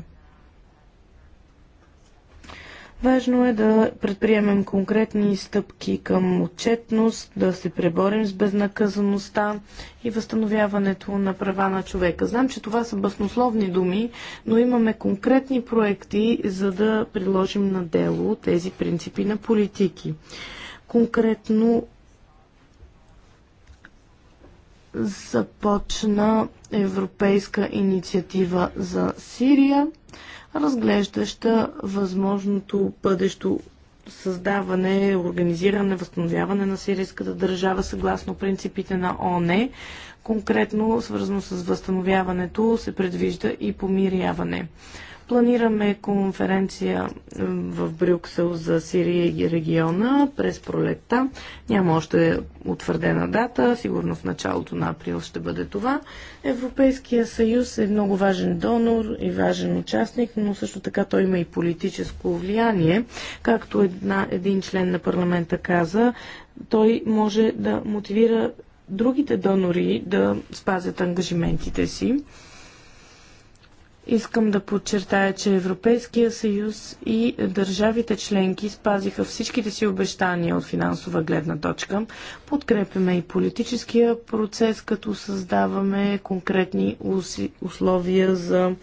Важно е да предприемем конкретни стъпки към отчетност, да се преборим с безнаказаността и възстановяването на права на човека. Знам, че това са баснословни думи, но имаме конкретни проекти, за да приложим на дело тези принципи на политики. Конкретно започна европейска инициатива за Сирия – разглеждаща възможното бъдещо създаване, организиране, възстановяване на сирийската държава съгласно принципите на ОНЕ. Конкретно, свързано с възстановяването, се предвижда и помиряване. Планираме конференция в Брюксел за Сирия и региона през пролетта. Няма още утвърдена дата, сигурно в началото на април ще бъде това. Европейския съюз е много важен донор и важен участник, но също така той има и политическо влияние. Както една, един член на парламента каза, той може да мотивира другите донори да спазят ангажиментите си. Искам да подчертая, че Европейския съюз и държавите членки спазиха всичките си обещания от финансова гледна точка. Подкрепяме и политическия процес, като създаваме конкретни условия за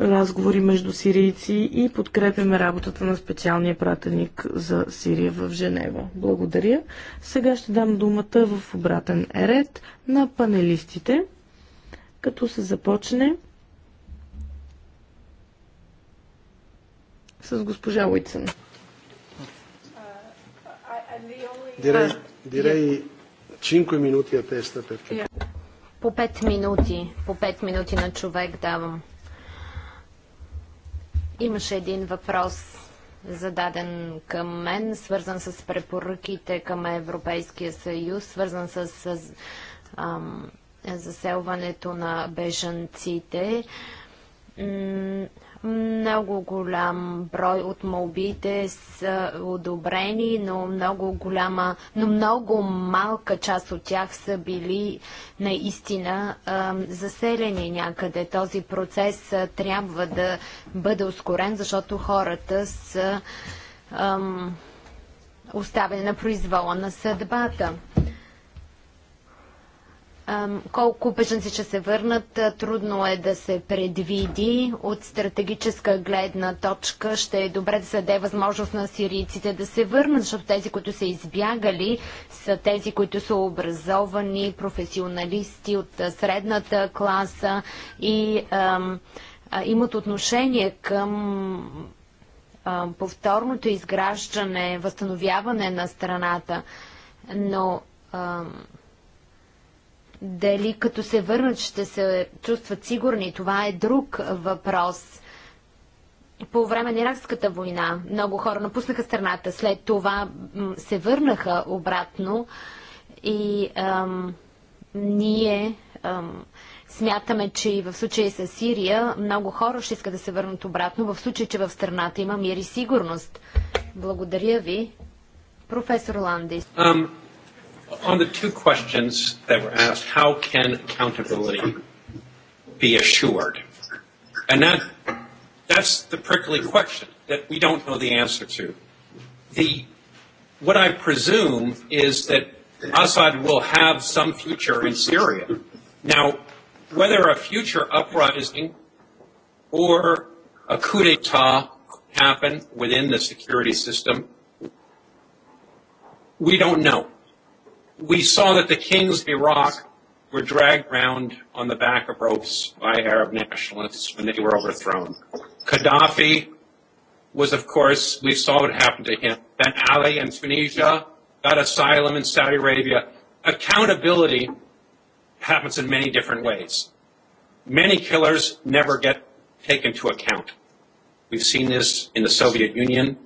разговори между сирийци и подкрепяме работата на специалния пратеник за Сирия в Женева. Благодаря. Сега ще дам думата в обратен ред на панелистите, като се започне с госпожа Уитсън. Дирей, чинко минути minuti a testa perché... По пет минути, по пет минути на човек давам. Имаше един въпрос зададен към мен, свързан с препоръките към Европейския съюз, свързан с, с ам, заселването на бежанците. М много голям брой от молбите са одобрени, но много голяма, но много малка част от тях са били наистина а, заселени някъде. Този процес а, трябва да бъде ускорен, защото хората са ам, оставени на произвола на съдбата. Колко бежанци ще се върнат, трудно е да се предвиди. От стратегическа гледна точка ще е добре да се даде възможност на сирийците да се върнат, защото тези, които са избягали, са тези, които са образовани, професионалисти от средната класа и ам, а, имат отношение към ам, повторното изграждане, възстановяване на страната. Но ам, дали като се върнат ще се чувстват сигурни, това е друг въпрос. По време на Иракската война много хора напуснаха страната, след това се върнаха обратно и ам, ние ам, смятаме, че и в случай с Сирия много хора ще искат да се върнат обратно, в случай, че в страната има мир и сигурност. Благодаря ви, професор Ландис. Um on the two questions that were asked, how can accountability be assured? And that, that's the prickly question that we don't know the answer to. The, what I presume is that Assad will have some future in Syria. Now, whether a future uprising or a coup d'etat happen within the security system, we don't know we saw that the kings of Iraq were dragged round on the back of ropes by Arab nationalists when they were overthrown. Gaddafi was, of course, we saw what happened to him. Ben Ali in Tunisia got asylum in Saudi Arabia. Accountability happens in many different ways. Many killers never get taken to account. We've seen this in the Soviet Union.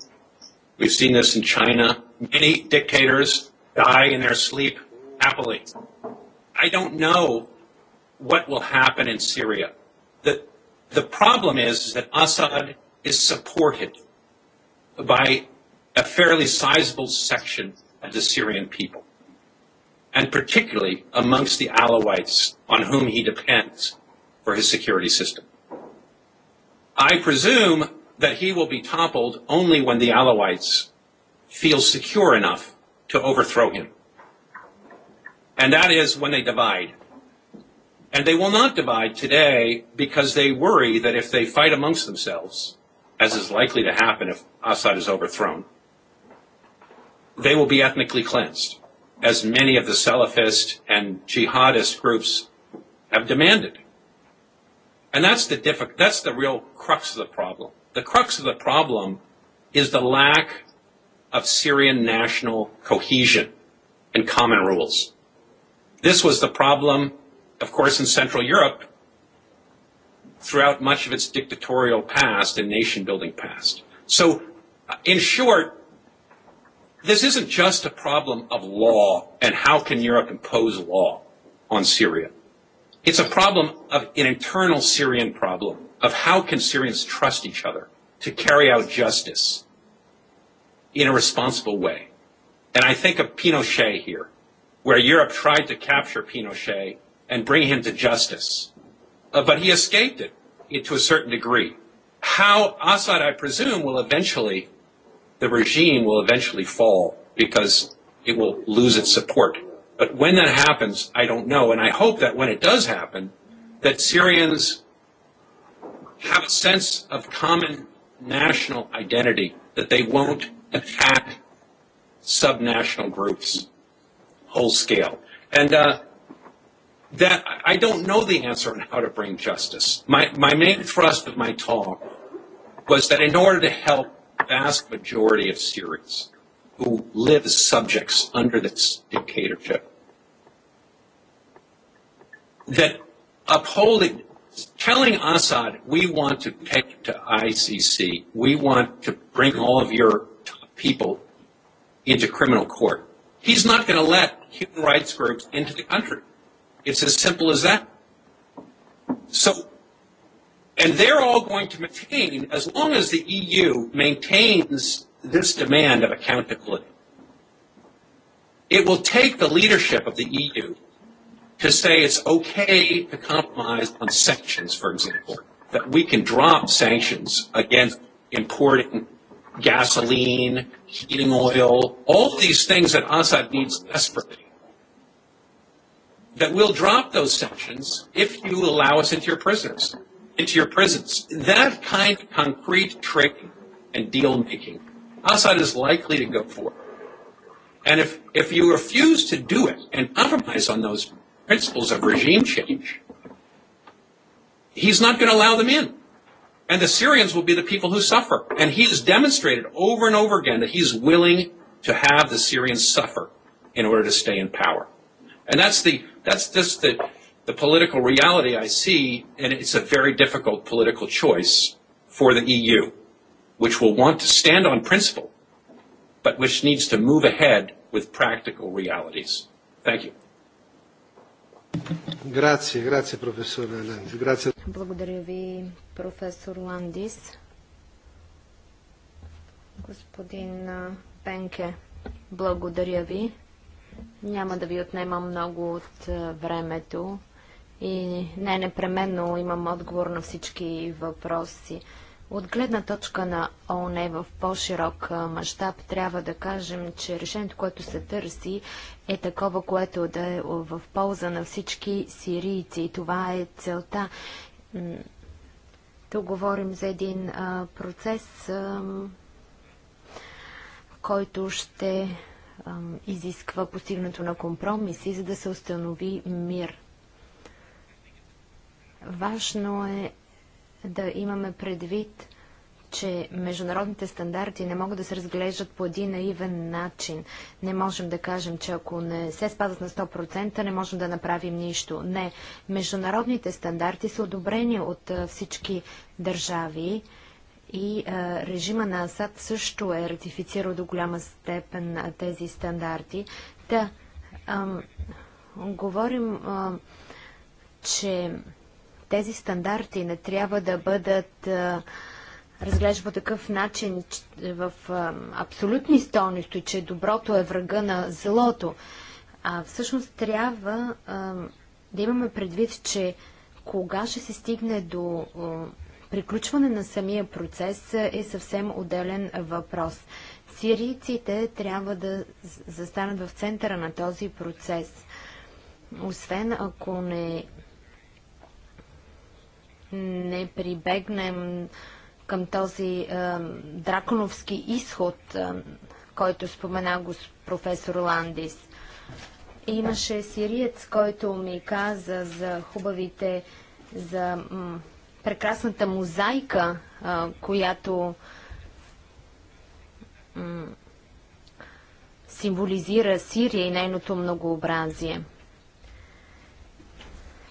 We've seen this in China. Many dictators die in their sleep happily. I don't know what will happen in Syria. The, the problem is, is that Assad is supported by a fairly sizable section of the Syrian people, and particularly amongst the Alawites on whom he depends for his security system. I presume that he will be toppled only when the Alawites feel secure enough to overthrow him. And that is when they divide. And they will not divide today because they worry that if they fight amongst themselves, as is likely to happen if Assad is overthrown, they will be ethnically cleansed, as many of the Salafist and jihadist groups have demanded. And that's the diffi- that's the real crux of the problem. The crux of the problem is the lack of Syrian national cohesion and common rules. This was the problem, of course, in Central Europe throughout much of its dictatorial past and nation building past. So, in short, this isn't just a problem of law and how can Europe impose law on Syria. It's a problem of an internal Syrian problem of how can Syrians trust each other to carry out justice in a responsible way. And I think of Pinochet here, where Europe tried to capture Pinochet and bring him to justice. Uh, but he escaped it, it to a certain degree. How Assad, I presume, will eventually, the regime will eventually fall because it will lose its support. But when that happens, I don't know. And I hope that when it does happen, that Syrians have a sense of common national identity, that they won't attack subnational groups whole scale. And uh, that I don't know the answer on how to bring justice. My, my main thrust of my talk was that in order to help vast majority of Syrians who live as subjects under this dictatorship, that upholding, telling Assad, we want to take to ICC, we want to bring all of your people into criminal court. He's not going to let human rights groups into the country. It's as simple as that. So, and they're all going to maintain, as long as the EU maintains this demand of accountability, it will take the leadership of the EU to say it's okay to compromise on sanctions, for example, that we can drop sanctions against importing gasoline, heating oil, all these things that Assad needs desperately. That we'll drop those sanctions if you allow us into your prisons, into your prisons. That kind of concrete trick and deal making, Assad is likely to go for. And if, if you refuse to do it and compromise on those principles of regime change, he's not going to allow them in. And the Syrians will be the people who suffer. And he has demonstrated over and over again that he's willing to have the Syrians suffer in order to stay in power. And that's the that's just the the political reality I see, and it's a very difficult political choice for the EU, which will want to stand on principle, but which needs to move ahead with practical realities. Thank you. Ландис. Благодаря ви, професор Ландис. Господин Пенке, благодаря ви. Няма да ви отнема много от времето и не непременно имам отговор на всички въпроси. От гледна точка на ООН е в по-широк мащаб трябва да кажем, че решението, което се търси, е такова, което да е в полза на всички сирийци. И това е целта. Тук говорим за един процес, който ще изисква постигнато на компромиси, за да се установи мир. Важно е да имаме предвид, че международните стандарти не могат да се разглеждат по един наивен начин. Не можем да кажем, че ако не се спазват на 100%, не можем да направим нищо. Не. Международните стандарти са одобрени от всички държави и режима на Асад също е ратифицирал до голяма степен тези стандарти. Та, да, говорим, че тези стандарти не трябва да бъдат разглежда по такъв начин в абсолютни стойности, че доброто е врага на злото. А всъщност трябва да имаме предвид, че кога ще се стигне до приключване на самия процес е съвсем отделен въпрос. Сирийците трябва да застанат в центъра на този процес. Освен ако не не прибегнем към този е, драконовски изход, е, който спомена го професор Ландис. Имаше сириец, който ми каза за хубавите, за прекрасната мозайка, е, която символизира Сирия и нейното многообразие.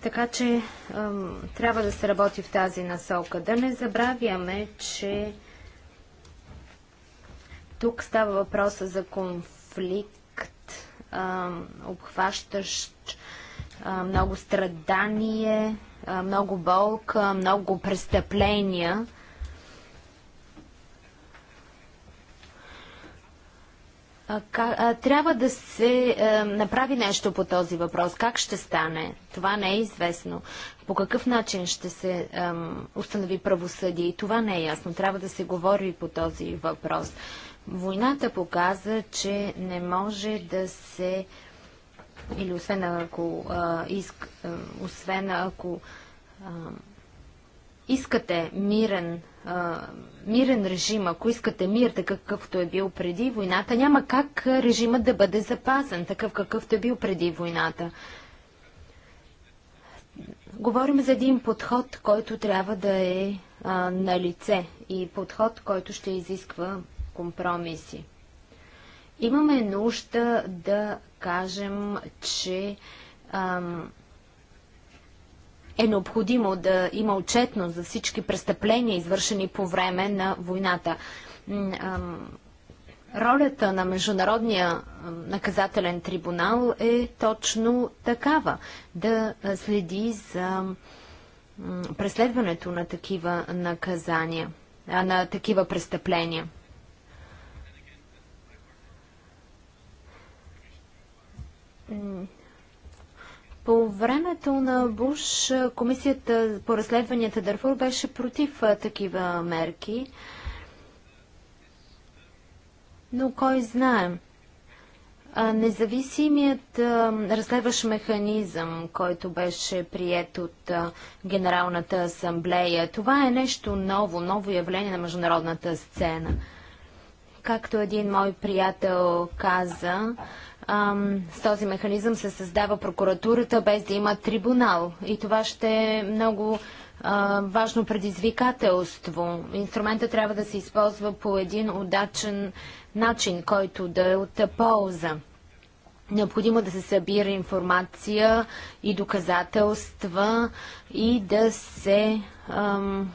Така че трябва да се работи в тази насока. Да не забравяме, че тук става въпроса за конфликт, обхващащ много страдание, много болка, много престъпления. Трябва да се е, направи нещо по този въпрос. Как ще стане? Това не е известно. По какъв начин ще се установи правосъдие? Това не е ясно. Трябва да се говори по този въпрос. Войната показа, че не може да се или освен ако, а, иск, а, освен ако а, искате мирен мирен режим, ако искате мир, такъв какъвто е бил преди войната, няма как режимът да бъде запазен, такъв какъвто е бил преди войната. Говорим за един подход, който трябва да е а, на лице и подход, който ще изисква компромиси. Имаме нужда да кажем, че ам, е необходимо да има отчетност за всички престъпления, извършени по време на войната. Ролята на Международния наказателен трибунал е точно такава да следи за преследването на такива наказания, на такива престъпления. По времето на Буш комисията по разследванията Дърфур беше против такива мерки. Но кой знае? независимият разследващ механизъм, който беше прият от Генералната асамблея, това е нещо ново, ново явление на международната сцена – Както един мой приятел каза, ам, с този механизъм се създава прокуратурата без да има трибунал. И това ще е много а, важно предизвикателство. Инструмента трябва да се използва по един удачен начин, който да е от полза. Необходимо да се събира информация и доказателства и да се ам,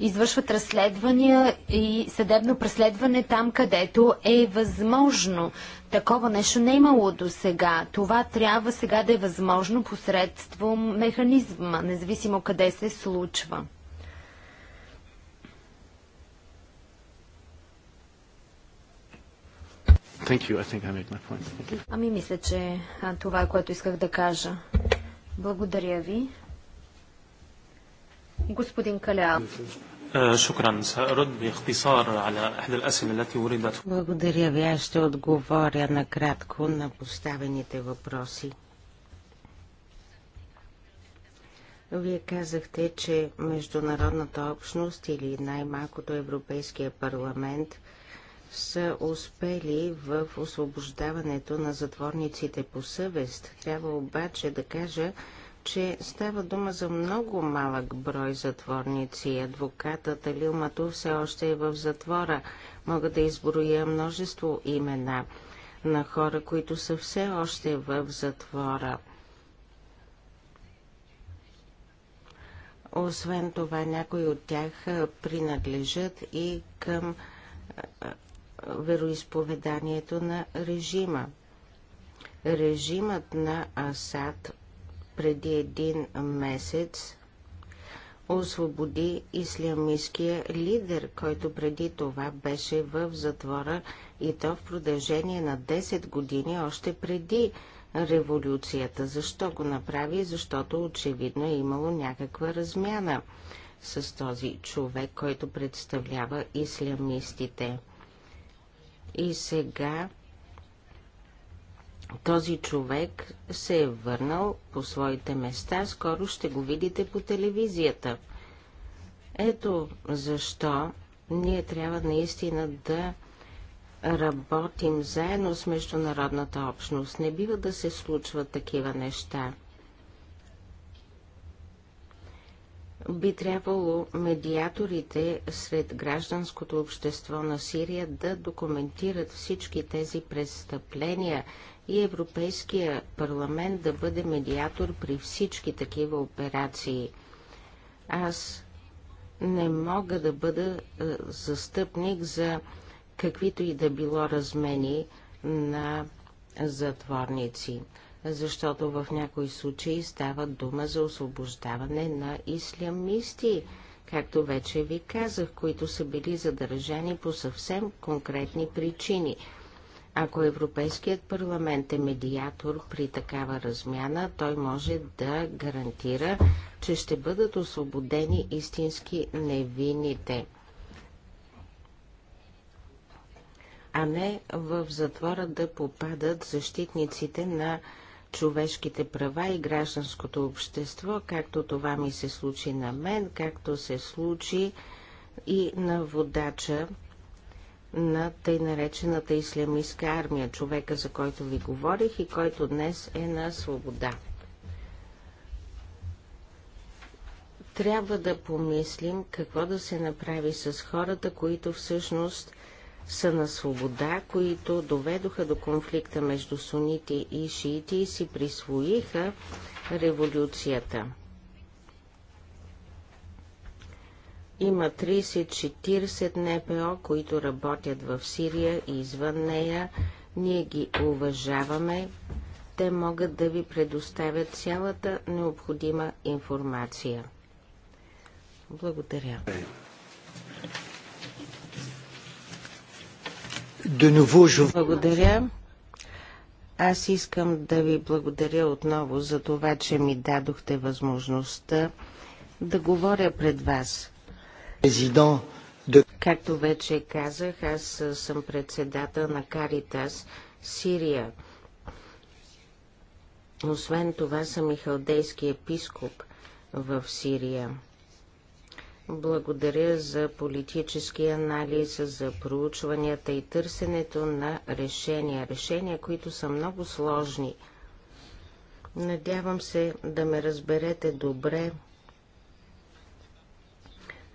извършват разследвания и съдебно преследване там, където е възможно. Такова нещо не е имало до сега. Това трябва сега да е възможно посредством механизма, независимо къде се случва. Thank you. I think I made my point. Ами мисля, че това е което исках да кажа. Благодаря ви. Господин е, Благодаря ви. Аз ще отговоря накратко на поставените въпроси. Вие казахте, че международната общност или най-малкото Европейския парламент са успели в освобождаването на затворниците по съвест. Трябва обаче да кажа, че става дума за много малък брой затворници. Адвокатът Алил Мату все още е в затвора. Мога да изброя множество имена на хора, които са все още в затвора. Освен това, някои от тях принадлежат и към вероисповеданието на режима. Режимът на Асад преди един месец освободи ислямистския лидер, който преди това беше в затвора и то в продължение на 10 години, още преди революцията. Защо го направи? Защото очевидно е имало някаква размяна с този човек, който представлява ислямистите. И сега този човек се е върнал по своите места, скоро ще го видите по телевизията. Ето защо ние трябва наистина да работим заедно с международната общност. Не бива да се случват такива неща. Би трябвало медиаторите сред гражданското общество на Сирия да документират всички тези престъпления, и Европейския парламент да бъде медиатор при всички такива операции. Аз не мога да бъда застъпник за каквито и да било размени на затворници, защото в някои случаи става дума за освобождаване на ислямисти, както вече ви казах, които са били задържани по съвсем конкретни причини – ако Европейският парламент е медиатор при такава размяна, той може да гарантира, че ще бъдат освободени истински невинните, а не в затвора да попадат защитниците на човешките права и гражданското общество, както това ми се случи на мен, както се случи и на водача на тъй наречената ислямистка армия, човека за който ви говорих и който днес е на свобода. Трябва да помислим какво да се направи с хората, които всъщност са на свобода, които доведоха до конфликта между сунити и шиити и си присвоиха революцията. Има 30-40 НПО, които работят в Сирия и извън нея. Ние ги уважаваме. Те могат да ви предоставят цялата необходима информация. Благодаря. Благодаря. Аз искам да ви благодаря отново за това, че ми дадохте възможността да говоря пред вас. Както вече казах, аз съм председател на Каритас Сирия. Освен това съм и халдейски епископ в Сирия. Благодаря за политически анализ, за проучванията и търсенето на решения. Решения, които са много сложни. Надявам се да ме разберете добре.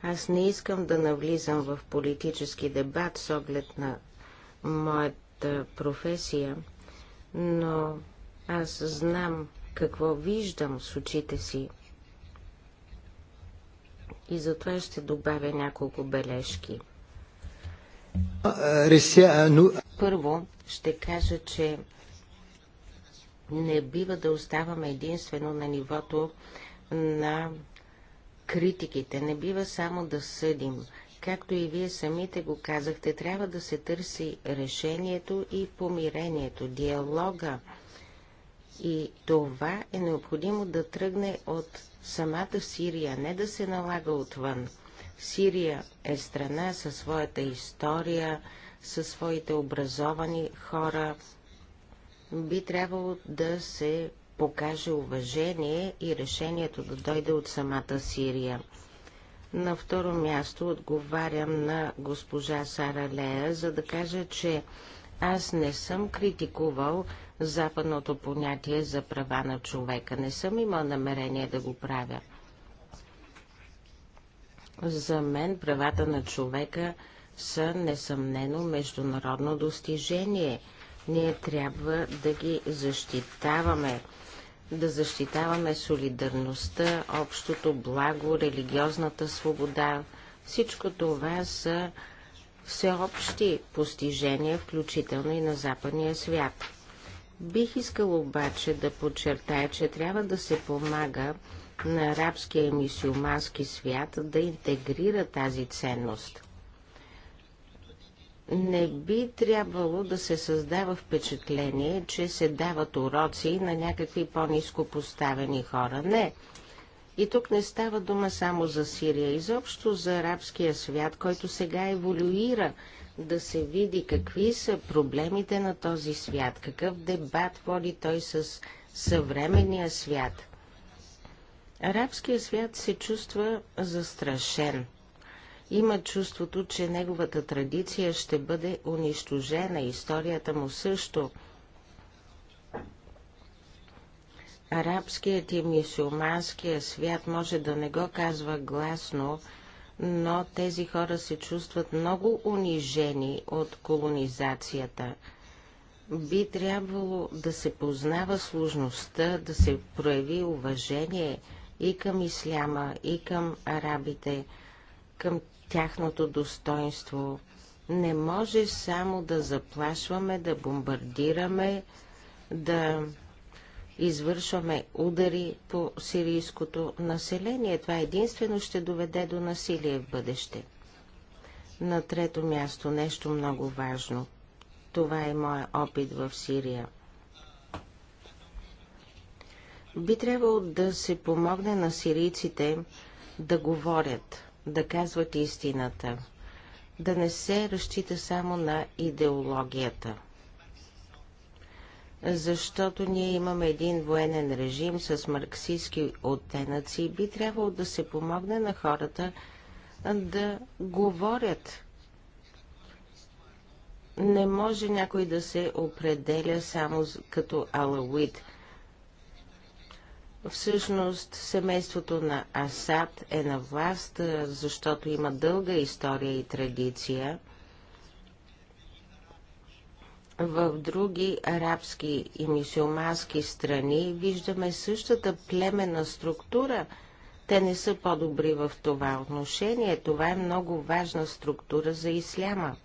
Аз не искам да навлизам в политически дебат с оглед на моята професия, но аз знам какво виждам с очите си. И затова ще добавя няколко бележки. Първо ще кажа, че не бива да оставаме единствено на нивото на критиките. Не бива само да съдим. Както и вие самите го казахте, трябва да се търси решението и помирението, диалога. И това е необходимо да тръгне от самата Сирия, не да се налага отвън. Сирия е страна със своята история, със своите образовани хора. Би трябвало да се покаже уважение и решението да дойде от самата Сирия. На второ място отговарям на госпожа Сара Лея, за да кажа, че аз не съм критикувал западното понятие за права на човека. Не съм имал намерение да го правя. За мен правата на човека са несъмнено международно достижение. Ние трябва да ги защитаваме да защитаваме солидарността, общото благо, религиозната свобода. Всичко това са всеобщи постижения, включително и на западния свят. Бих искал обаче да подчертая, че трябва да се помага на арабския и мисиомански свят да интегрира тази ценност не би трябвало да се създава впечатление, че се дават уроци на някакви по-низко поставени хора. Не. И тук не става дума само за Сирия, изобщо за арабския свят, който сега еволюира, да се види какви са проблемите на този свят, какъв дебат води той с съвременния свят. Арабския свят се чувства застрашен – има чувството, че неговата традиция ще бъде унищожена, историята му също. Арабският и мисулманският свят може да не го казва гласно, но тези хора се чувстват много унижени от колонизацията. Би трябвало да се познава сложността, да се прояви уважение и към исляма, и към арабите, към тяхното достоинство. Не може само да заплашваме, да бомбардираме, да извършваме удари по сирийското население. Това единствено ще доведе до насилие в бъдеще. На трето място нещо много важно. Това е моя опит в Сирия. Би трябвало да се помогне на сирийците да говорят, да казват истината, да не се разчита само на идеологията. Защото ние имаме един военен режим с марксистски оттенъци и би трябвало да се помогне на хората да говорят. Не може някой да се определя само като алауит – Всъщност семейството на Асад е на власт, защото има дълга история и традиция. В други арабски и мисиомански страни виждаме същата племена структура. Те не са по-добри в това отношение. Това е много важна структура за исляма.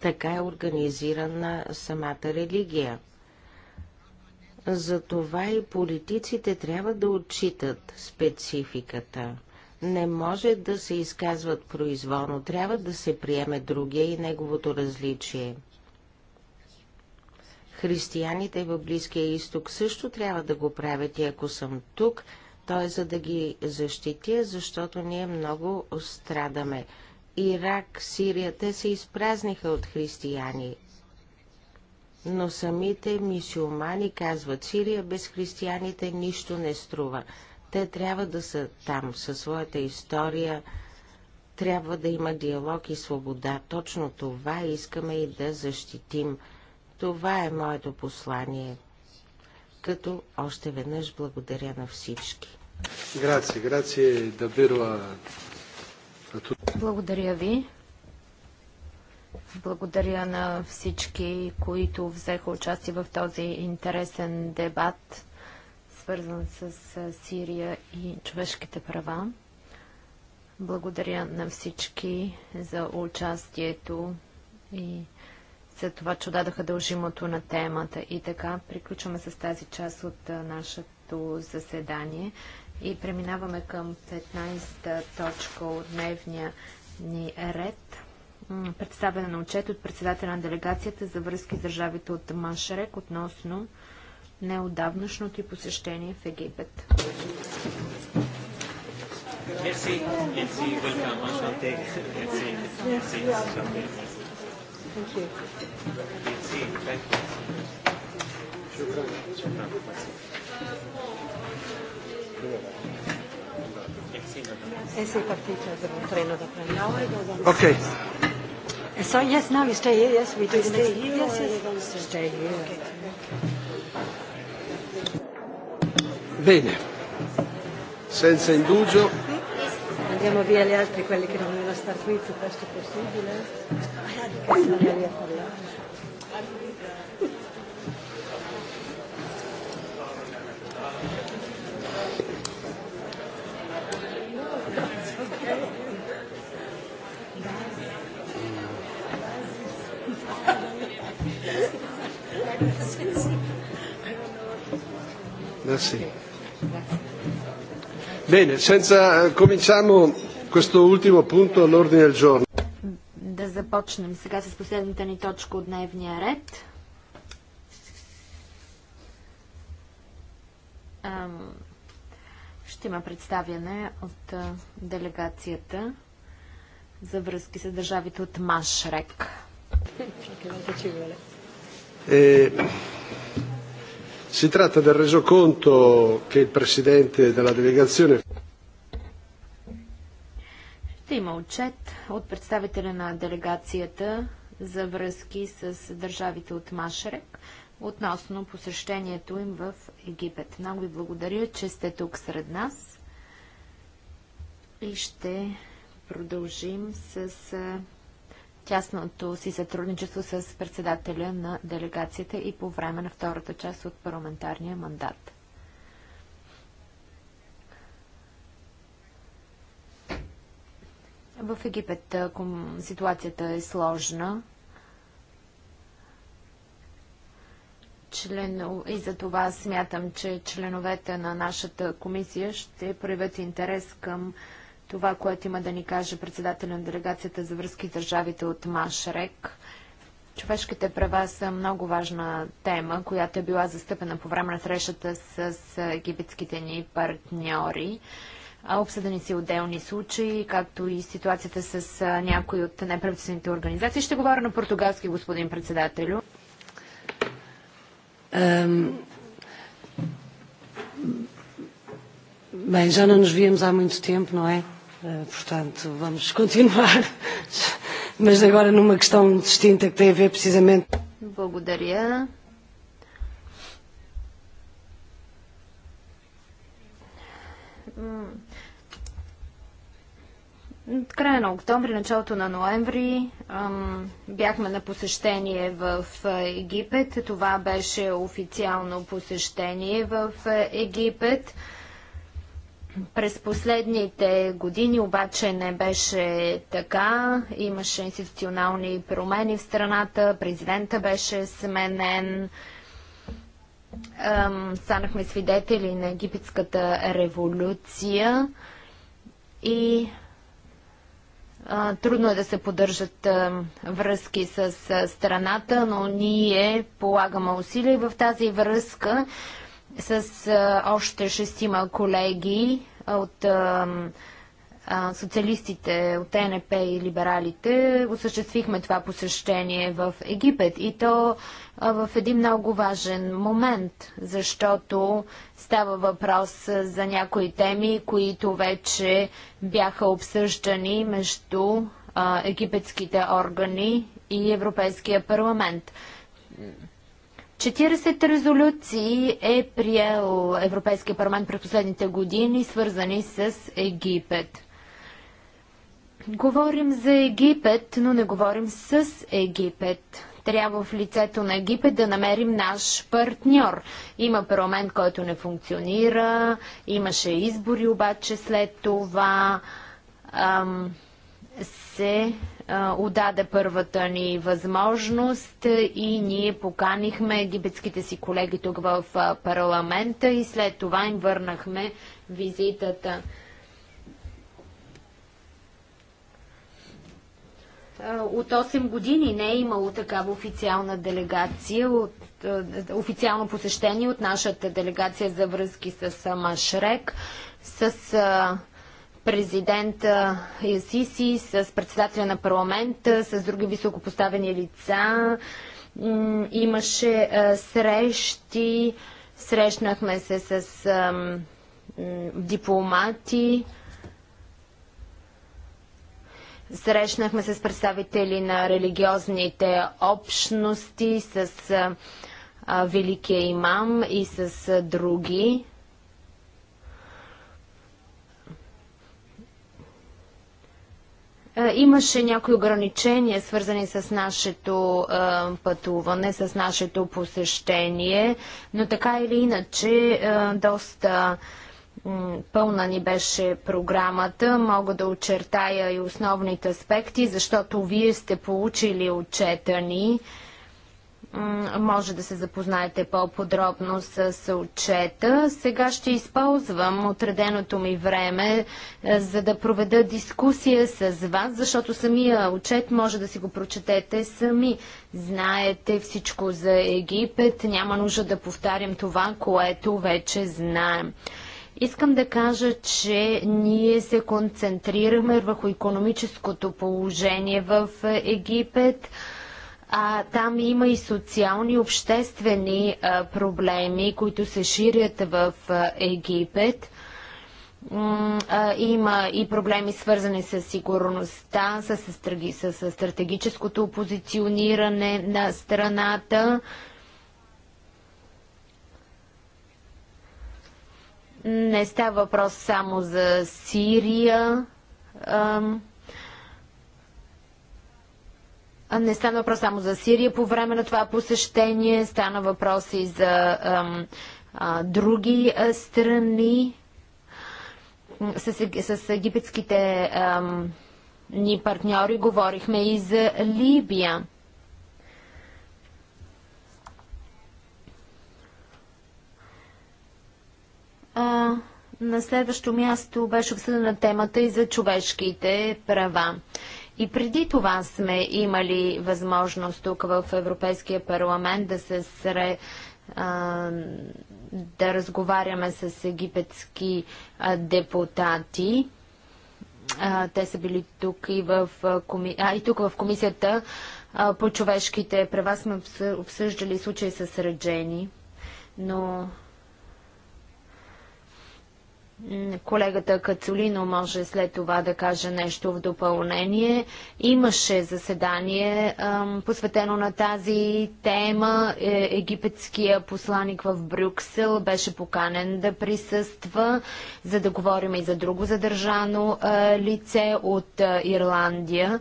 Така е организирана самата религия. Затова и политиците трябва да отчитат спецификата. Не може да се изказват произволно, трябва да се приеме другия и неговото различие. Християните в Близкия изток също трябва да го правят и ако съм тук, то е за да ги защитя, защото ние много страдаме. Ирак, Сирия, те се изпразниха от християни но самите мисиомани казват, Сирия без християните нищо не струва. Те трябва да са там със своята история, трябва да има диалог и свобода. Точно това искаме и да защитим. Това е моето послание. Като още веднъж благодаря на всички. Грация, грация е да бирва. Благодаря ви. Благодаря на всички, които взеха участие в този интересен дебат, свързан с Сирия и човешките права. Благодаря на всички за участието и за това, че дадаха дължимото на темата. И така, приключваме с тази част от нашето заседание и преминаваме към 15-та точка от дневния ни ред представяне на отчет от председателя на делегацията за връзки с държавите от Маншрек относно неодавнашното и посещение в Египет. Thank you. Eh sì, partito, avevo un treno da prendere. Ok. So yes, now you stay here. Yes, we do. Stay here. Yes, yes. Stay here. Okay. Bene. Senza indugio. Andiamo via gli altri, quelli che non vogliono star qui, più presto possibile. Che sono lì a parlare. Merci. Bene, senza, eh, cominciamo questo ultimo punto all'ordine del giorno. Da започнем сега с последната ни точка от дневния ред. Ще има представяне от делегацията за връзки с държавите от Машрек. Е, Si tratta del resoconto che il presidente della delegazione. Ще има отчет от представителя на делегацията за връзки с държавите от Машерек относно посещението им в Египет. Много ви благодаря, че сте тук сред нас и ще продължим с тясното си сътрудничество с председателя на делегацията и по време на втората част от парламентарния мандат. В Египет ситуацията е сложна. И за това смятам, че членовете на нашата комисия ще проявят интерес към това, което има да ни каже председателя на делегацията за връзки с държавите от Машрек. Човешките права са много важна тема, която е била застъпена по време на срещата с, египетските ни партньори. Обсъдени си отделни случаи, както и ситуацията с някои от неправителствените организации. Ще говоря на португалски, господин председателю. Бен, жана, já não nos víamos há muito tempo, não é? Е, Portanto, vamos continuar, mas agora numa questão distinta que tem a ver precisamente. Благодаря. края на октомври, началото на ноември бяхме на посещение в е, Египет. Това беше официално посещение в е, Египет. През последните години обаче не беше така. Имаше институционални промени в страната, президента беше сменен. Станахме свидетели на египетската революция и Трудно е да се поддържат връзки с страната, но ние полагаме усилия в тази връзка с още шестима колеги от социалистите от ЕНП и либералите осъществихме това посещение в Египет. И то в един много важен момент, защото става въпрос за някои теми, които вече бяха обсъждани между египетските органи и Европейския парламент. 40 резолюции е приел Европейския парламент през последните години, свързани с Египет. Говорим за Египет, но не говорим с Египет. Трябва в лицето на Египет да намерим наш партньор. Има парламент, който не функционира, имаше избори, обаче след това ам, се отдаде първата ни възможност и ние поканихме египетските си колеги тук в парламента и след това им върнахме визитата. От 8 години не е имало такава официална делегация, от, официално посещение от нашата делегация за връзки с Машрек, с президента Ясиси, с председателя на парламента, с други високопоставени лица. Имаше срещи, срещнахме се с дипломати, срещнахме се с представители на религиозните общности, с Великия имам и с други. Е, имаше някои ограничения, свързани с нашето е, пътуване, с нашето посещение, но така или иначе е, доста пълна ни беше програмата. Мога да очертая и основните аспекти, защото вие сте получили отчета ни може да се запознаете по-подробно с отчета. Сега ще използвам отреденото ми време, е, за да проведа дискусия с вас, защото самия отчет може да си го прочетете сами. Знаете всичко за Египет, няма нужда да повтарям това, което вече знаем. Искам да кажа, че ние се концентрираме върху економическото положение в Египет – а, там има и социални, обществени а, проблеми, които се ширят в а, Египет. има и проблеми свързани с сигурността, с, с стратегическото опозициониране на страната. Не става въпрос само за Сирия. Не стана въпрос само за Сирия по време на това посещение, стана въпрос и за ам, а, други страни с, с египетските ам, ни партньори. Говорихме и за Либия. А, на следващо място беше обсъдена темата и за човешките права. И преди това сме имали възможност тук в Европейския парламент да се сре, да разговаряме с египетски депутати. те са били тук и, в, коми... а, и тук в комисията по човешките права сме обсъждали случаи с Реджени, но Колегата Кацулино може след това да каже нещо в допълнение. Имаше заседание посветено на тази тема. Е, египетския посланник в Брюксел беше поканен да присъства, за да говорим и за друго задържано лице от Ирландия.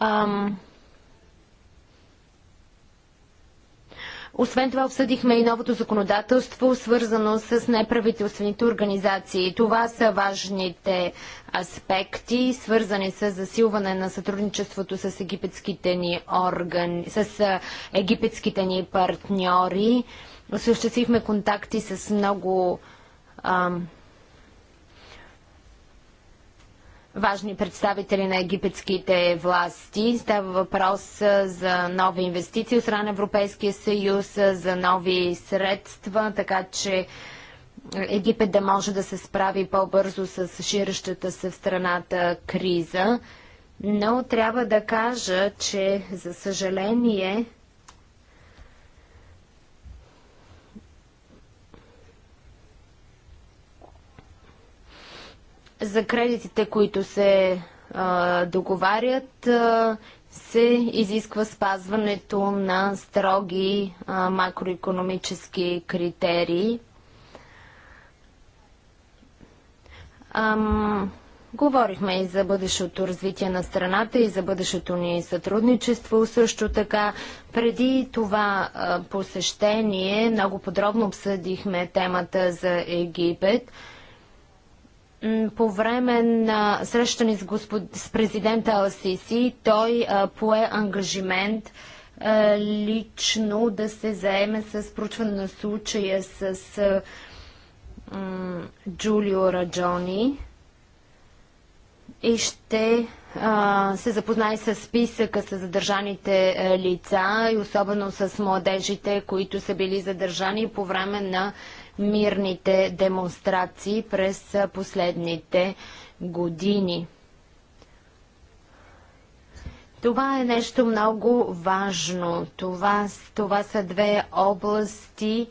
Ам, Освен това обсъдихме и новото законодателство, свързано с неправителствените организации. Това са важните аспекти, свързани с засилване на сътрудничеството с египетските ни органи, с египетските ни партньори. Осъществихме контакти с много ам, важни представители на египетските власти. Става въпрос за нови инвестиции от страна на Европейския съюз, за нови средства, така че Египет да може да се справи по-бързо с ширещата се в страната криза. Но трябва да кажа, че за съжаление За кредитите, които се а, договарят, а, се изисква спазването на строги а, макроекономически критерии. Ам, говорихме и за бъдещото развитие на страната и за бъдещото ни сътрудничество. Също така, преди това а, посещение много подробно обсъдихме темата за Египет по време на среща ни с, господ... с президента Алсиси той а, пое ангажимент а, лично да се заеме с проучване на случая с а, м, Джулио Раджони и ще а, се запознае с списъка с задържаните лица и особено с младежите, които са били задържани по време на а, мирните демонстрации през последните години. Това е нещо много важно. Това, това са две области,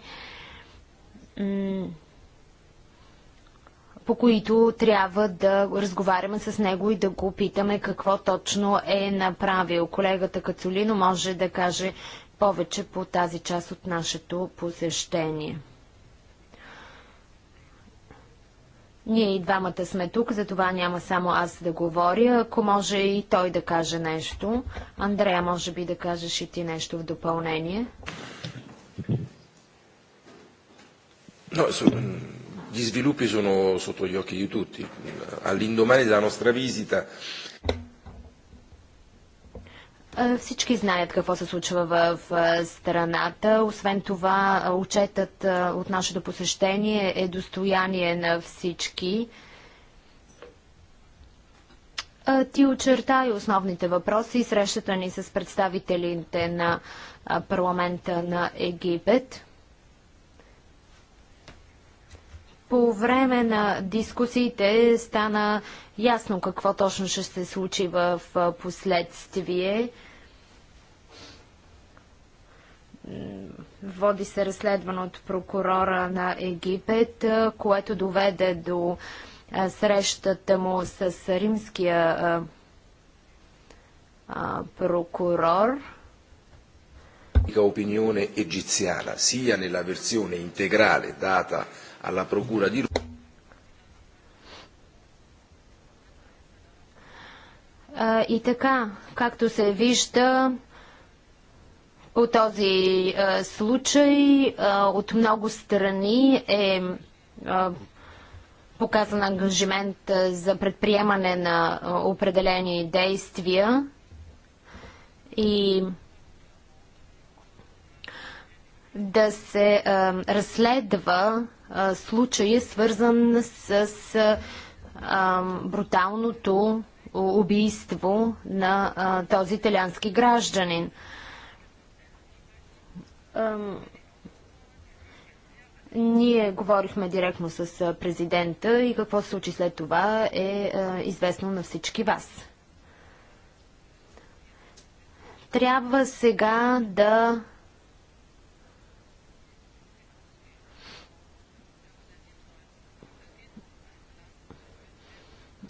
по които трябва да разговаряме с него и да го питаме какво точно е направил. Колегата Кацолино може да каже повече по тази част от нашето посещение. Ние и двамата сме тук, затова няма само аз да говоря. Ако може и той да каже нещо. Андрея, може би да кажеш и ти нещо в допълнение. No, sono, gli sviluppi sono sotto gli occhi di tutti. All'indomani della nostra visita всички знаят какво се случва в страната. Освен това, отчетът от нашето посещение е достояние на всички. Ти очертай основните въпроси и срещата ни с представителите на парламента на Египет. По време на дискусиите стана ясно какво точно ще се случи в последствие води се разследване от прокурора на Египет, което доведе до срещата му с римския прокурор. Opinione egiziana, sia nella versione integrale data alla Procura di Roma. И така, както се вижда, от този а, случай а, от много страни е показан ангажимент за предприемане на определени действия и да се а, разследва а, случай, свързан с а, бруталното убийство на а, този италиански гражданин. А, ние говорихме директно с президента и какво се случи след това е известно на всички вас. Трябва сега да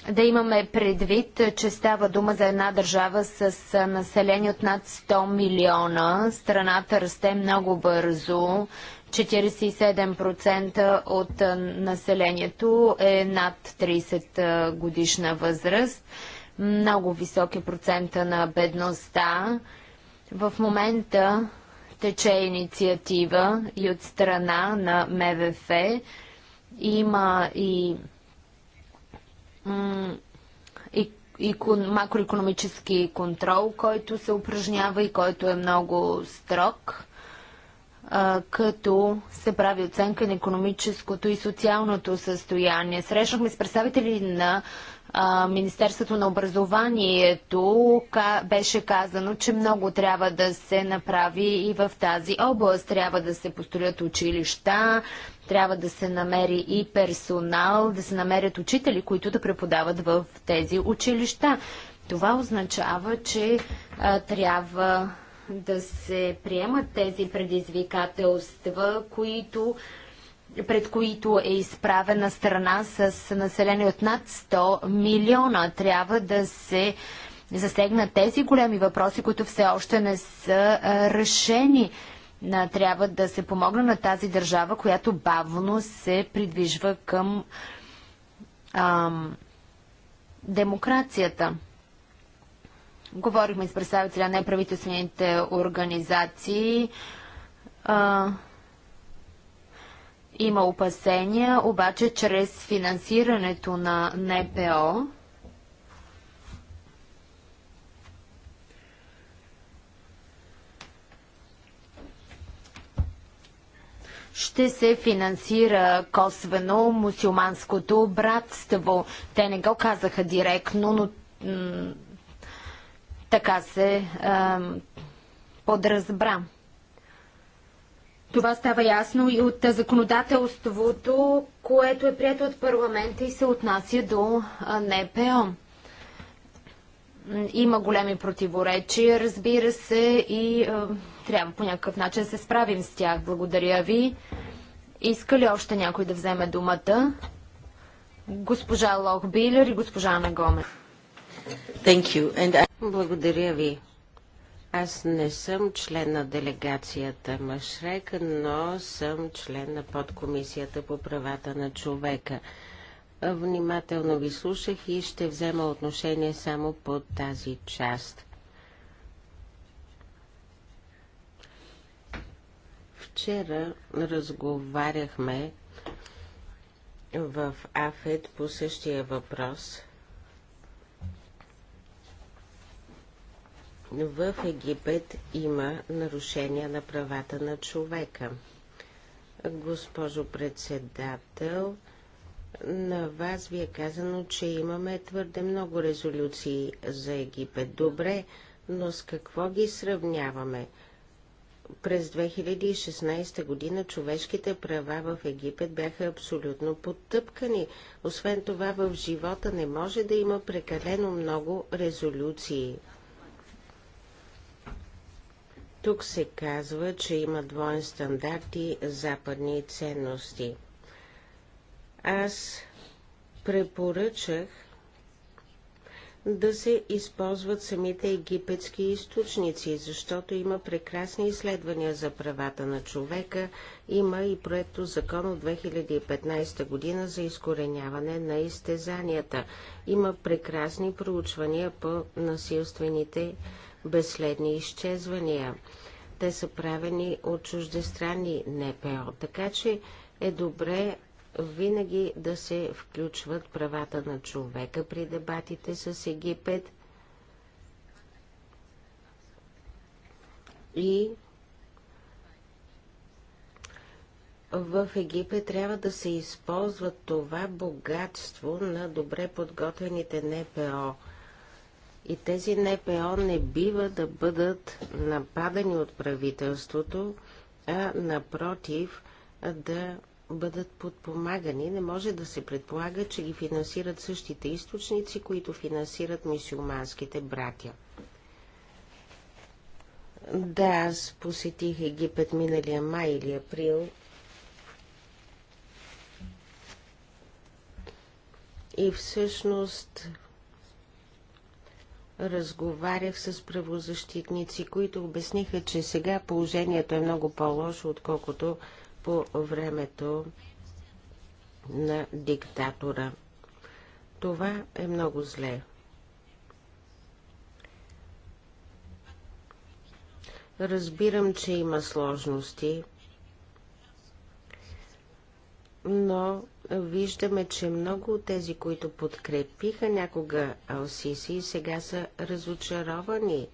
да имаме предвид, че става дума за една държава с население от над 100 милиона. Страната расте много бързо. 47% от населението е над 30 годишна възраст. Много висок е процента на бедността. В момента тече инициатива и от страна на МВФ. Има и макроекономически контрол, който се упражнява и който е много строг, като се прави оценка на економическото и социалното състояние. Срещнахме с представители на Министерството на образованието беше казано, че много трябва да се направи и в тази област. Трябва да се построят училища, трябва да се намери и персонал, да се намерят учители, които да преподават в тези училища. Това означава, че а, трябва да се приемат тези предизвикателства, които пред които е изправена страна с население от над 100 милиона. Трябва да се засегнат тези големи въпроси, които все още не са решени. Трябва да се помогне на тази държава, която бавно се придвижва към ам, демокрацията. Говорихме с представителя на неправителствените организации. А, има опасения, обаче чрез финансирането на НПО ще се финансира косвено мусулманското братство. Те не го казаха директно, но така се подразбрам. подразбра. Това става ясно и от законодателството, което е прието от парламента и се отнася до НПО. Има големи противоречия, разбира се, и е, трябва по някакъв начин да се справим с тях. Благодаря ви. Иска ли още някой да вземе думата? Госпожа Лох Билер и госпожа Нагоме. I... Благодаря ви. Аз не съм член на делегацията Машрек, но съм член на подкомисията по правата на човека. Внимателно ви слушах и ще взема отношение само по тази част. Вчера разговаряхме в АФЕД по същия въпрос – в Египет има нарушения на правата на човека. Госпожо председател, на вас ви е казано, че имаме твърде много резолюции за Египет. Добре, но с какво ги сравняваме? През 2016 година човешките права в Египет бяха абсолютно потъпкани. Освен това, в живота не може да има прекалено много резолюции. Тук се казва, че има двоен стандарти, западни ценности. Аз препоръчах да се използват самите египетски източници, защото има прекрасни изследвания за правата на човека, има и проекто закон от 2015 година за изкореняване на изтезанията. Има прекрасни проучвания по насилствените безследни изчезвания. Те са правени от чуждестранни НПО, така че е добре винаги да се включват правата на човека при дебатите с Египет и в Египет трябва да се използва това богатство на добре подготвените НПО – и тези НПО не бива да бъдат нападани от правителството, а напротив да бъдат подпомагани. Не може да се предполага, че ги финансират същите източници, които финансират мисюлманските братя. Да, аз посетих Египет миналия май или април. И всъщност разговарях с правозащитници, които обясниха, че сега положението е много по-лошо, отколкото по времето на диктатора. Това е много зле. Разбирам, че има сложности, но виждаме, че много от тези, които подкрепиха някога Алсиси, сега са разочаровани.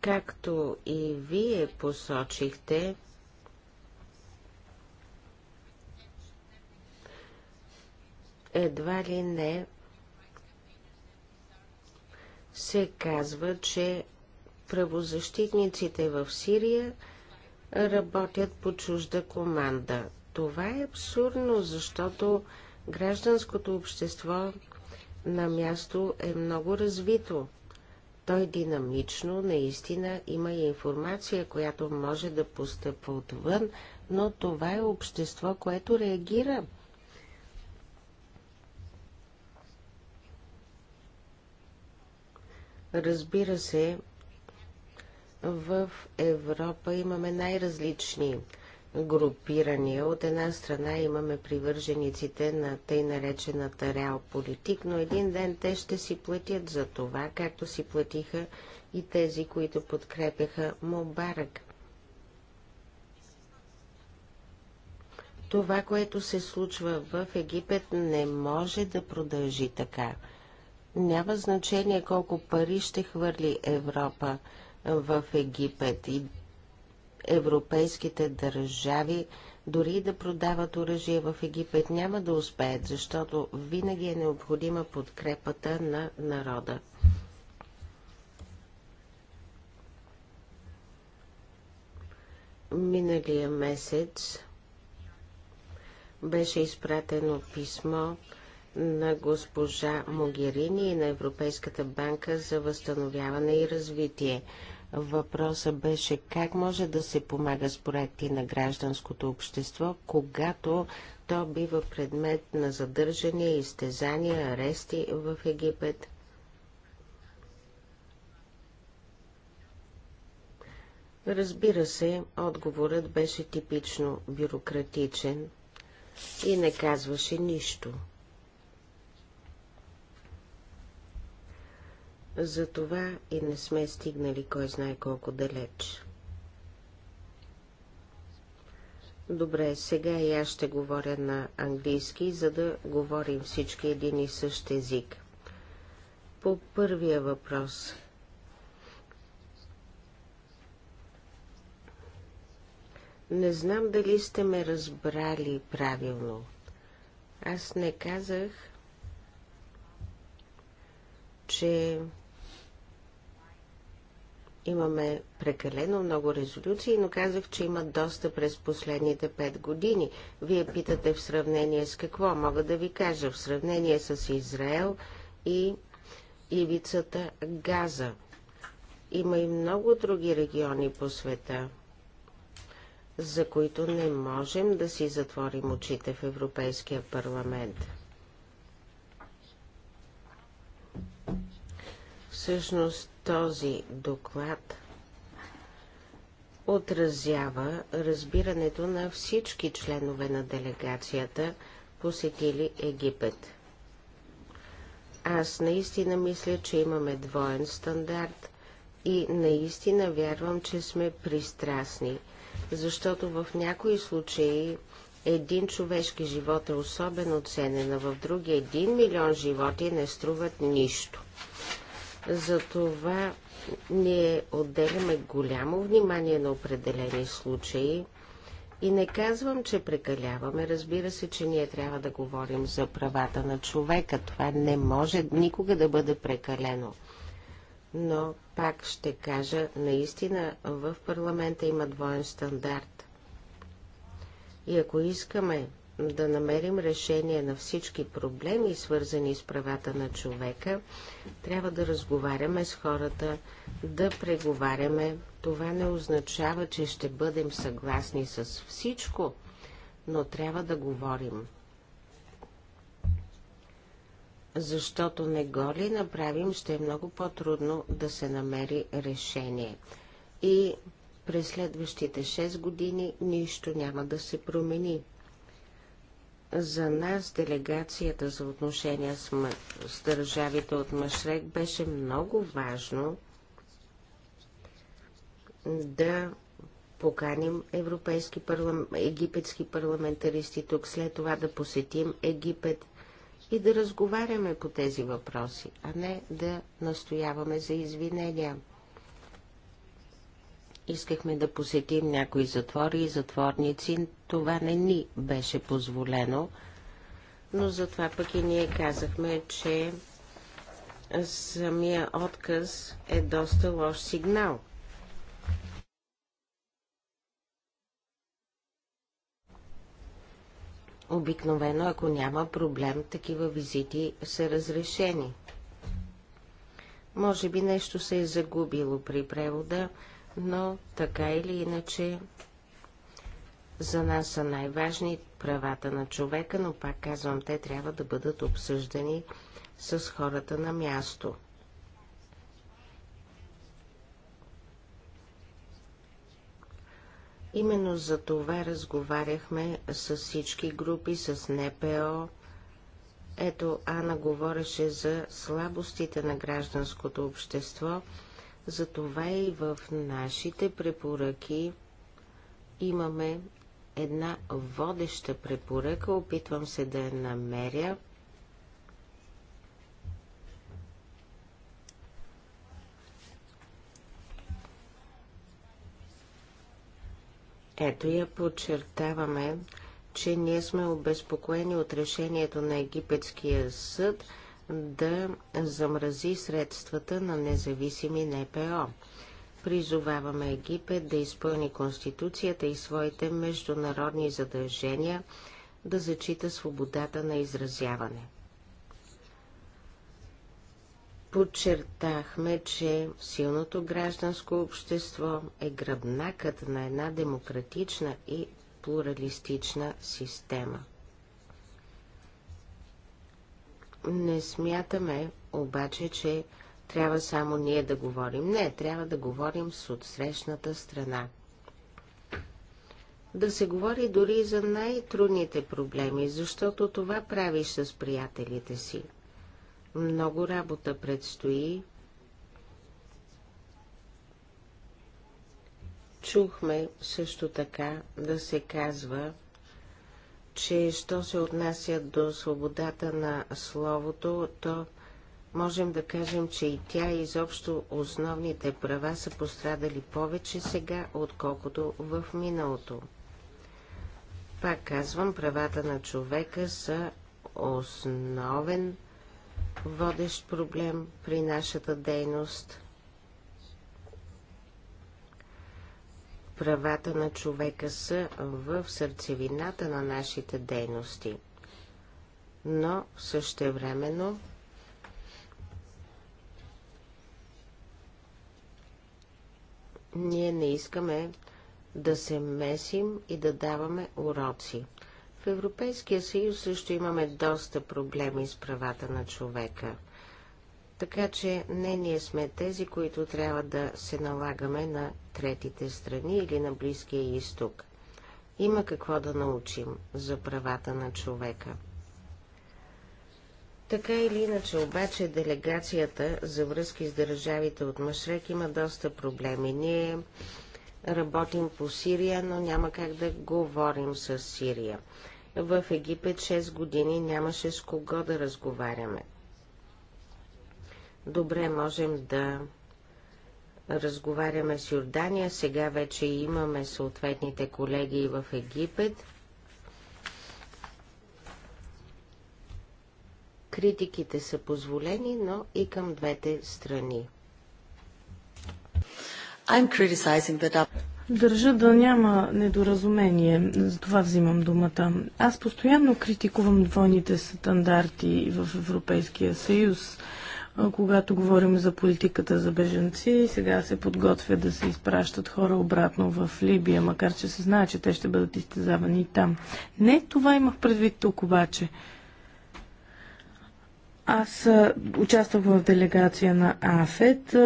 Както и вие посочихте, едва ли не се казва, че правозащитниците в Сирия работят по чужда команда. Това е абсурдно, защото гражданското общество на място е много развито. Той динамично наистина има и информация, която може да постъпва отвън, но това е общество, което реагира. Разбира се, в Европа имаме най-различни групирания. От една страна имаме привържениците на тъй наречената реал политик, но един ден те ще си платят за това, както си платиха и тези, които подкрепяха Мубарак. Това, което се случва в Египет, не може да продължи така. Няма значение колко пари ще хвърли Европа в Египет и европейските държави, дори да продават оръжие в Египет, няма да успеят, защото винаги е необходима подкрепата на народа. Миналия месец беше изпратено писмо на госпожа Могерини и на Европейската банка за възстановяване и развитие – Въпросът беше как може да се помага с проекти на гражданското общество, когато то бива предмет на задържане, изтезания, арести в Египет. Разбира се, отговорът беше типично бюрократичен и не казваше нищо Затова и не сме стигнали кой знае колко далеч. Добре, сега и аз ще говоря на английски, за да говорим всички един и същ език. По първия въпрос. Не знам дали сте ме разбрали правилно. Аз не казах, че имаме прекалено много резолюции, но казах, че има доста през последните пет години. Вие питате в сравнение с какво? Мога да ви кажа. В сравнение с Израел и ивицата Газа. Има и много други региони по света, за които не можем да си затворим очите в Европейския парламент. Всъщност, този доклад отразява разбирането на всички членове на делегацията, посетили Египет. Аз наистина мисля, че имаме двоен стандарт и наистина вярвам, че сме пристрастни, защото в някои случаи един човешки живот е особено ценен, а в други един милион животи не струват нищо. Затова ние отделяме голямо внимание на определени случаи и не казвам, че прекаляваме. Разбира се, че ние трябва да говорим за правата на човека. Това не може никога да бъде прекалено. Но пак ще кажа, наистина в парламента има двоен стандарт. И ако искаме да намерим решение на всички проблеми, свързани с правата на човека, трябва да разговаряме с хората, да преговаряме. Това не означава, че ще бъдем съгласни с всичко, но трябва да говорим. Защото не го ли направим, ще е много по-трудно да се намери решение. И през следващите 6 години нищо няма да се промени. За нас делегацията за отношения с, м... с държавите от Машрек беше много важно да поканим европейски парлам... египетски парламентаристи тук, след това да посетим Египет и да разговаряме по тези въпроси, а не да настояваме за извинения. Искахме да посетим някои затвори и затворници. Това не ни беше позволено, но затова пък и ние казахме, че самия отказ е доста лош сигнал. Обикновено, ако няма проблем, такива визити са разрешени. Може би нещо се е загубило при превода, но така или иначе за нас са най-важни правата на човека, но пак казвам, те трябва да бъдат обсъждани с хората на място. Именно за това разговаряхме с всички групи, с НПО. Ето, Ана говореше за слабостите на гражданското общество – затова и в нашите препоръки имаме една водеща препоръка. Опитвам се да я намеря. Ето я подчертаваме, че ние сме обезпокоени от решението на Египетския съд – да замрази средствата на независими НПО. Призоваваме Египет да изпълни Конституцията и своите международни задължения да зачита свободата на изразяване. Подчертахме, че силното гражданско общество е гръбнакът на една демократична и плуралистична система – Не смятаме обаче, че трябва само ние да говорим. Не, трябва да говорим с отсрещната страна. Да се говори дори за най-трудните проблеми, защото това правиш с приятелите си. Много работа предстои. Чухме също така да се казва, че що се отнася до свободата на словото, то можем да кажем, че и тя и изобщо основните права са пострадали повече сега, отколкото в миналото. Пак казвам, правата на човека са основен водещ проблем при нашата дейност. правата на човека са в сърцевината на нашите дейности. Но същевременно ние не искаме да се месим и да даваме уроци. В Европейския съюз също имаме доста проблеми с правата на човека. Така че не ние сме тези, които трябва да се налагаме на третите страни или на Близкия изток. Има какво да научим за правата на човека. Така или иначе, обаче, делегацията за връзки с държавите от Машрек има доста проблеми. Ние работим по Сирия, но няма как да говорим с Сирия. В Египет 6 години нямаше с кого да разговаряме. Добре, можем да Разговаряме с Йордания, сега вече имаме съответните колеги в Египет. Критиките са позволени, но и към двете страни. I'm criticizing that Държа да няма недоразумение, за това взимам думата. Аз постоянно критикувам двойните стандарти в Европейския съюз когато говорим за политиката за беженци, сега се подготвя да се изпращат хора обратно в Либия, макар че се знае, че те ще бъдат изтезавани и там. Не това имах предвид тук обаче. Аз участвах в делегация на АФЕД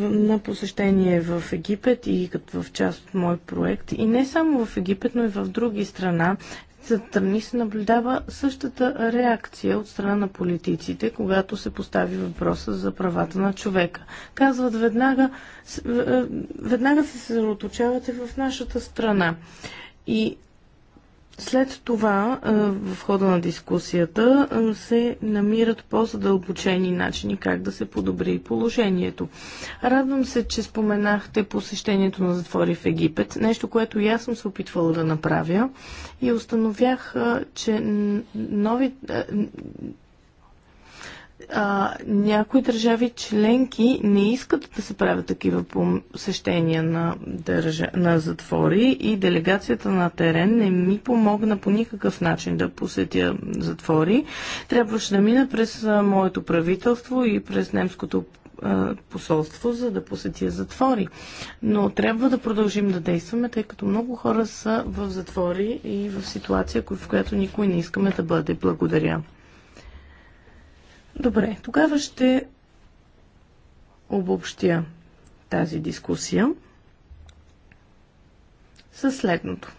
на посещение в Египет и в част от мой проект. И не само в Египет, но и в други страна страни се наблюдава същата реакция от страна на политиците, когато се постави въпроса за правата на човека. Казват веднага, веднага се съсредоточавате в нашата страна. И след това, в хода на дискусията, се намират по-задълбочени начини как да се подобри положението. Радвам се, че споменахте посещението на затвори в Египет, нещо, което и аз съм се опитвала да направя и установях, че нови а, някои държави членки не искат да се правят такива посещения на, държа, на затвори и делегацията на терен не ми помогна по никакъв начин да посетя затвори. Трябваше да мина през моето правителство и през немското посолство, за да посетя затвори. Но трябва да продължим да действаме, тъй като много хора са в затвори и в ситуация, в която никой не искаме да бъде. Благодаря. Добре, тогава ще обобщя тази дискусия със следното.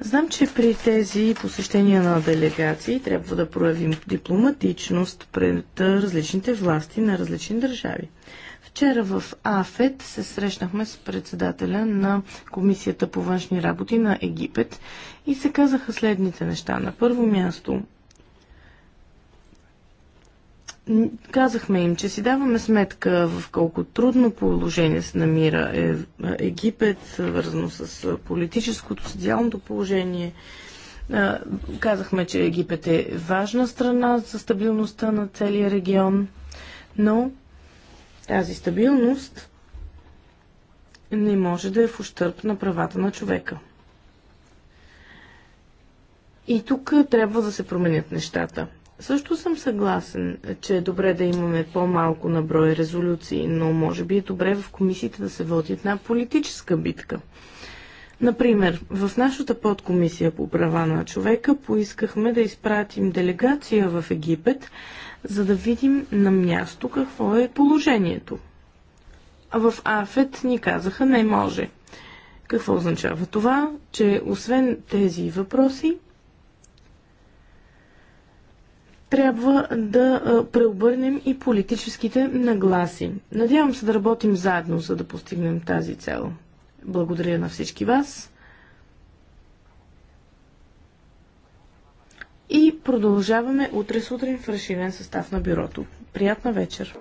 Знам, че при тези посещения на делегации трябва да проявим дипломатичност пред различните власти на различни държави. Вчера в АФЕТ се срещнахме с председателя на Комисията по външни работи на Египет и се казаха следните неща. На първо място казахме им, че си даваме сметка в колко трудно положение се намира е, Египет, свързано с политическото, социалното положение. Казахме, че Египет е важна страна за стабилността на целия регион, но тази стабилност не може да е в ущърп на правата на човека. И тук трябва да се променят нещата. Също съм съгласен, че е добре да имаме по-малко на брой резолюции, но може би е добре в комисиите да се води една политическа битка. Например, в нашата подкомисия по права на човека поискахме да изпратим делегация в Египет, за да видим на място какво е положението. А в АФЕТ ни казаха не може. Какво означава това? Че освен тези въпроси, трябва да преобърнем и политическите нагласи. Надявам се да работим заедно, за да постигнем тази цел. Благодаря на всички вас. и продължаваме утре сутрин в разширен състав на бюрото. Приятна вечер!